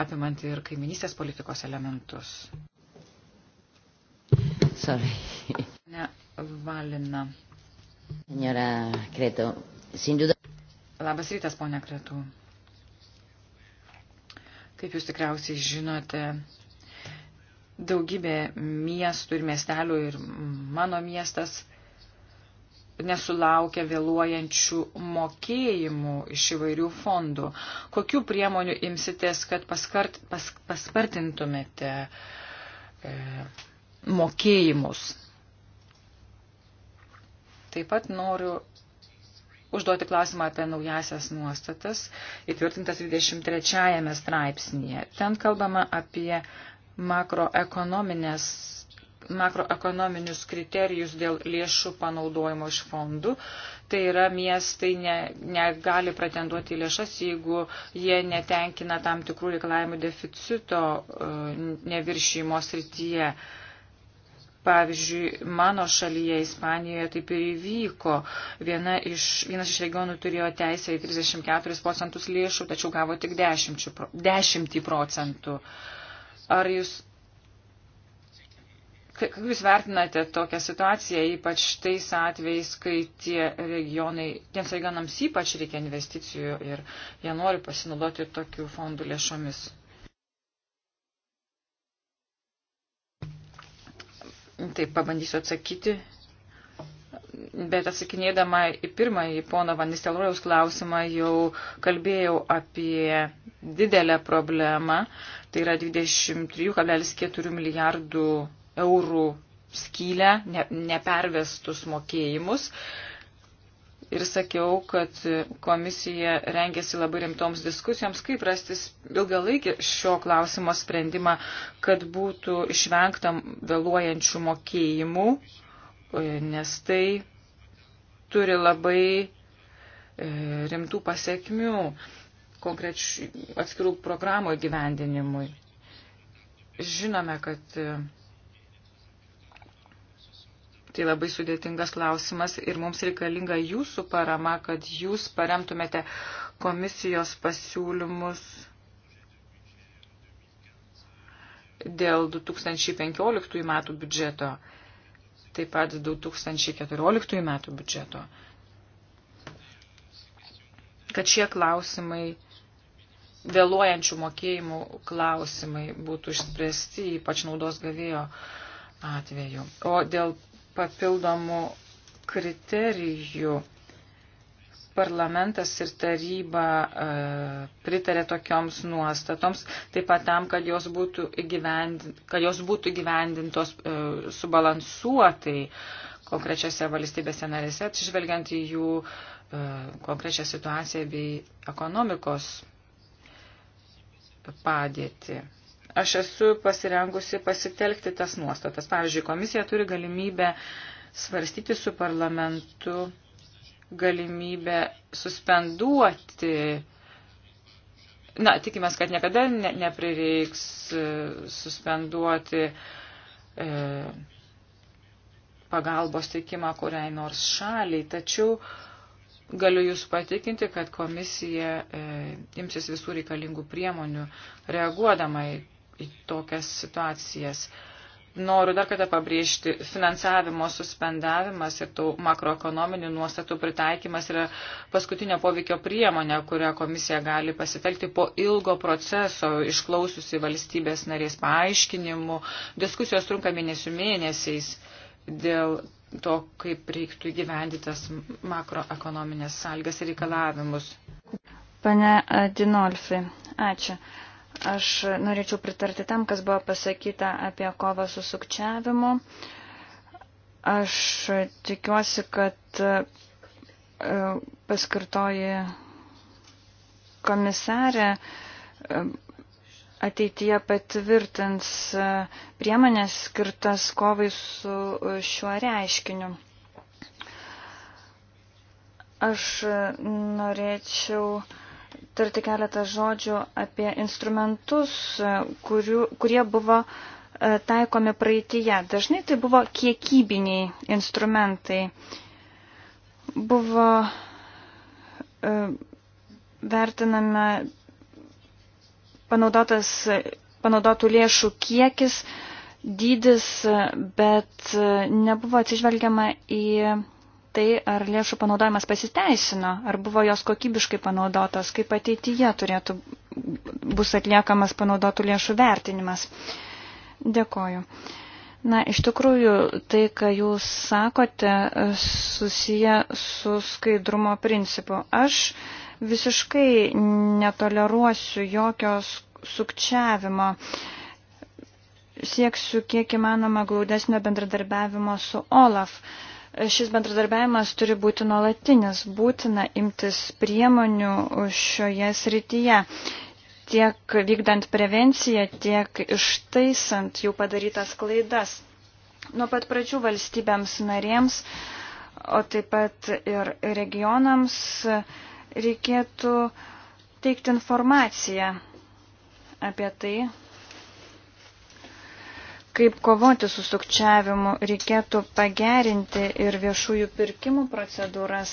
apimant ir kaiminystės politikos elementus. Sorry. Ne, Valina. Senora Kretu, sinduda. Labas rytas, ponia Kretu. Kaip jūs tikriausiai žinote, daugybė miestų ir miestelių ir mano miestas nesulaukia vėluojančių mokėjimų iš įvairių fondų. Kokių priemonių imsitės, kad paskart, pas, paspartintumėte e, mokėjimus? Taip pat noriu užduoti klausimą apie naujasias nuostatas, įtvirtintas 23 straipsnėje. Ten kalbama apie makroekonominės makroekonominius kriterijus dėl lėšų panaudojimo iš fondų. Tai yra, miestai ne, negali pretenduoti į lėšas, jeigu jie netenkina tam tikrų reikalavimų deficito e, neviršymo srityje. Pavyzdžiui, mano šalyje, Ispanijoje, taip ir įvyko. Viena iš, vienas iš regionų turėjo teisę į 34 procentus lėšų, tačiau gavo tik 10 procentų. Ar jūs Kaip Jūs vertinate tokią situaciją, ypač tais atvejais, kai tie regionai, tiems regionams ypač reikia investicijų ir jie nori pasinaudoti tokių fondų lėšomis? Taip, pabandysiu atsakyti. Bet atsakinėdama į pirmąjį pono Vanistelrojaus klausimą jau kalbėjau apie didelę problemą, tai yra 23,4 milijardų eurų skylę, ne, nepervestus mokėjimus. Ir sakiau, kad komisija rengėsi labai rimtoms diskusijoms, kaip rastis ilgalaikį šio klausimo sprendimą, kad būtų išvengta vėluojančių mokėjimų, e, nes tai turi labai e, rimtų pasiekmių konkrečių atskirų programų įgyvendinimui. Žinome, kad e, Tai labai sudėtingas klausimas ir mums reikalinga jūsų parama, kad jūs paremtumėte komisijos pasiūlymus dėl 2015 metų biudžeto, taip pat 2014 metų biudžeto. Kad šie klausimai, vėluojančių mokėjimų klausimai būtų išspręsti, ypač naudos gavėjo atveju. O dėl papildomų kriterijų. Parlamentas ir taryba e, pritarė tokioms nuostatoms, taip pat tam, kad jos būtų, įgyvendin, kad jos būtų gyvendintos e, subalansuotai konkrečiose valstybėse narėse, atsižvelgiant į jų e, konkrečią situaciją bei ekonomikos padėtį. Aš esu pasirengusi pasitelkti tas nuostatas. Pavyzdžiui, komisija turi galimybę svarstyti su parlamentu galimybę suspenduoti na, tikimės, kad niekada ne, neprireiks e, suspenduoti e, pagalbos teikimą kuriai nors šaliai, tačiau galiu Jūs patikinti, kad komisija e, imsis visų reikalingų priemonių reaguodama į į tokias situacijas. Noriu dar kartą pabrėžti, finansavimo suspendavimas ir tų makroekonominių nuostatų pritaikymas yra paskutinio poveikio priemonė, kurią komisija gali pasitelkti po ilgo proceso, išklausiusi valstybės narės paaiškinimų. Diskusijos trunka mėnesių mėnesiais dėl to, kaip reiktų įgyvendytas makroekonominės sąlygas ir reikalavimus. Pane Dinolfi, ačiū. Aš norėčiau pritarti tam, kas buvo pasakyta apie kovą su sukčiavimu. Aš tikiuosi, kad e, paskirtoji komisarė e, ateityje patvirtins e, priemonės skirtas kovai su šiuo reiškiniu. Aš norėčiau tarti keletą žodžių apie instrumentus, e, kurių, kurie buvo e, taikomi praeitįje. Dažnai tai buvo kiekybiniai instrumentai. Buvo e, vertiname panaudotas, panaudotų lėšų kiekis, dydis, bet nebuvo atsižvelgiama į tai, ar lėšų panaudojimas pasiteisino, ar buvo jos kokybiškai panaudotos, kaip ateityje turėtų bus atliekamas panaudotų lėšų vertinimas. Dėkoju. Na, iš tikrųjų, tai, ką jūs sakote, susiję su skaidrumo principu. Aš visiškai netoleruosiu jokios sukčiavimo. Sieksiu kiek įmanoma glaudesnio bendradarbiavimo su Olaf. Uh, Šis bendradarbiavimas turi būti nuolatinis, būtina imtis priemonių šioje srityje, tiek vykdant prevenciją, tiek ištaisant jų padarytas klaidas. Nuo pat pradžių valstybėms narėms, o taip pat ir regionams reikėtų teikti informaciją apie tai, kaip kovoti su sukčiavimu, reikėtų pagerinti ir viešųjų pirkimų procedūras,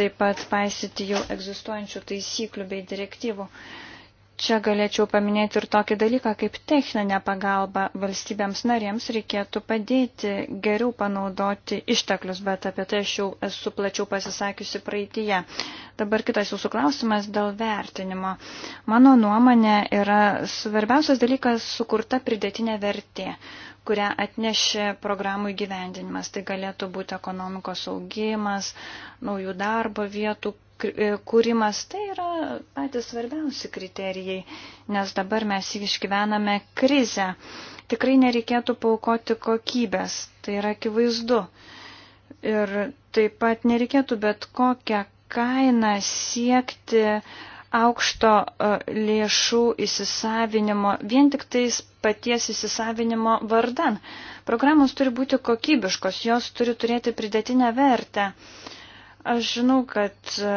taip pat paisyti jau egzistuojančių taisyklių bei direktyvų. Uh, Čia galėčiau paminėti ir tokį dalyką, kaip techninė pagalba valstybėms narėms reikėtų padėti geriau panaudoti išteklius, bet apie tai aš jau esu plačiau pasisakiusi praeitie. Dabar kitas jūsų klausimas dėl vertinimo. Mano nuomonė yra svarbiausias dalykas sukurta pridėtinė vertė kurią atneši programų įgyvendinimas. Tai galėtų būti ekonomikos augimas, naujų darbo vietų e, kūrimas. Tai yra patys svarbiausi kriterijai, nes dabar mes išgyvename krizę. Tikrai nereikėtų paukoti kokybės, tai yra akivaizdu. Ir taip pat nereikėtų bet kokią kainą siekti uh, aukšto e, lėšų įsisavinimo, vien tik tais paties įsisavinimo vardan. Programos turi būti kokybiškos, jos turi turėti pridėtinę vertę. Aš žinau, kad e,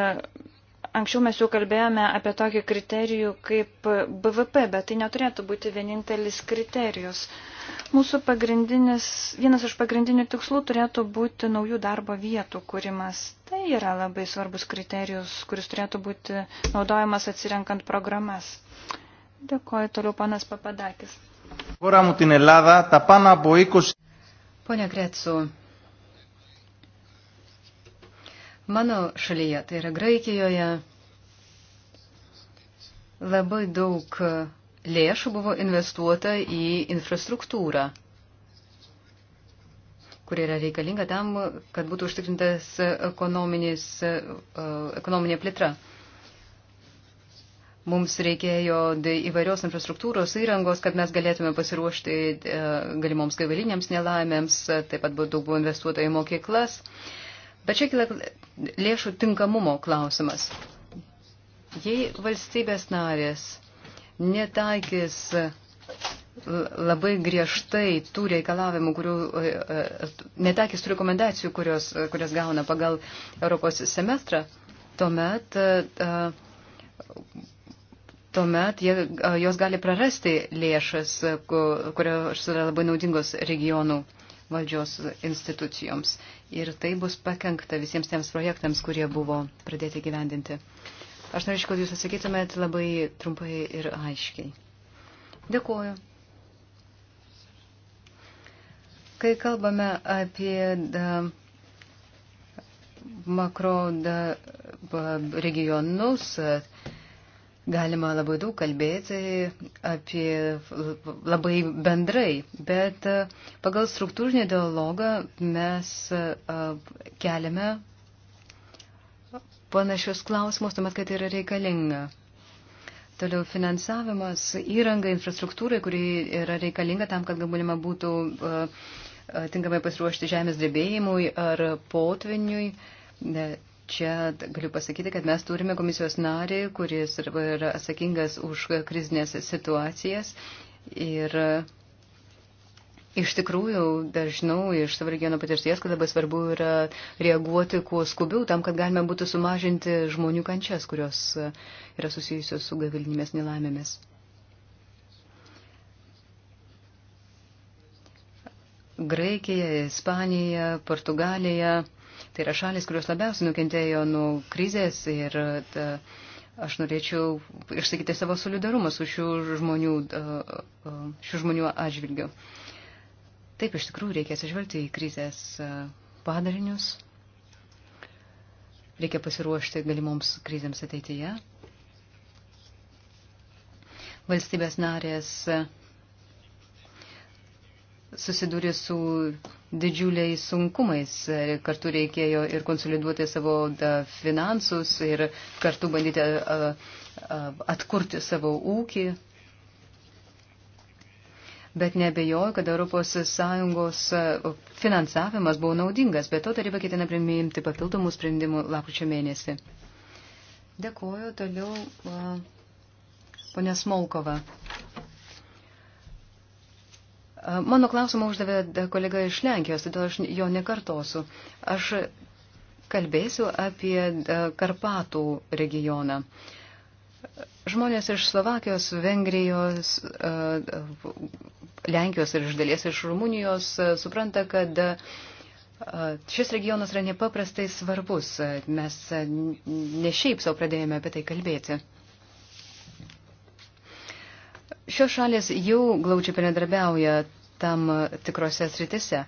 anksčiau mes jau kalbėjome apie tokį kriterijų kaip BVP, bet tai neturėtų būti vienintelis kriterijus. Mūsų pagrindinis, vienas iš pagrindinių tikslų turėtų būti naujų darbo vietų kūrimas. Tai yra labai svarbus kriterijus, kuris turėtų būti naudojamas atsirenkant programas. Dėkoju toliau, panas Papadakis. Pone Kretsu, mano šalyje, tai yra Graikijoje, labai daug lėšų buvo investuota į infrastruktūrą, kuri yra reikalinga tam, kad būtų užtikrintas e, ekonominė plėtra. Mums reikėjo įvairios infrastruktūros įrangos, kad mes galėtume pasiruošti e, galimoms gaivaliniams nelaimėms, taip pat daug buvo investuota į mokyklas. Bet čia kila lėšų tinkamumo klausimas. Jei valstybės narės netaikys labai griežtai tų reikalavimų, kurių, netekis tų rekomendacijų, kurios, kurias gauna pagal Europos semestrą, tuomet, tuomet jie, jos gali prarasti lėšas, kurios yra labai naudingos regionų valdžios institucijoms. Ir tai bus pakengta visiems tiems projektams, kurie buvo pradėti gyvendinti. Aš norėčiau, kad jūs atsakytumėt labai trumpai ir aiškiai. Dėkuoju. Kai kalbame apie da, makro da, regionus, galima labai daug kalbėti apie labai bendrai, bet pagal struktūrinį dialogą mes keliame panašius klausimus, tuomet, kad yra reikalinga. Toliau finansavimas, įranga, infrastruktūrai, kuri yra reikalinga tam, kad galima būtų uh, tinkamai pasiruošti žemės drebėjimui ar potviniui. Čia galiu pasakyti, kad mes turime komisijos narį, kuris yra atsakingas už krizinės situacijas ir uh, Iš tikrųjų, dažnau iš savo regiono patirties, kad labai svarbu yra reaguoti kuo skubiau, tam, kad galime būtų sumažinti žmonių kančias, kurios e, yra susijusios su gavilinėmis nelaimėmis. Graikija, Ispanija, Portugalija, tai yra šalis, kurios labiausiai nukentėjo nuo krizės ir ta, e, aš norėčiau išsakyti savo solidarumą su šių žmonių, e, šių žmonių atžvilgiu. Uh, uh, Taip, iš tikrųjų, reikia atsižvelgti į krizės e, padarinius, reikia pasiruošti galimoms krizėms ateityje. Valstybės narės e, susidūrė su didžiuliais sunkumais. E, kartu reikėjo ir konsoliduoti savo finansus ir kartu bandyti atkurti savo ūkį bet nebejoju, kad ES e, finansavimas buvo naudingas, bet to taryba ketina priimti papildomų sprendimų lapkričio mėnesį. Dėkuoju toliau e, ponė Smolkova. E, mano klausimą uždavė kolega iš Lenkijos, todėl aš jo nekartosiu. Aš kalbėsiu apie Karpatų regioną. Uh, Žmonės iš Slovakijos, Vengrijos, e, Lenkijos ir iš dalies iš Rumunijos e, supranta, kad e, šis regionas yra nepaprastai svarbus. Mes ne šiaip savo pradėjome apie tai kalbėti. Šios šalės jau glaučiai bendradarbiauja tam tikrose sritise.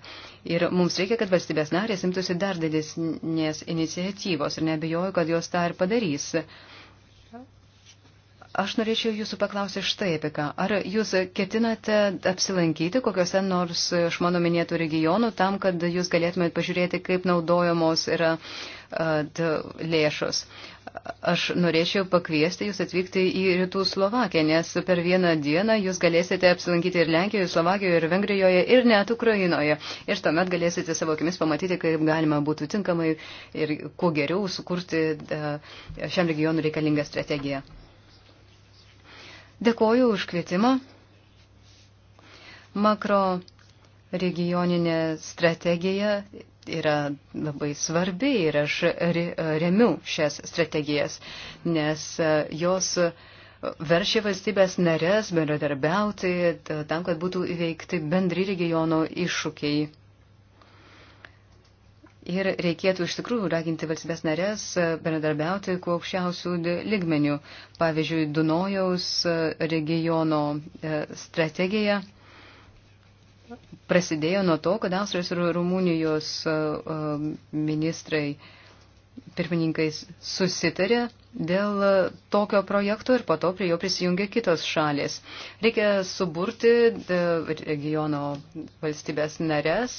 Ir mums reikia, kad valstybės narės imtųsi dar didesnės iniciatyvos ir nebejoju, kad jos tą ir padarys. Uh, Aš norėčiau jūsų paklausyti štai apie ką. Ar jūs ketinate apsilankyti kokiuose nors iš mano minėtų regionų tam, kad jūs galėtumėte pažiūrėti, kaip naudojamos yra uh, lėšos? Aš norėčiau pakviesti jūs atvykti į Rytų Slovakiją, nes per vieną dieną jūs galėsite apsilankyti ir Lenkijoje, ir Slovakijoje, ir Vengrijoje, ir net Ukrainoje. Ir tuomet galėsite savo akimis pamatyti, kaip galima būtų tinkamai ir kuo geriau sukurti uh, šiam regionui reikalingą strategiją. Dėkoju už kvietimą. Makro regioninė strategija yra labai svarbi ir aš remiu šias strategijas, nes jos veršia valstybės narės bendradarbiauti tam, kad būtų įveikti bendri regiono iššūkiai. Ir reikėtų iš tikrųjų raginti valstybės narės e, bendradarbiauti kuo aukščiausių lygmenių. Pavyzdžiui, Dunojaus e, regiono e, strategija prasidėjo nuo to, kad Austrijos ir Rumunijos ministrai pirmininkais susitarė dėl tokio projekto ir po to prie jo prisijungė kitos šalės. Reikia suburti regiono valstybės nares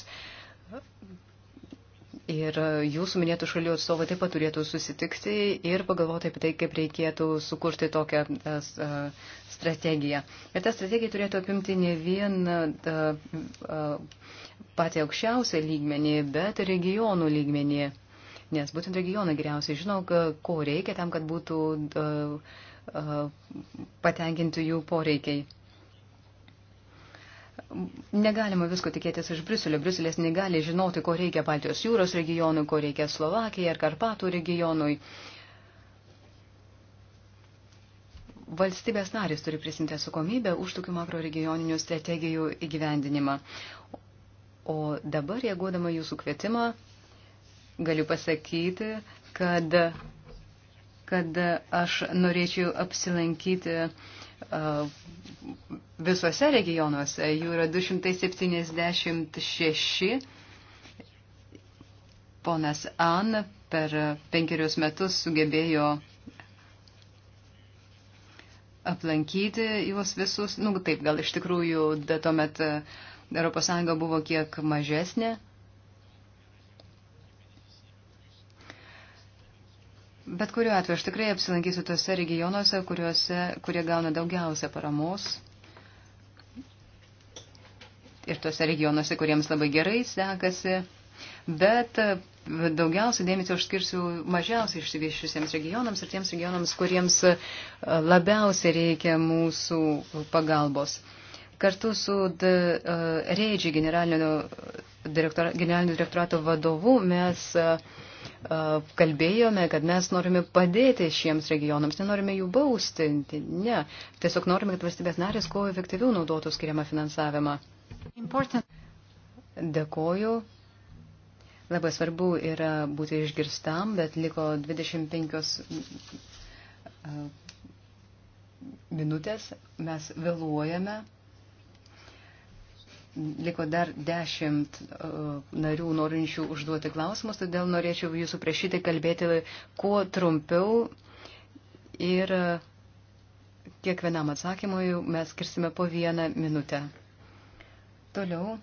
ir jūsų minėtų šalių atstovai taip pat turėtų susitikti ir pagalvoti apie tai, kaip reikėtų sukurti tokią e, e, strategiją. Ir ta strategija turėtų apimti ne vien e, patį aukščiausią lygmenį, bet regionų lygmenį. Nes būtent regionai geriausiai žino, ko reikia tam, kad būtų patenkinti jų poreikiai. Negalima visko tikėtis iš Briuselio. Briuselis negali žinoti, ko reikia Baltijos jūros regionui, ko reikia Slovakijai ar Karpatų regionui. Valstybės narės turi prisimti atsakomybę už tokių makro regioninių strategijų įgyvendinimą. O dabar, reaguodama jūsų kvietimą, galiu pasakyti, kad, kad aš norėčiau apsilankyti uh, visuose regionuose, jų yra 276. Ponas An per penkerius metus sugebėjo aplankyti juos visus. Nu, taip, gal iš tikrųjų, tuomet ES buvo kiek mažesnė. Bet kuriuo atveju aš tikrai apsilankysiu tose regionuose, kuriuose, kurie gauna daugiausia paramos ir tose regionuose, kuriems labai gerai sekasi, bet e, daugiausia dėmesio aš skirsiu mažiausiai išsivyščiusiems regionams ir tiems regionams, kuriems e, labiausiai reikia mūsų pagalbos. Kartu su e, Reidži generalinio, direktor, generalinio direktorato vadovu mes kalbėjome, kad mes norime padėti šiems regionams, nenorime jų bausti, ne, tiesiog norime, kad valstybės narės kuo efektyviau naudotų skiriamą finansavimą. Important. Dėkoju. Labai svarbu yra būti išgirstam, bet liko 25 e, minutės, mes vėluojame. Liko dar dešimt e, narių norinčių užduoti klausimus, todėl norėčiau jūsų prašyti kalbėti kuo trumpiau ir e, kiekvienam atsakymui mes skirsime po vieną minutę. Toliau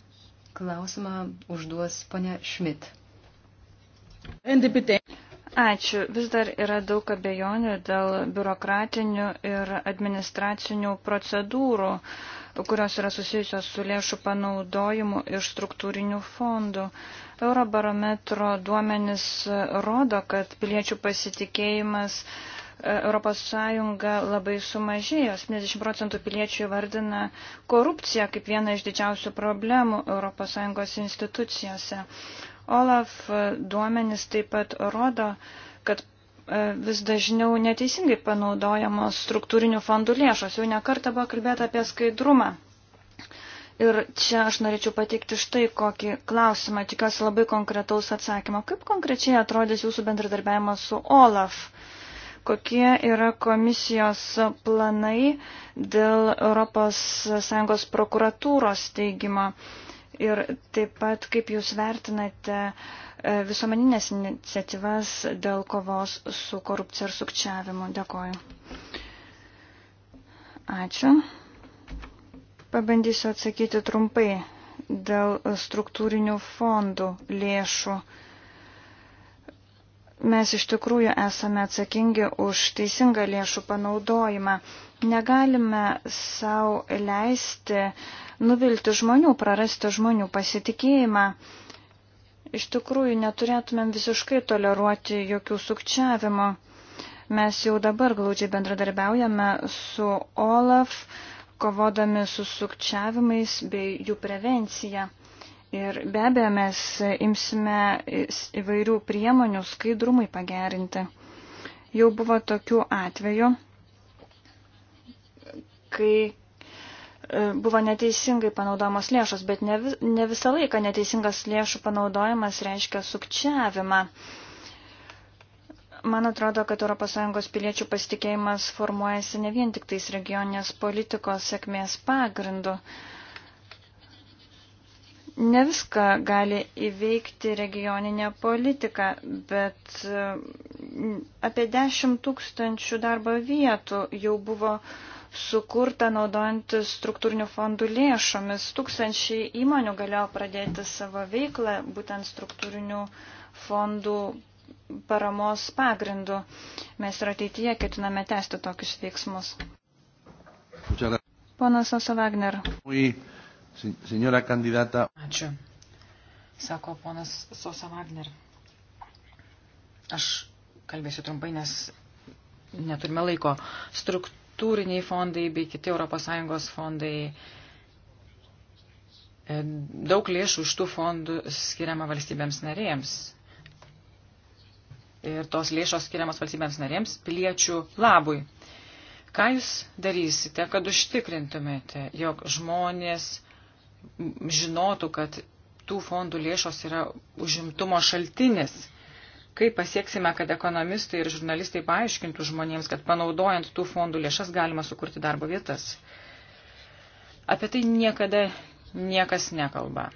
klausimą užduos ponia Šmit. NDPT. Ačiū. Vis dar yra daug abejonių dėl biurokratinių ir administracinių procedūrų, kurios yra susijusios su lėšų panaudojimu iš struktūrinių fondų. Eurobarometro duomenis rodo, kad piliečių pasitikėjimas uh, Europos Sąjunga labai sumažėjo. 70 procentų piliečių įvardina korupciją kaip vieną iš didžiausių problemų Europos Sąjungos institucijose. Olaf duomenys taip pat rodo, kad e, vis dažniau neteisingai panaudojamos struktūrinių fondų lėšos. Jau nekarta buvo kalbėta apie skaidrumą. Ir čia aš norėčiau pateikti štai kokį klausimą, tikiuosi labai konkretaus atsakymo. Kaip konkrečiai atrodys jūsų bendradarbiavimas su OLAF? kokie yra komisijos planai dėl ES prokuratūros steigimo ir taip pat kaip jūs vertinate e, visuomeninės iniciatyvas dėl kovos su korupcija ir sukčiavimu. Dėkoju. Ačiū. Pabandysiu atsakyti trumpai dėl struktūrinių fondų lėšų mes iš tikrųjų esame atsakingi už teisingą lėšų panaudojimą. Negalime savo leisti nuvilti žmonių, prarasti žmonių pasitikėjimą. Iš tikrųjų neturėtumėm visiškai toleruoti jokių sukčiavimo. Mes jau dabar glaudžiai bendradarbiaujame su OLAF, kovodami su sukčiavimais bei jų prevencija. Ir be abejo, mes imsime įvairių priemonių skaidrumui pagerinti. Jau buvo tokių atvejų, kai e, buvo neteisingai panaudojamos lėšos, bet ne, ne visą laiką neteisingas lėšų panaudojimas reiškia sukčiavimą. Man atrodo, kad ES piliečių pasitikėjimas formuojasi ne vien tik tais regioninės politikos sėkmės pagrindu. Uh, Ne viską gali įveikti regioninė politika, bet mm, apie 10 tūkstančių darbo vietų jau buvo sukurta naudojant struktūrinių fondų lėšomis. Tūkstančiai įmonių galėjo pradėti savo veiklą būtent struktūrinių fondų paramos pagrindu. Mes ir ateityje ketiname tęsti tokius veiksmus. Ponas Osa Wagner. Oui. Senjora kandidata. Ačiū. Sako ponas Sosa Wagner. Aš kalbėsiu trumpai, nes neturime laiko. Struktūriniai fondai bei kiti ES fondai. E, daug lėšų iš tų fondų skiriama valstybėms narėms. Ir tos lėšos skiriamos valstybėms narėms piliečių labui. Ką jūs darysite, kad užtikrintumėte, jog žmonės žinotų, kad tų fondų lėšos yra užimtumo šaltinis. Kaip pasieksime, kad ekonomistai ir žurnalistai paaiškintų žmonėms, kad panaudojant tų fondų lėšas galima sukurti darbo vietas? Apie tai niekada niekas nekalba.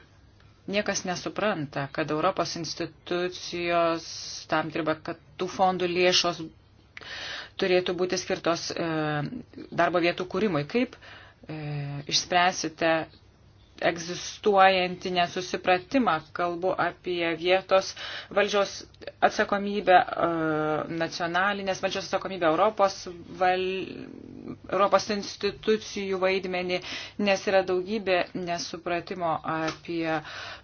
Niekas nesupranta, kad Europos institucijos tam dirba, kad tų fondų lėšos turėtų būti skirtos e, darbo vietų kūrimui. Kaip e, išspręsite egzistuojantį nesusipratimą. Kalbu apie vietos valdžios atsakomybę, e, nacionalinės valdžios atsakomybę, Europos, val... Europos institucijų vaidmenį, nes yra daugybė nesupratimo apie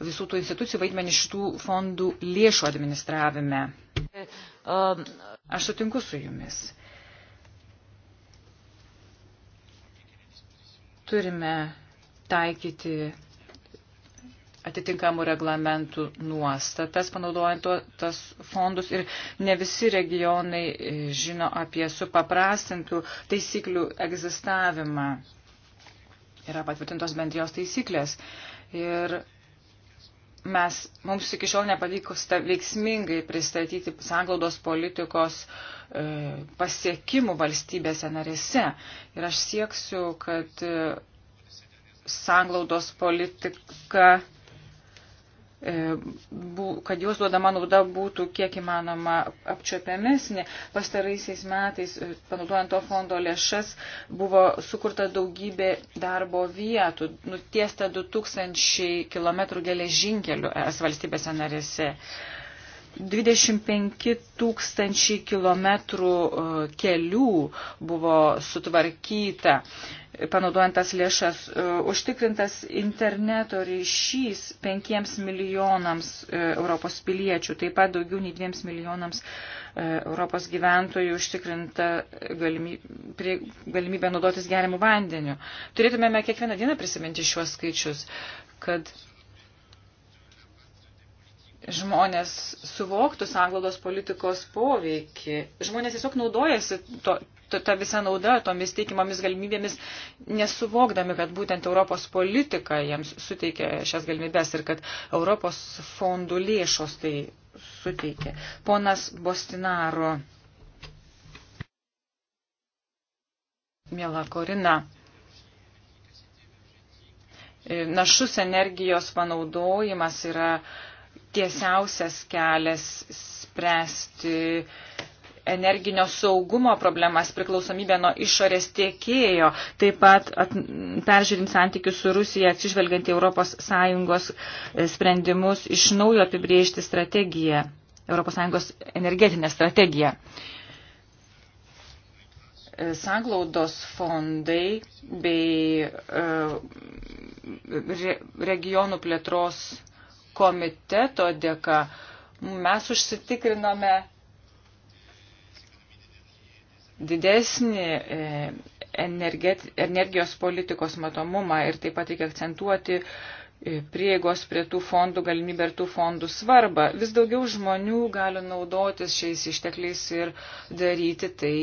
visų tų institucijų vaidmenį šitų fondų lėšų administravime. Aš sutinku su jumis. turime taikyti atitinkamų reglamentų nuostatas, panaudojant to, tas fondus ir ne visi regionai e, žino apie supaprastintų taisyklių egzistavimą. Yra patvirtintos bendrijos taisyklės ir mes, mums iki šiol nepavyko veiksmingai pristatyti sanglaudos politikos e, pasiekimų valstybėse narėse. Ir aš sieksiu, kad e, sanglaudos politika, e, kad jos duodama nauda būtų kiek įmanoma apčiopiamesnė. Pastaraisiais metais, e, panaudojant to fondo lėšas, buvo sukurta daugybė darbo vietų, nutiesta 2000 km geležinkelių es valstybėse narėse. 25 tūkstančiai kilometrų e, kelių buvo sutvarkyta, panaudojant tas lėšas, e, užtikrintas interneto ryšys 5 milijonams e, Europos piliečių, taip pat daugiau nei 2 milijonams Europos gyventojų užtikrinta galimybė, galimybė naudotis geriamų vandeniu. Turėtumėme kiekvieną dieną prisiminti šiuos skaičius, kad žmonės suvoktų sanglaudos politikos poveikį. Žmonės tiesiog naudojasi to, to, tą visą naudą, tomis teikimomis galimybėmis, nesuvokdami, kad būtent Europos politika jiems suteikia šias galimybės ir kad Europos fondų lėšos tai suteikia. Ponas Bostinaro. Mėla Korina našus energijos panaudojimas yra tiesiausias kelias spręsti energinio saugumo problemas, priklausomybę nuo išorės tiekėjo, taip pat at, peržiūrint santykius su Rusija, atsižvelgiant į ES e, sprendimus, iš naujo apibriežti strategiją, ES energetinę strategiją. E, sanglaudos fondai bei e, regionų plėtros komiteto dėka mes užsitikrinome didesnį e, energijos politikos matomumą ir taip pat reikia akcentuoti e, prieigos prie tų fondų galimybę ir tų fondų svarbą. Vis daugiau žmonių gali naudotis šiais ištekliais ir daryti tai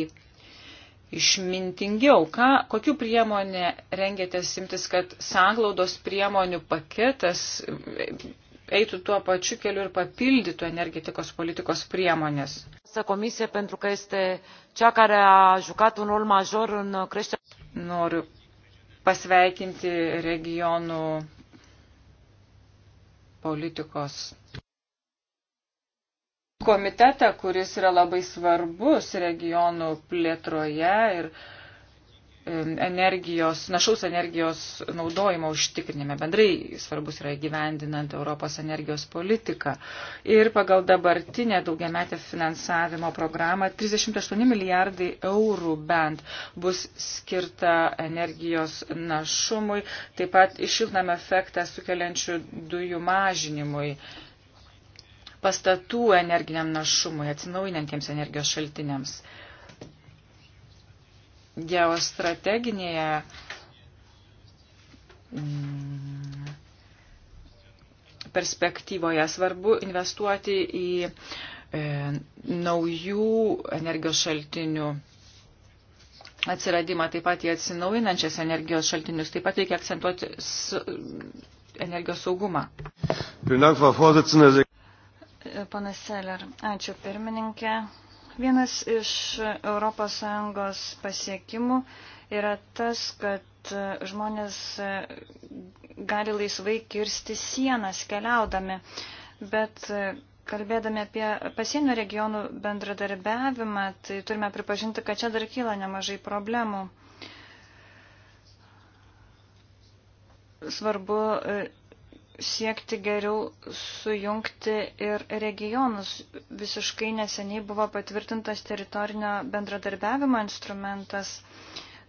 išmintingiau. Ką, kokiu priemonė rengėtės imtis, kad sanglaudos priemonių paketas eitų tuo pačiu keliu ir papildytų energetikos politikos priemonės. Noriu pasveikinti regionų politikos komitetą, kuris yra labai svarbus regionų plėtroje ir uh, energijos, našaus energijos naudojimo užtikrinime. Bendrai svarbus yra įgyvendinant Europos energijos politiką. Ir pagal dabartinę daugiametę finansavimo programą 38 milijardai eurų bent bus skirta energijos našumui, taip pat išilnam efektą sukeliančių dujų mažinimui pastatų energiniam našumui, atsinaujinantiems energijos šaltiniams. Uh, geostrateginėje mm, perspektyvoje svarbu investuoti į e, naujų energijos šaltinių atsiradimą, taip pat į atsinaujinančias energijos šaltinius, taip pat reikia akcentuoti energijos saugumą. Panas Seller, ačiū pirmininkė. Vienas iš ES pasiekimų yra tas, kad žmonės gali laisvai kirsti sienas keliaudami, bet kalbėdami apie pasienio regionų bendradarbiavimą, tai turime pripažinti, kad čia dar kyla nemažai problemų. Svarbu siekti geriau sujungti ir regionus. Visiškai neseniai buvo patvirtintas teritorinio bendradarbiavimo instrumentas.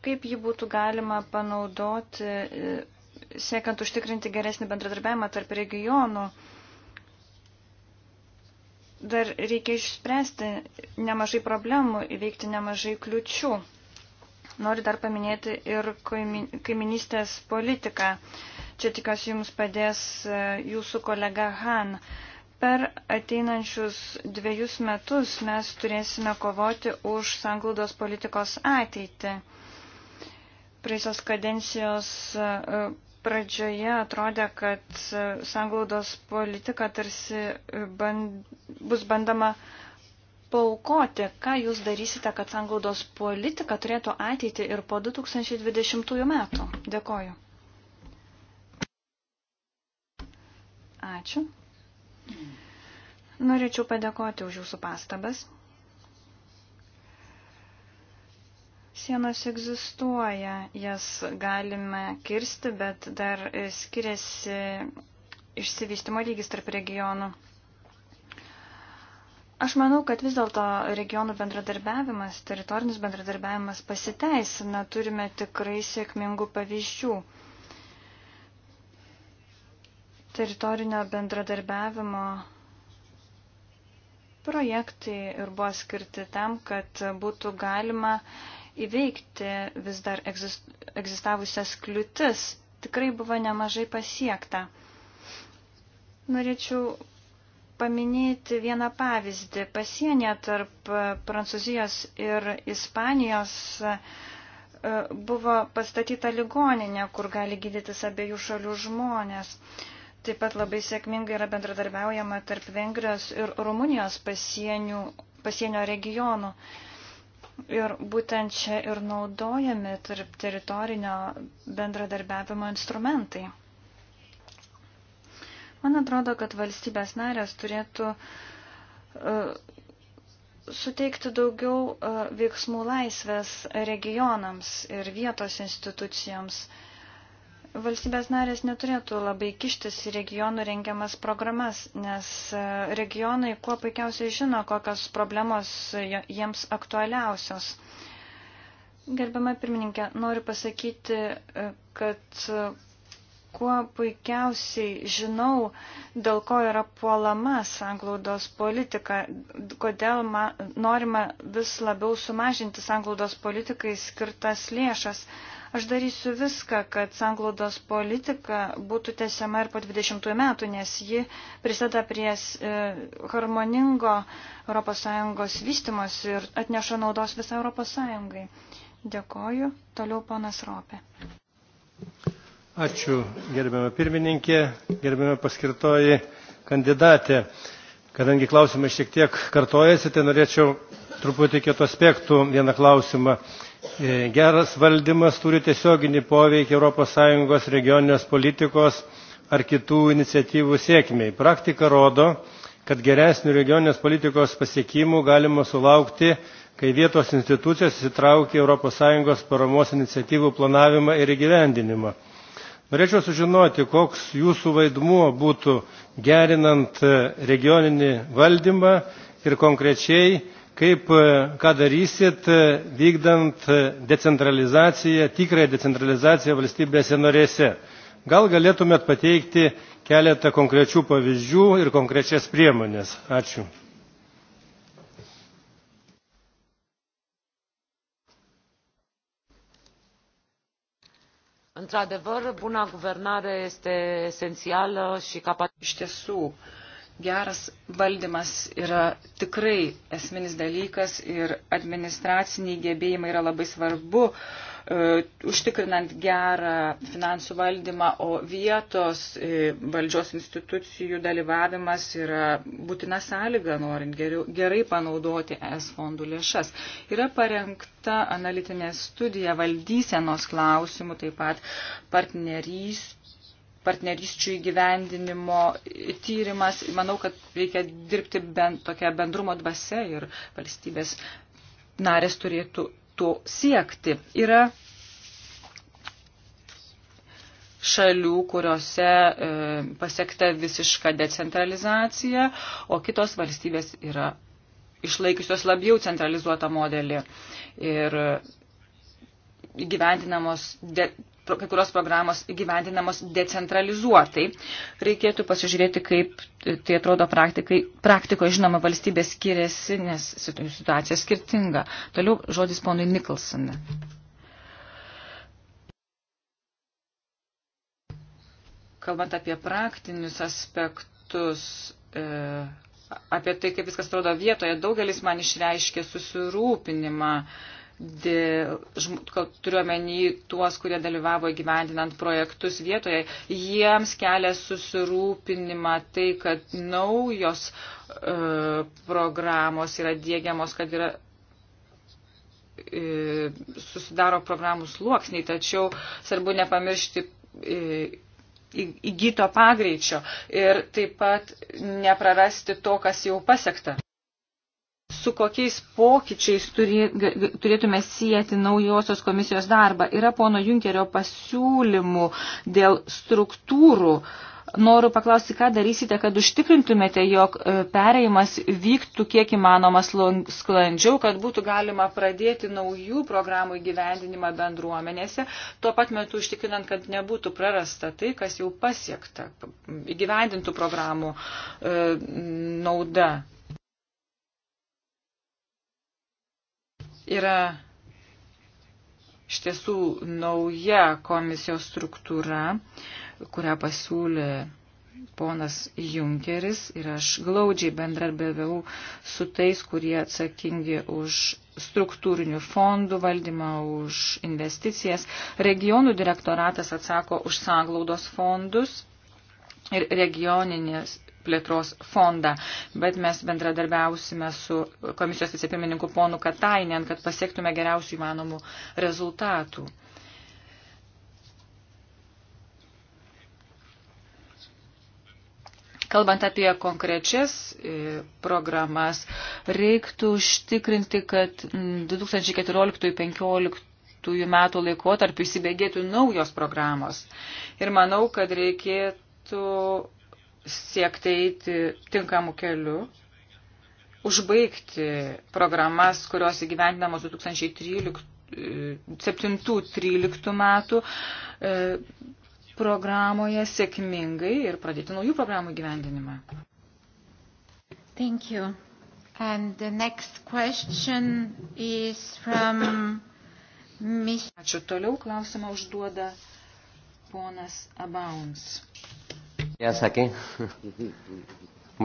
Kaip jį būtų galima panaudoti, e, siekiant užtikrinti geresnį bendradarbiavimą tarp regionų? Dar reikia išspręsti nemažai problemų, įveikti nemažai kliučių. Noriu dar paminėti ir kaiminystės politiką. Uh, Čia tikiuosi jums padės e, jūsų kolega Han. Per ateinančius dviejus metus mes turėsime kovoti už sanglaudos politikos ateitį. Praėjusios kadencijos e, pradžioje atrodė, kad e, sanglaudos politika tarsi band, bus bandama paukoti. Ką jūs darysite, kad sanglaudos politika turėtų ateitį ir po 2020 metų? Dėkoju. Ačiū. Norėčiau padėkoti už jūsų pastabas. Sienos egzistuoja, jas galime kirsti, bet dar skiriasi išsivystimo lygis tarp regionų. Aš manau, kad vis dėlto regionų bendradarbiavimas, teritorinis bendradarbiavimas pasiteisina, turime tikrai sėkmingų pavyzdžių teritorinio bendradarbiavimo projektai ir buvo skirti tam, kad būtų galima įveikti vis dar egzistavusias kliūtis. Tikrai buvo nemažai pasiekta. Norėčiau paminėti vieną pavyzdį. Pasienė tarp Prancūzijos ir Ispanijos e, buvo pastatyta ligoninė, kur gali gydytis abiejų šalių žmonės. Taip pat labai sėkmingai yra bendradarbiaujama tarp Vengrijos ir Rumunijos pasienių, pasienio regionų. Ir būtent čia ir naudojami tarp teritorinio bendradarbiavimo instrumentai. Man atrodo, kad valstybės narės turėtų uh, suteikti daugiau uh, veiksmų laisvės regionams ir vietos institucijoms. Uh, Valstybės narės neturėtų labai kištis į regionų rengiamas programas, nes e, regionai kuo puikiausiai žino, kokios problemos jiems aktualiausios. Gerbiama pirmininkė, noriu pasakyti, e, kad e, kuo puikiausiai žinau, dėl ko yra puolama sanglaudos politika, kodėl ma, norima vis labiau sumažinti sanglaudos politikai skirtas lėšas. Aš darysiu viską, kad sanglaudos politika būtų tęsiama ir po 20 metų, nes ji prisėda prie e, harmoningo ES vystimos ir atneša naudos visą ES. Dėkoju. Toliau ponas Ropė. Ačiū, gerbiamą pirmininkė, gerbiamą paskirtoji kandidatė. Kadangi klausimai šiek tiek kartojasi, tai norėčiau truputį kitų aspektų vieną klausimą E, geras valdymas turi tiesioginį poveikį ES regioninės politikos ar kitų iniciatyvų sėkmiai. Praktika rodo, kad geresnių regioninės politikos pasiekimų galima sulaukti, kai vietos institucijos įsitraukia ES paramos iniciatyvų planavimą ir įgyvendinimą. Norėčiau sužinoti, koks jūsų vaidmuo būtų gerinant regioninį valdymą ir konkrečiai kaip e, ką darysit e, vykdant e, decentralizaciją tikrąją decentralizaciją valstybėse narėse gal galėtumėt pateikti keletą konkrečių pavyzdžių ir konkrečias priemones ačiū într adevăr buna guvernare este esențială și capacitatea geras valdymas yra tikrai esminis dalykas ir administraciniai gebėjimai yra labai svarbu, e, užtikrinant gerą finansų valdymą, o vietos e, valdžios institucijų dalyvavimas yra būtina sąlyga, norint geriau, gerai panaudoti ES fondų lėšas. Yra parengta analitinė studija valdysenos klausimų, taip pat partnerys partnerysčių įgyvendinimo tyrimas. Manau, kad reikia dirbti bent tokia bendrumo dvasia ir valstybės narės turėtų to siekti. Yra šalių, kuriuose e, pasiekta visiška decentralizacija, o kitos valstybės yra išlaikiusios labiau centralizuotą modelį ir e, gyventinamos de, kai kurios programos gyvendinamos decentralizuotai. Reikėtų pasižiūrėti, kaip tai atrodo praktikai. Praktikoje, žinoma, valstybė skiriasi, nes situacija skirtinga. Toliau žodis ponui Nikolsonui. Kalbant apie praktinius aspektus, e, apie tai, kaip viskas atrodo vietoje, daugelis man išreiškė susirūpinimą. E, dėl, turiuomenį tuos, kurie dalyvavo įgyvendinant projektus vietoje, jiems kelia susirūpinimą tai, kad naujos e, programos yra dėgiamos, kad yra e, susidaro programų sluoksniai, tačiau svarbu nepamiršti e, įgyto pagreičio ir taip pat neprarasti to, kas jau pasiekta su kokiais pokyčiais turi, turėtume sieti naujosios komisijos darbą. Yra pono Junkerio pasiūlymų dėl struktūrų. Noriu paklausti, ką darysite, kad užtikrintumėte, jog e, pereimas vyktų kiek įmanomas sklandžiau, kad būtų galima pradėti naujų programų įgyvendinimą bendruomenėse, tuo pat metu užtikrinant, kad nebūtų prarasta tai, kas jau pasiekta, įgyvendintų programų e, nauda. yra iš tiesų nauja komisijos struktūra, kurią pasiūlė ponas Junkeris ir aš glaudžiai bendradarbiavau su tais, kurie atsakingi už struktūrinių fondų valdymą, už investicijas. Regionų direktoratas atsako už sanglaudos fondus ir regioninės plėtros fondą. Bet mes bendradarbiausime su komisijos vicepirmininku ponu Katainen, kad pasiektume geriausių įmanomų rezultatų. Kalbant apie konkrečias e, programas, reiktų užtikrinti, kad 2014-2015 metų laikotarpiu įsibėgėtų naujos programos. Ir manau, kad reikėtų siekti eiti tinkamų kelių, užbaigti programas, kurios įgyvendinamos 2007-2013 e, metų e, programoje sėkmingai ir pradėti naujų programų įgyvendinimą. Thank you. And the next question is from Miss. Ačiū. Toliau klausimą užduoda ponas Abauns. Nesakė. Mhm.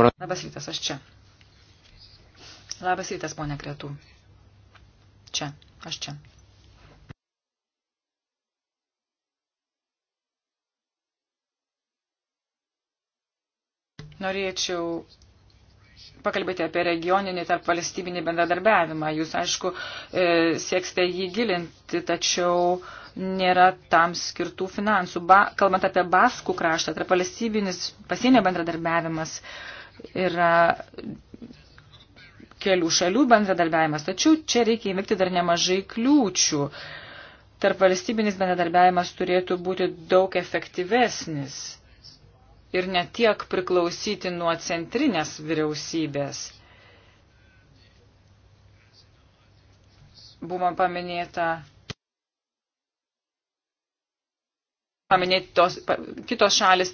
Labas rytas, aš čia. Labas rytas, ponia Kretų. Čia, aš čia. Norėčiau pakalbėti apie regioninį tarp valstybinį bendradarbiavimą. Jūs, aišku, e, sieksite jį gilinti, tačiau nėra tam skirtų finansų. Ba, kalbant apie Baskų kraštą, tarp valstybinis pasienio bendradarbiavimas yra kelių šalių bendradarbiavimas, tačiau čia reikia įmikti dar nemažai kliūčių. Tarp valstybinis bendradarbiavimas turėtų būti daug efektyvesnis ir netiek priklausyti nuo centrinės vyriausybės. Buvo paminėta paminėti tos, pa, kitos šalis.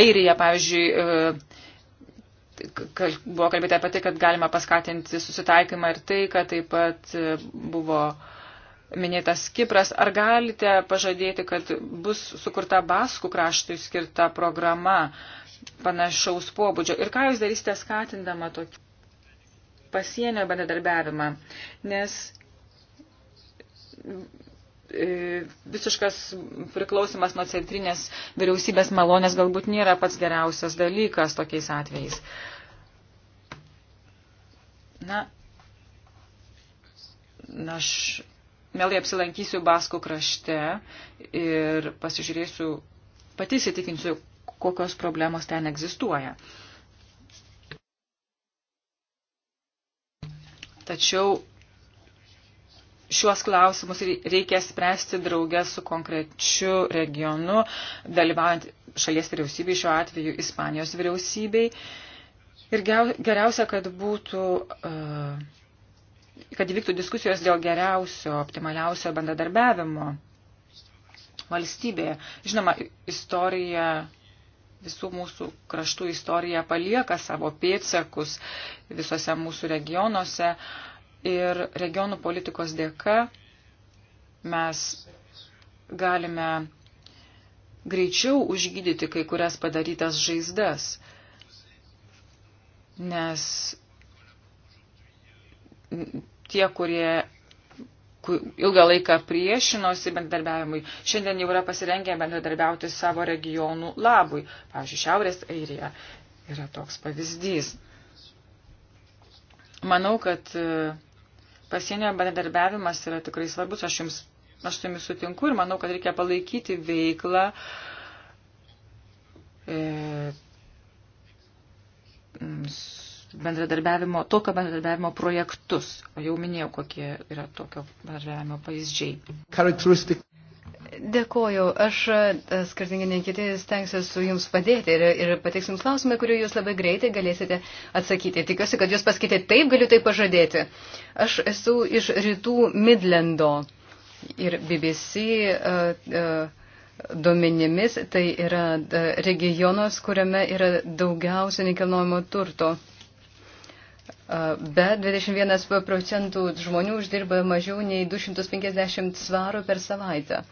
Airija, pavyzdžiui, e, kal, buvo kalbėti apie tai, kad galima paskatinti susitaikymą ir tai, kad taip pat e, buvo uh, minėtas Kipras. Ar galite pažadėti, kad bus sukurta Baskų kraštui skirta programa panašaus pobūdžio? Ir ką jūs darysite skatindama tokį pasienio bendradarbiavimą? Nes e, visiškas priklausimas nuo centrinės vyriausybės malonės galbūt nėra pats geriausias dalykas tokiais atvejais. Na, na aš mielai apsilankysiu Basko krašte ir pasižiūrėsiu, pati įsitikinsiu, kokios problemos ten egzistuoja. Tačiau šiuos klausimus reikia spręsti draugę su konkrečiu regionu, dalyvaujant šalies vyriausybei, šiuo atveju Ispanijos vyriausybei. Ir geriausia, kad būtų uh, kad įvyktų diskusijos dėl geriausio, optimaliausio bendradarbiavimo valstybėje. Žinoma, istorija, visų mūsų kraštų istorija palieka savo pėtsakus visose mūsų regionuose ir regionų politikos dėka mes galime greičiau užgydyti kai kurias padarytas žaizdas, nes tie, kurie ilgą laiką priešinosi bendradarbiavimui, šiandien jau yra pasirengę bendradarbiauti savo regionų labui. Pavyzdžiui, Šiaurės Airija yra toks pavyzdys. Manau, kad e, pasienio bendradarbiavimas yra tikrai svarbus. Aš jums, aš su jumis sutinku ir manau, kad reikia palaikyti veiklą. E, bendradarbiavimo, tokio bendradarbiavimo projektus. O jau minėjau, kokie yra tokio bendradarbiavimo pavyzdžiai. Dėkoju. Aš, e, skirtingai nei kiti, stengsiuosi jums padėti ir, ir pateiksiu jums klausimą, kurį jūs labai greitai galėsite atsakyti. Tikiuosi, kad jūs pasakėte taip, galiu tai pažadėti. Aš esu iš rytų Midlendo ir BBC uh, e, uh, e, duomenimis tai yra regionas, kuriame yra daugiausia nekilnojamo turto bet 21 procentų žmonių uždirba mažiau nei 250 svarų per savaitę.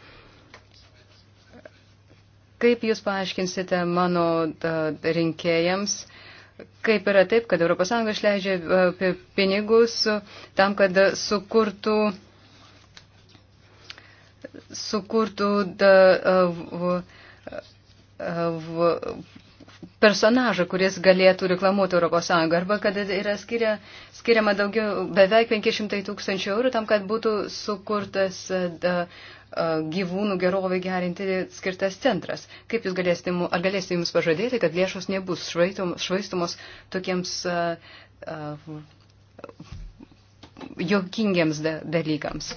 Kaip jūs paaiškinsite mano rinkėjams, kaip yra taip, kad ES išleidžia pinigus tam, kad sukurtų, sukurtų da, v, v, personažą, kuris galėtų reklamuoti ES, arba kad yra skiria, skiriama daugiau, beveik 500 tūkstančių eurų tam, kad būtų sukurtas e, da, e, gyvūnų gerovai gerinti skirtas centras. Kaip jūs galėsite, ar galėsite jums pažadėti, kad lėšos nebus švaistomos tokiems uh, e, uh, jokingiems da, dalykams?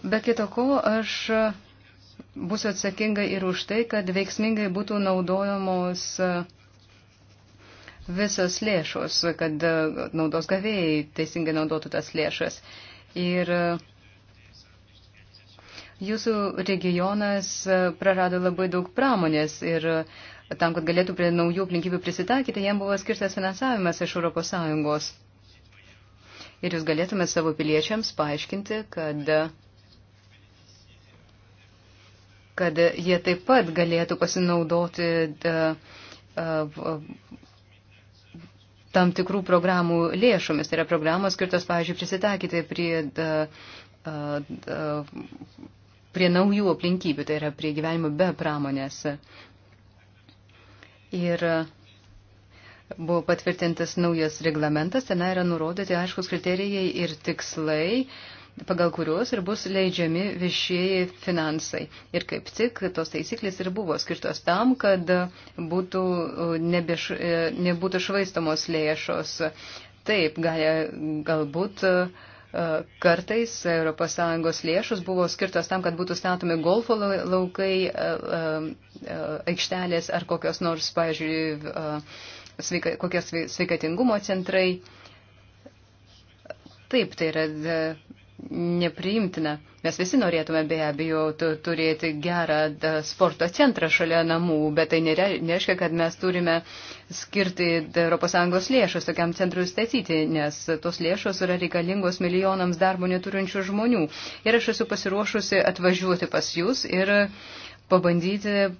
Be kito ko, aš uh, bus atsakinga ir už tai, kad veiksmingai būtų naudojamos e, visas lėšos, kad e, naudos gavėjai teisingai naudotų tas lėšas. Ir e, jūsų regionas prarado labai daug pramonės ir tam, kad galėtų prie naujų aplinkybių prisitaikyti, jam buvo skirtas finansavimas iš ES. Ir jūs galėtumėte savo piliečiams paaiškinti, kad kad jie taip pat galėtų pasinaudoti e, e, tam tikrų programų lėšomis. Tai yra programos skirtos, pavyzdžiui, prisitakyti prie, da, e, da, prie naujų aplinkybių, tai yra prie gyvenimo be pramonės. Ir buvo patvirtintas naujas reglamentas, ten yra nurodyti aiškus kriterijai ir tikslai, uh, pagal kuriuos ir bus leidžiami viešieji finansai. Ir kaip tik tos taisyklės ir buvo skirtos tam, kad būtų e, nebeš, e, nebūtų švaistamos lėšos. Taip, gal, galbūt e, kartais ES lėšus buvo skirtos tam, kad būtų statomi golfo laukai, aikštelės ar kokios nors, pažiūrėjau, sveika, kokie sveikatingumo centrai. Taip, tai yra nepriimtina. Mes visi norėtume be abejo turėti gerą sporto centrą šalia namų, bet tai nereiškia, kad mes turime skirti ES lėšas tokiam centrui statyti, nes tos lėšos yra reikalingos milijonams darbo neturinčių žmonių. Ir aš esu pasiruošusi atvažiuoti pas jūs ir uh, pabandyti,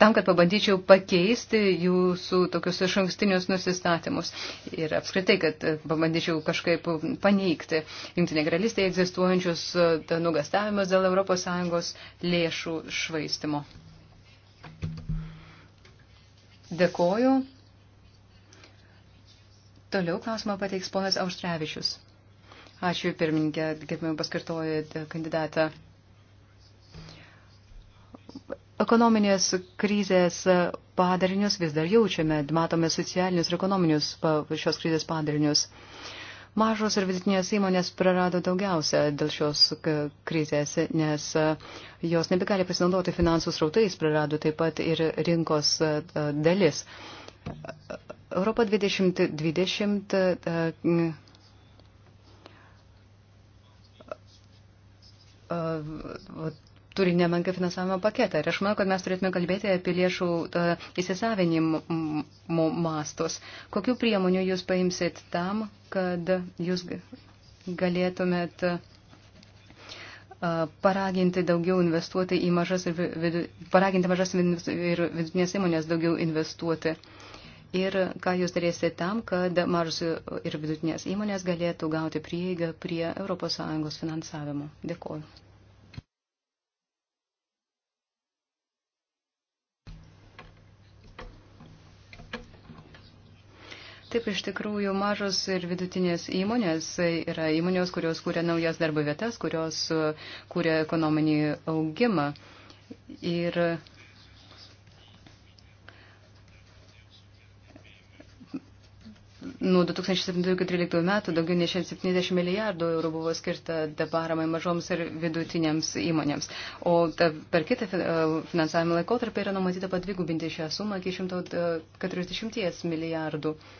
tam, kad pabandyčiau pakeisti jūsų tokius iš ankstinius nusistatymus ir apskritai, kad e, pabandyčiau kažkaip paneigti Junktinė karalystėje egzistuojančius e, nugastavimus dėl ES lėšų švaistimo. Dėkoju. Toliau klausimą pateiks ponas Auštrevičius. Ačiū pirmininkė, gerbėjau paskirtojo kandidatą. Ekonominės krizės padarinius vis dar jaučiame, matome socialinius ir ekonominius šios krizės padarinius. Mažos ir vidutinės įmonės prarado daugiausia dėl šios krizės, nes e, jos nebegali pasinaudoti finansų srautais, prarado taip pat ir rinkos e, dalis. Europa 2020 turi nemenką finansavimo paketą. Ir aš manau, kad mes turėtume kalbėti apie lėšų e, įsisavinimo mastus. Kokiu priemoniu jūs paimsit tam, kad jūs galėtumėt e, paraginti daugiau investuoti į mažas ir, vidu, paraginti mažas ir vidutinės įmonės daugiau investuoti. Ir ką jūs darėsite tam, kad mažos ir vidutinės įmonės galėtų gauti prieigą prie ES finansavimo. Dėkuoju. Taip, iš tikrųjų, mažos ir vidutinės įmonės yra įmonės, kurios kūrė naujas darbo vietas, kurios e, kūrė ekonominį augimą. Ir nuo 2017-2013 metų daugiau nei 70 milijardų eurų buvo skirta paramai mažoms ir vidutinėms įmonėms. O e, per kitą e, finansavimo laikotarpį yra numatyta padvigubinti šią sumą iki 140 milijardų eurų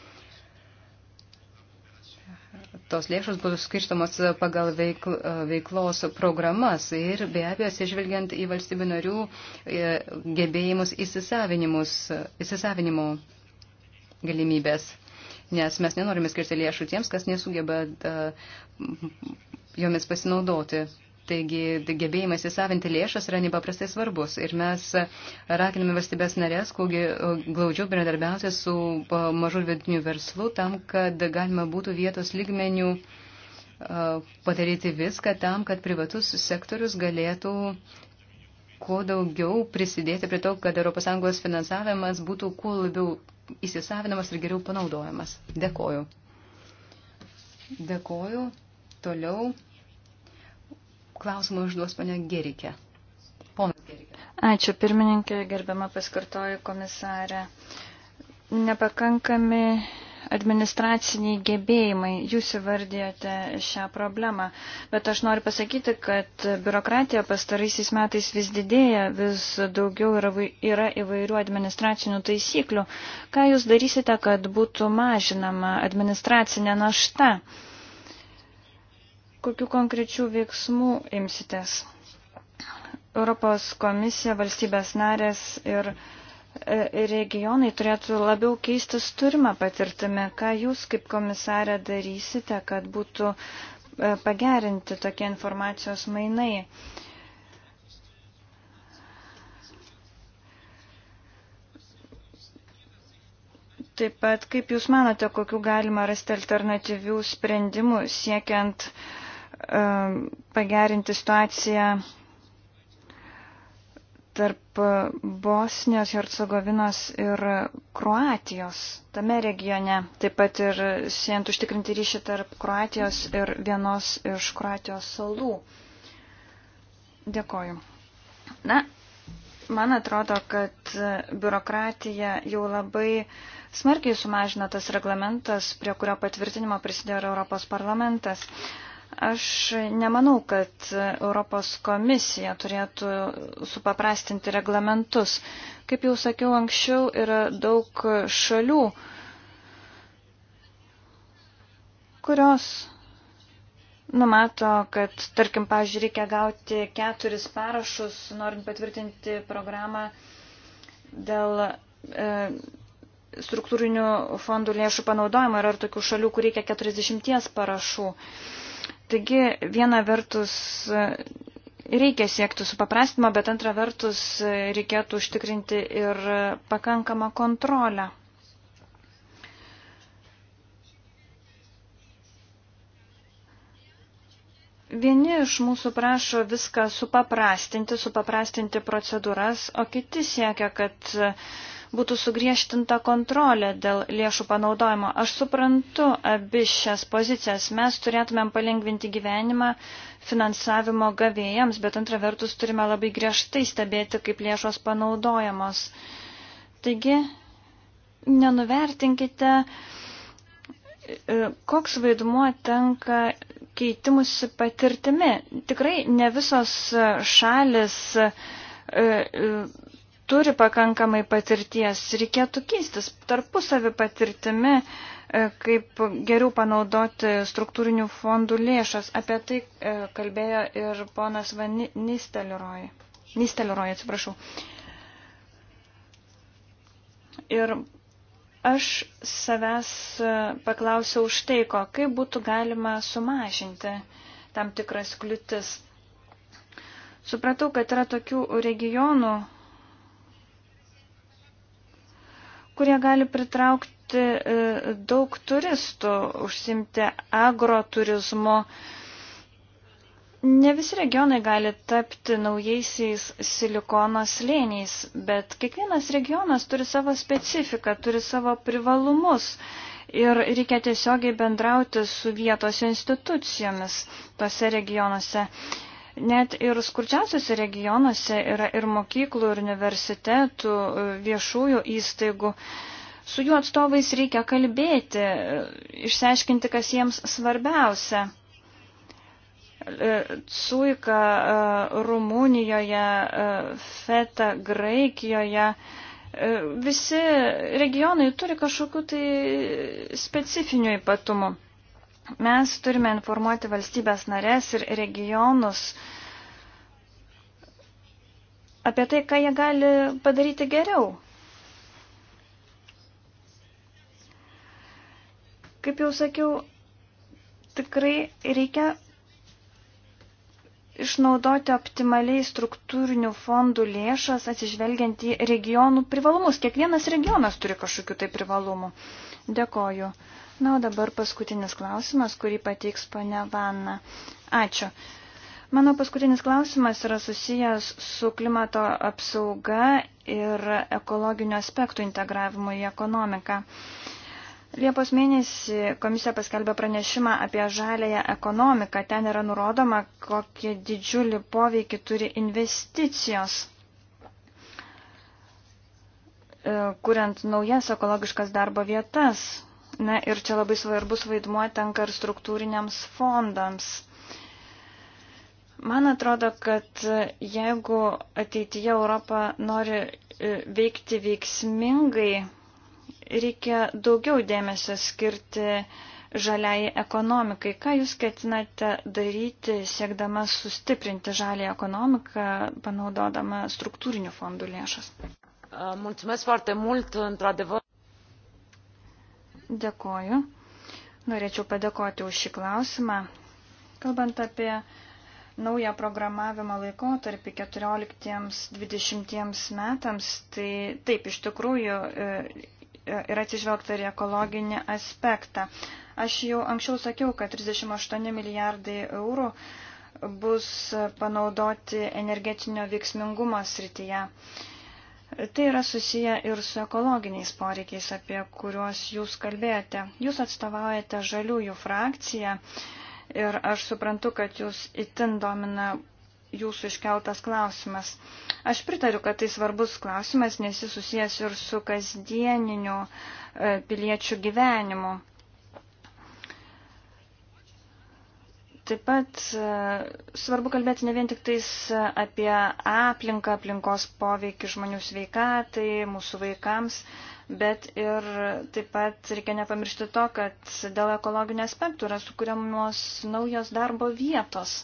tos lėšos bus skirstamos pagal veikl, veiklos programas ir be abejo, atsižvelgiant į valstybių narių e, gebėjimus įsisavinimo galimybės. Nes mes nenorime skirti lėšų tiems, kas nesugeba e, jomis pasinaudoti. Taigi tai gebėjimas įsavinti lėšas yra nepaprastai svarbus ir mes rakiname valstybės narės, kuogi glaudžiau bendradarbiausia su mažu ir vidiniu verslu tam, kad galima būtų vietos lygmenių padaryti viską tam, kad privatus sektorius galėtų kuo daugiau prisidėti prie to, kad ES finansavimas būtų kuo labiau įsisavinamas ir geriau panaudojamas. Dėkoju. Dėkoju. Toliau klausimą užduos pane Gerikė. Ponas Gerikė. Ačiū pirmininkė, gerbiama paskartoju komisarė. Nepakankami administraciniai gebėjimai. Jūs įvardėjote šią problemą, bet aš noriu pasakyti, kad biurokratija pastaraisiais metais vis didėja, vis daugiau yra, yra įvairių administracinių taisyklių. Ką jūs darysite, kad būtų mažinama administracinė našta? kokiu konkrečiu veiksmu imsitės? Europos komisija, valstybės narės e, ir regionai turėtų labiau keistis turimą patirtimį. Ką jūs kaip komisarė darysite, kad būtų e, pagerinti tokie informacijos mainai? Taip pat, kaip Jūs manote, kokiu galima rasti alternatyvių sprendimų siekiant uh, Um, pagerinti situaciją tarp Bosnijos, Hercegovinos ir Kroatijos tame regione. Taip pat ir siekiant užtikrinti ryšį tarp Kroatijos ir vienos iš Kroatijos salų. Dėkoju. Na, man atrodo, kad biurokratija jau labai smarkiai sumažina tas reglamentas, prie kurio patvirtinimo prisidėjo Europos parlamentas. Uh, Aš nemanau, kad Europos komisija turėtų supaprastinti reglamentus. Kaip jau sakiau anksčiau, yra daug šalių, kurios numato, kad, tarkim, pažiūrėjau, reikia gauti keturis parašus, norint patvirtinti programą dėl e, struktūrinių fondų lėšų panaudojimo. Yra ir tokių šalių, kur reikia 40 parašų. E, Taigi, viena vertus e, reikia siekti supaprastimo, bet antra vertus e, reikėtų užtikrinti ir pakankamą kontrolę. Vieni iš mūsų prašo viską supaprastinti, supaprastinti procedūras, o kiti siekia, kad būtų sugriežtinta kontrolė dėl lėšų panaudojimo. Aš suprantu abi šias pozicijas. Mes turėtumėm palengvinti gyvenimą finansavimo gavėjams, bet antra vertus turime labai griežtai stebėti, kaip lėšos panaudojamos. Taigi, nenuvertinkite, e, koks vaidmuo tenka keitimusi patirtimi. Tikrai ne visos šalis e, e, turi pakankamai patirties, reikėtų keistis tarpusavį patirtimi, e, kaip geriau panaudoti struktūrinių fondų lėšas. Apie tai e, kalbėjo ir ponas Van Nisteliroj. Nisteliroj, atsiprašau. Ir aš savęs e, paklausiau už tai, ko, kaip būtų galima sumažinti tam tikras kliūtis. Supratau, kad yra tokių regionų, kurie gali pritraukti e, daug turistų, užsimti agroturizmu. Ne visi regionai gali tapti naujaisiais silikono slėniais, bet kiekvienas regionas turi savo specifiką, turi savo privalumus ir reikia tiesiogiai bendrauti su vietos institucijomis tose regionuose. Net ir skurdžiausiose regionuose yra ir mokyklų, ir universitetų, e, viešųjų įstaigų. Su jų atstovais reikia kalbėti, e, išsiaiškinti, kas jiems svarbiausia. E, Cuika Rumunijoje, Feta Graikijoje. Visi regionai turi kažkokiu tai specifiniu ypatumu. Mes turime informuoti valstybės narės ir regionus apie tai, ką jie gali padaryti geriau. Kaip jau sakiau, tikrai reikia išnaudoti optimaliai struktūrinių fondų lėšas, atsižvelgiant į regionų privalumus. Kiekvienas regionas turi kažkokių tai privalumų. Dėkoju. Na, o dabar paskutinis klausimas, kurį pateiks ponia Vanna. Ačiū. Mano paskutinis klausimas yra susijęs su klimato apsauga ir ekologinių aspektų integravimu į ekonomiką. Liepos mėnesį komisija paskelbė pranešimą apie žalėją ekonomiką. Ten yra nurodoma, kokie didžiulį poveikį turi investicijos, e, kuriant naujas ekologiškas darbo vietas Na ir čia labai svarbus vaidmuo tenka ir struktūriniams fondams. Man atrodo, kad jeigu ateityje Europa nori e, veikti veiksmingai, reikia daugiau dėmesio skirti žaliai ekonomikai. Ką Jūs ketinate daryti, siekdama sustiprinti žaliai ekonomiką, panaudodama struktūrinių fondų lėšas? Mulțumesc foarte mult, într-adevăr. Dėkoju. Norėčiau padėkoti už šį klausimą. Kalbant apie naują programavimo laikotarpį 14-20 metams, tai taip iš tikrųjų e, e, yra atsižvelgta ir ekologinį aspektą. Aš jau anksčiau sakiau, kad 38 milijardai eurų bus panaudoti energetinio veiksmingumo srityje. Tai yra susiję ir su ekologiniais poreikiais, apie kuriuos jūs kalbėjote. Jūs atstovaujate žaliųjų frakciją ir aš suprantu, kad jūs itin domina jūsų iškeltas klausimas. Aš pritariu, kad tai svarbus klausimas, nes jis susijęs ir su kasdieniniu e, piliečių gyvenimu. Taip pat e, svarbu kalbėti ne vien tik tais apie aplinką, aplinkos poveikį žmonių sveikatai, mūsų vaikams, bet ir taip pat reikia nepamiršti to, kad dėl ekologinių aspektų yra sukūriamos naujos darbo vietos.